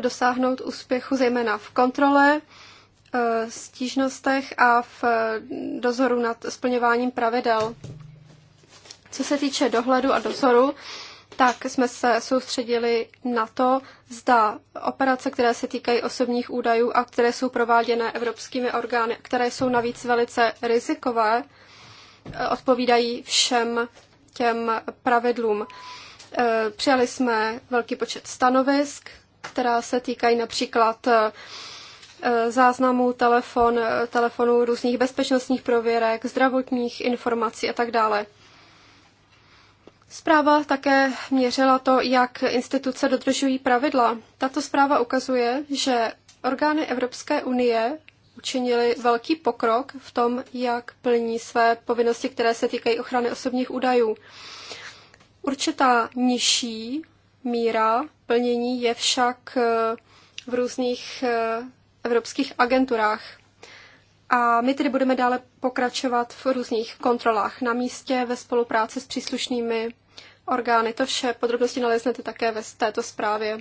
dosáhnout úspěchu zejména v kontrole, eh, stížnostech a v eh, dozoru nad splňováním pravidel. Co se týče dohledu a dozoru, tak jsme se soustředili na to, zda operace, které se týkají osobních údajů a které jsou prováděné evropskými orgány, které jsou navíc velice rizikové, eh, odpovídají všem těm pravidlům. Eh, přijali jsme velký počet stanovisk, která se týkají například eh, záznamů telefon, telefonů různých bezpečnostních prověrek, zdravotních informací a tak dále. Zpráva také měřila to, jak instituce dodržují pravidla. Tato zpráva ukazuje, že orgány Evropské unie učinili velký pokrok v tom, jak plní své povinnosti, které se týkají ochrany osobních údajů. Určitá nižší míra plnění je však v různých eh, evropských agenturách. A my tedy budeme dále pokračovat v různých kontrolách na místě ve spolupráci s příslušnými orgány. To vše podrobnosti naleznete také ve této zprávě.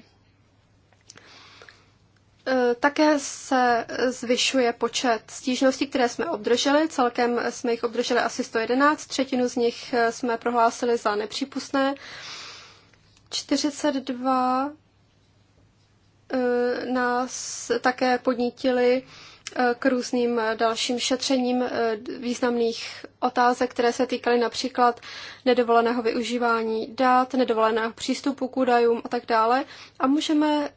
E, také se zvyšuje počet stížností, které jsme obdrželi. Celkem jsme jich obdrželi asi 111, třetinu z nich e, jsme prohlásili za nepřípustné. 42 Eh, nás také podnítili eh, k různým eh, dalším šetřením významných otázek, které se týkaly například nedovoleného využívání dat, nedovoleného přístupu k údajům a tak dále. A můžeme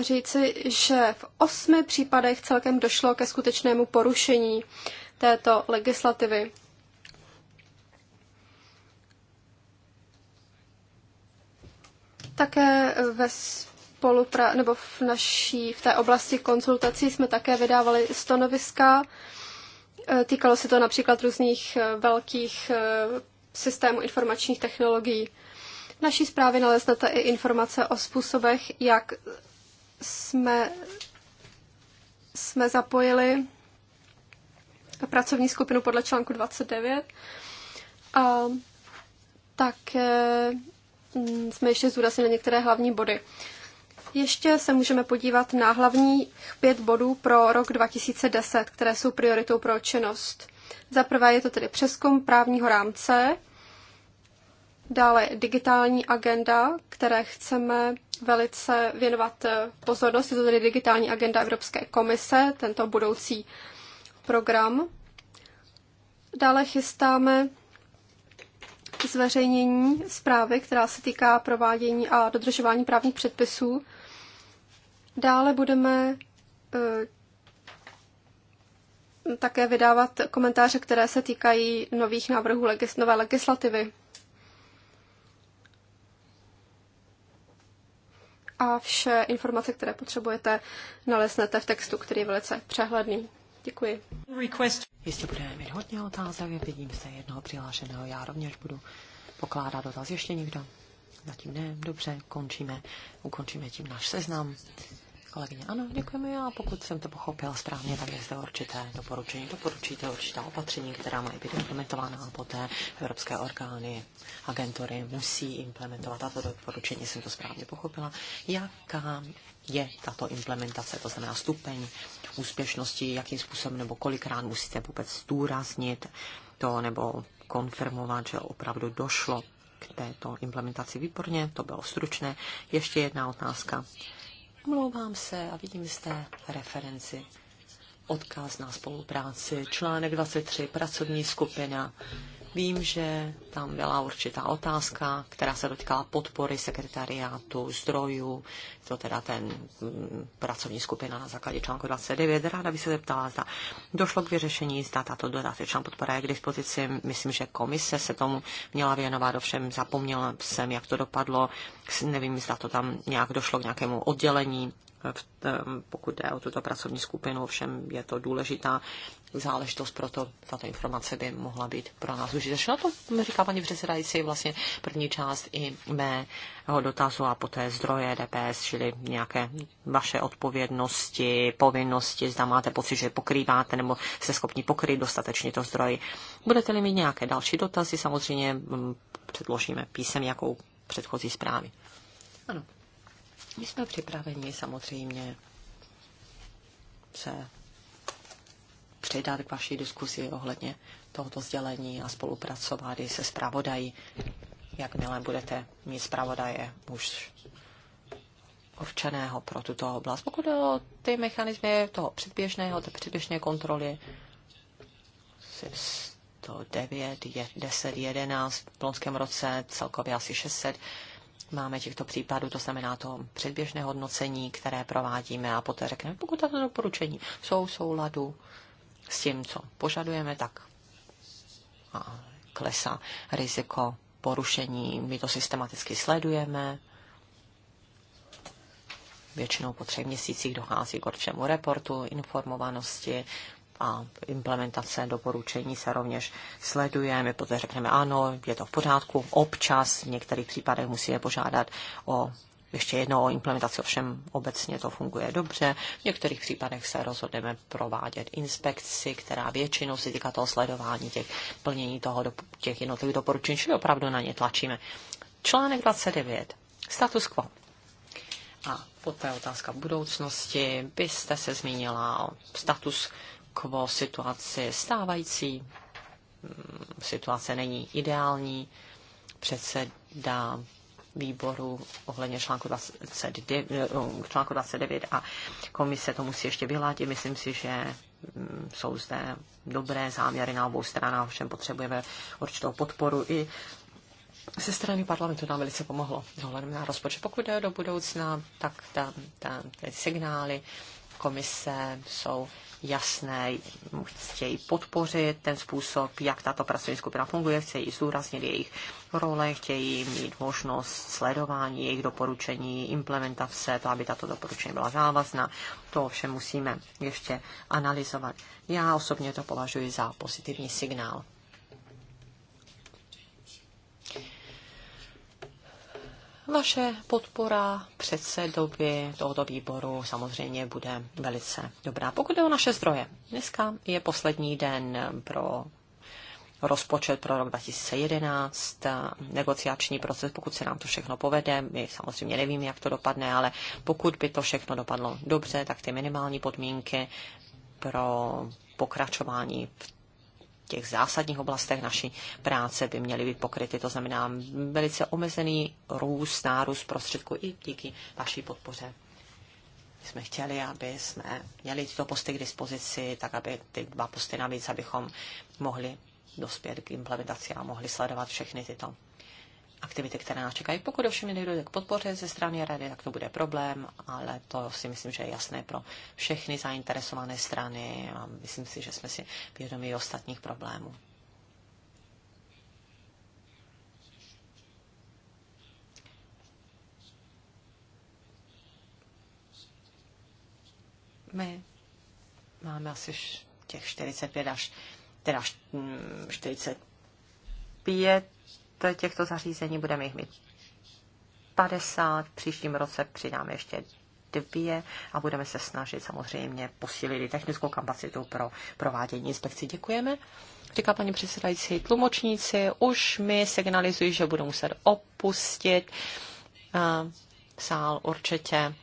říci, že v osmi případech celkem došlo ke skutečnému porušení této legislativy. Také ve spolupra- nebo v naší, v té oblasti konzultací jsme také vydávali stanoviska. E, týkalo se to například různých e, velkých e, systémů informačních technologií. V naší zprávě naleznete i informace o způsobech, jak jsme, jsme zapojili pracovní skupinu podle článku 29. A tak mm, jsme ještě zdůraznili některé hlavní body. Ještě se můžeme podívat na hlavních pět bodů pro rok 2010, které jsou prioritou pro činnost. Za prvé je to tedy přeskum právního rámce, dále digitální agenda, které chceme velice věnovat pozornost. Je to tedy digitální agenda Evropské komise, tento budoucí program. Dále chystáme zveřejnění zprávy, která se týká provádění a dodržování právních předpisů Dále budeme eh, také vydávat komentáře, které se týkají nových návrhů legis- nové legislativy. A vše informace, které potřebujete, naleznete v textu, který je velice přehledný. Děkuji. Request. Jestli budeme mít hodně otázek, vidím se jednoho přihlášeného, já rovněž budu pokládat dotaz. Ještě někdo? Zatím ne, dobře, končíme, ukončíme tím náš seznam kolegyně. Ano, děkujeme. A pokud jsem to pochopila správně, tak je zde určité doporučení. Doporučíte určitá opatření, která mají být implementována a poté evropské orgány, agentury musí implementovat tato doporučení, jsem to správně pochopila. Jaká je tato implementace, to znamená stupeň úspěšnosti, jakým způsobem nebo kolikrát musíte vůbec zdůraznit to nebo konfirmovat, že opravdu došlo k této implementaci výborně, to bylo stručné. Ještě jedna otázka. Omlouvám se a vidím zde referenci. Odkaz na spolupráci, článek 23, pracovní skupina. Vím, že tam byla určitá otázka, která se dotýkala podpory sekretariátu, zdrojů, to teda ten mm, pracovní skupina na základě článku 29. Ráda by se zeptala, zda došlo k vyřešení, zda tato dodatečná podpora je k dispozici. Myslím, že komise se tomu měla věnovat, ovšem zapomněla jsem, jak to dopadlo. Nevím, zda to tam nějak došlo k nějakému oddělení pokud jde o tuto pracovní skupinu, ovšem je to důležitá záležitost, to, tato informace by mohla být pro nás užitečná. To říká paní předsedající vlastně první část i mého dotazu a poté zdroje DPS, čili nějaké vaše odpovědnosti, povinnosti, zda máte pocit, že pokrýváte nebo jste schopni pokryt dostatečně to zdroji. Budete-li mít nějaké další dotazy, samozřejmě mm, předložíme písem jakou předchozí zprávy. Ano. My jsme připraveni samozřejmě se přidat k vaší diskuzi ohledně tohoto sdělení a spolupracovat i se zpravodají. Jakmile budete mít zpravodaje už určeného pro tuto oblast. Pokud jde o ty mechanizmy toho předběžného, té předběžné kontroly, 109, 10, 11 v plonském roce, celkově asi 600 máme těchto případů, to znamená to předběžné hodnocení, které provádíme a poté řekneme, pokud tato doporučení jsou souladu s tím, co požadujeme, tak klesá riziko porušení. My to systematicky sledujeme. Většinou po třech měsících dochází k určitému reportu, informovanosti a implementace doporučení se rovněž sleduje. My poté řekneme ano, je to v pořádku. Občas v některých případech musíme požádat o ještě jednou o implementaci ovšem obecně to funguje dobře. V některých případech se rozhodneme provádět inspekci, která většinou se týká toho sledování těch plnění toho, těch jednotlivých doporučení, čili opravdu na ně tlačíme. Článek 29. Status quo. A poté otázka budoucnosti. Byste se zmínila o status quo situaci stávající. Hmm, situace není ideální. Předseda výboru ohledně článku 29, eh, článku 29 a komise to musí ještě vyladit. Myslím si, že mm, jsou zde dobré záměry na obou stranách, všem potřebujeme určitou podporu i ze strany parlamentu nám velice pomohlo ohledem na rozpočet. Pokud jde do budoucna, tak ta, ta, ty signály komise jsou jasné, chtějí podpořit ten způsob, jak tato pracovní skupina funguje, chtějí zúraznit jejich role, chtějí mít možnost sledování jejich doporučení, implementace, to, aby tato doporučení byla závazná. To ovšem musíme ještě analyzovat. Já osobně to považuji za pozitivní signál. Vaše podpora předsedovi tohoto výboru samozřejmě bude velice dobrá. Pokud jde o naše zdroje, dneska je poslední den pro rozpočet pro rok 2011, negociační proces, pokud se nám to všechno povede, my samozřejmě nevíme, jak to dopadne, ale pokud by to všechno dopadlo dobře, tak ty minimální podmínky pro pokračování v těch zásadních oblastech naší práce by měly být pokryty. To znamená velice omezený růst, nárůst prostředků i díky vaší podpoře. My jsme chtěli, aby jsme měli tyto posty k dispozici, tak aby ty dva posty navíc, abychom mohli dospět k implementaci a mohli sledovat všechny tyto aktivity, které nás čekají. Pokud ovšem nedojde k podpoře ze strany rady, tak to bude problém, ale to si myslím, že je jasné pro všechny zainteresované strany a myslím si, že jsme si vědomi ostatních problémů. My máme asi těch 45 až teda 45 mm, těchto zařízení, budeme jich mít 50, příštím roce přidáme ještě dvě a budeme se snažit samozřejmě posílit i technickou kapacitu pro provádění inspekcí. Děkujeme. Říká paní předsedající, tlumočníci už mi signalizují, že budou muset opustit uh, sál určitě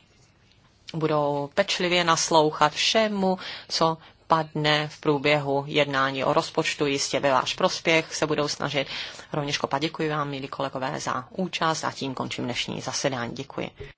budou pečlivě naslouchat všemu, co padne v průběhu jednání o rozpočtu. Jistě ve váš prospěch se budou snažit. Rovněž kopa děkuji vám, milí kolegové, za účast a tím končím dnešní zasedání. Děkuji.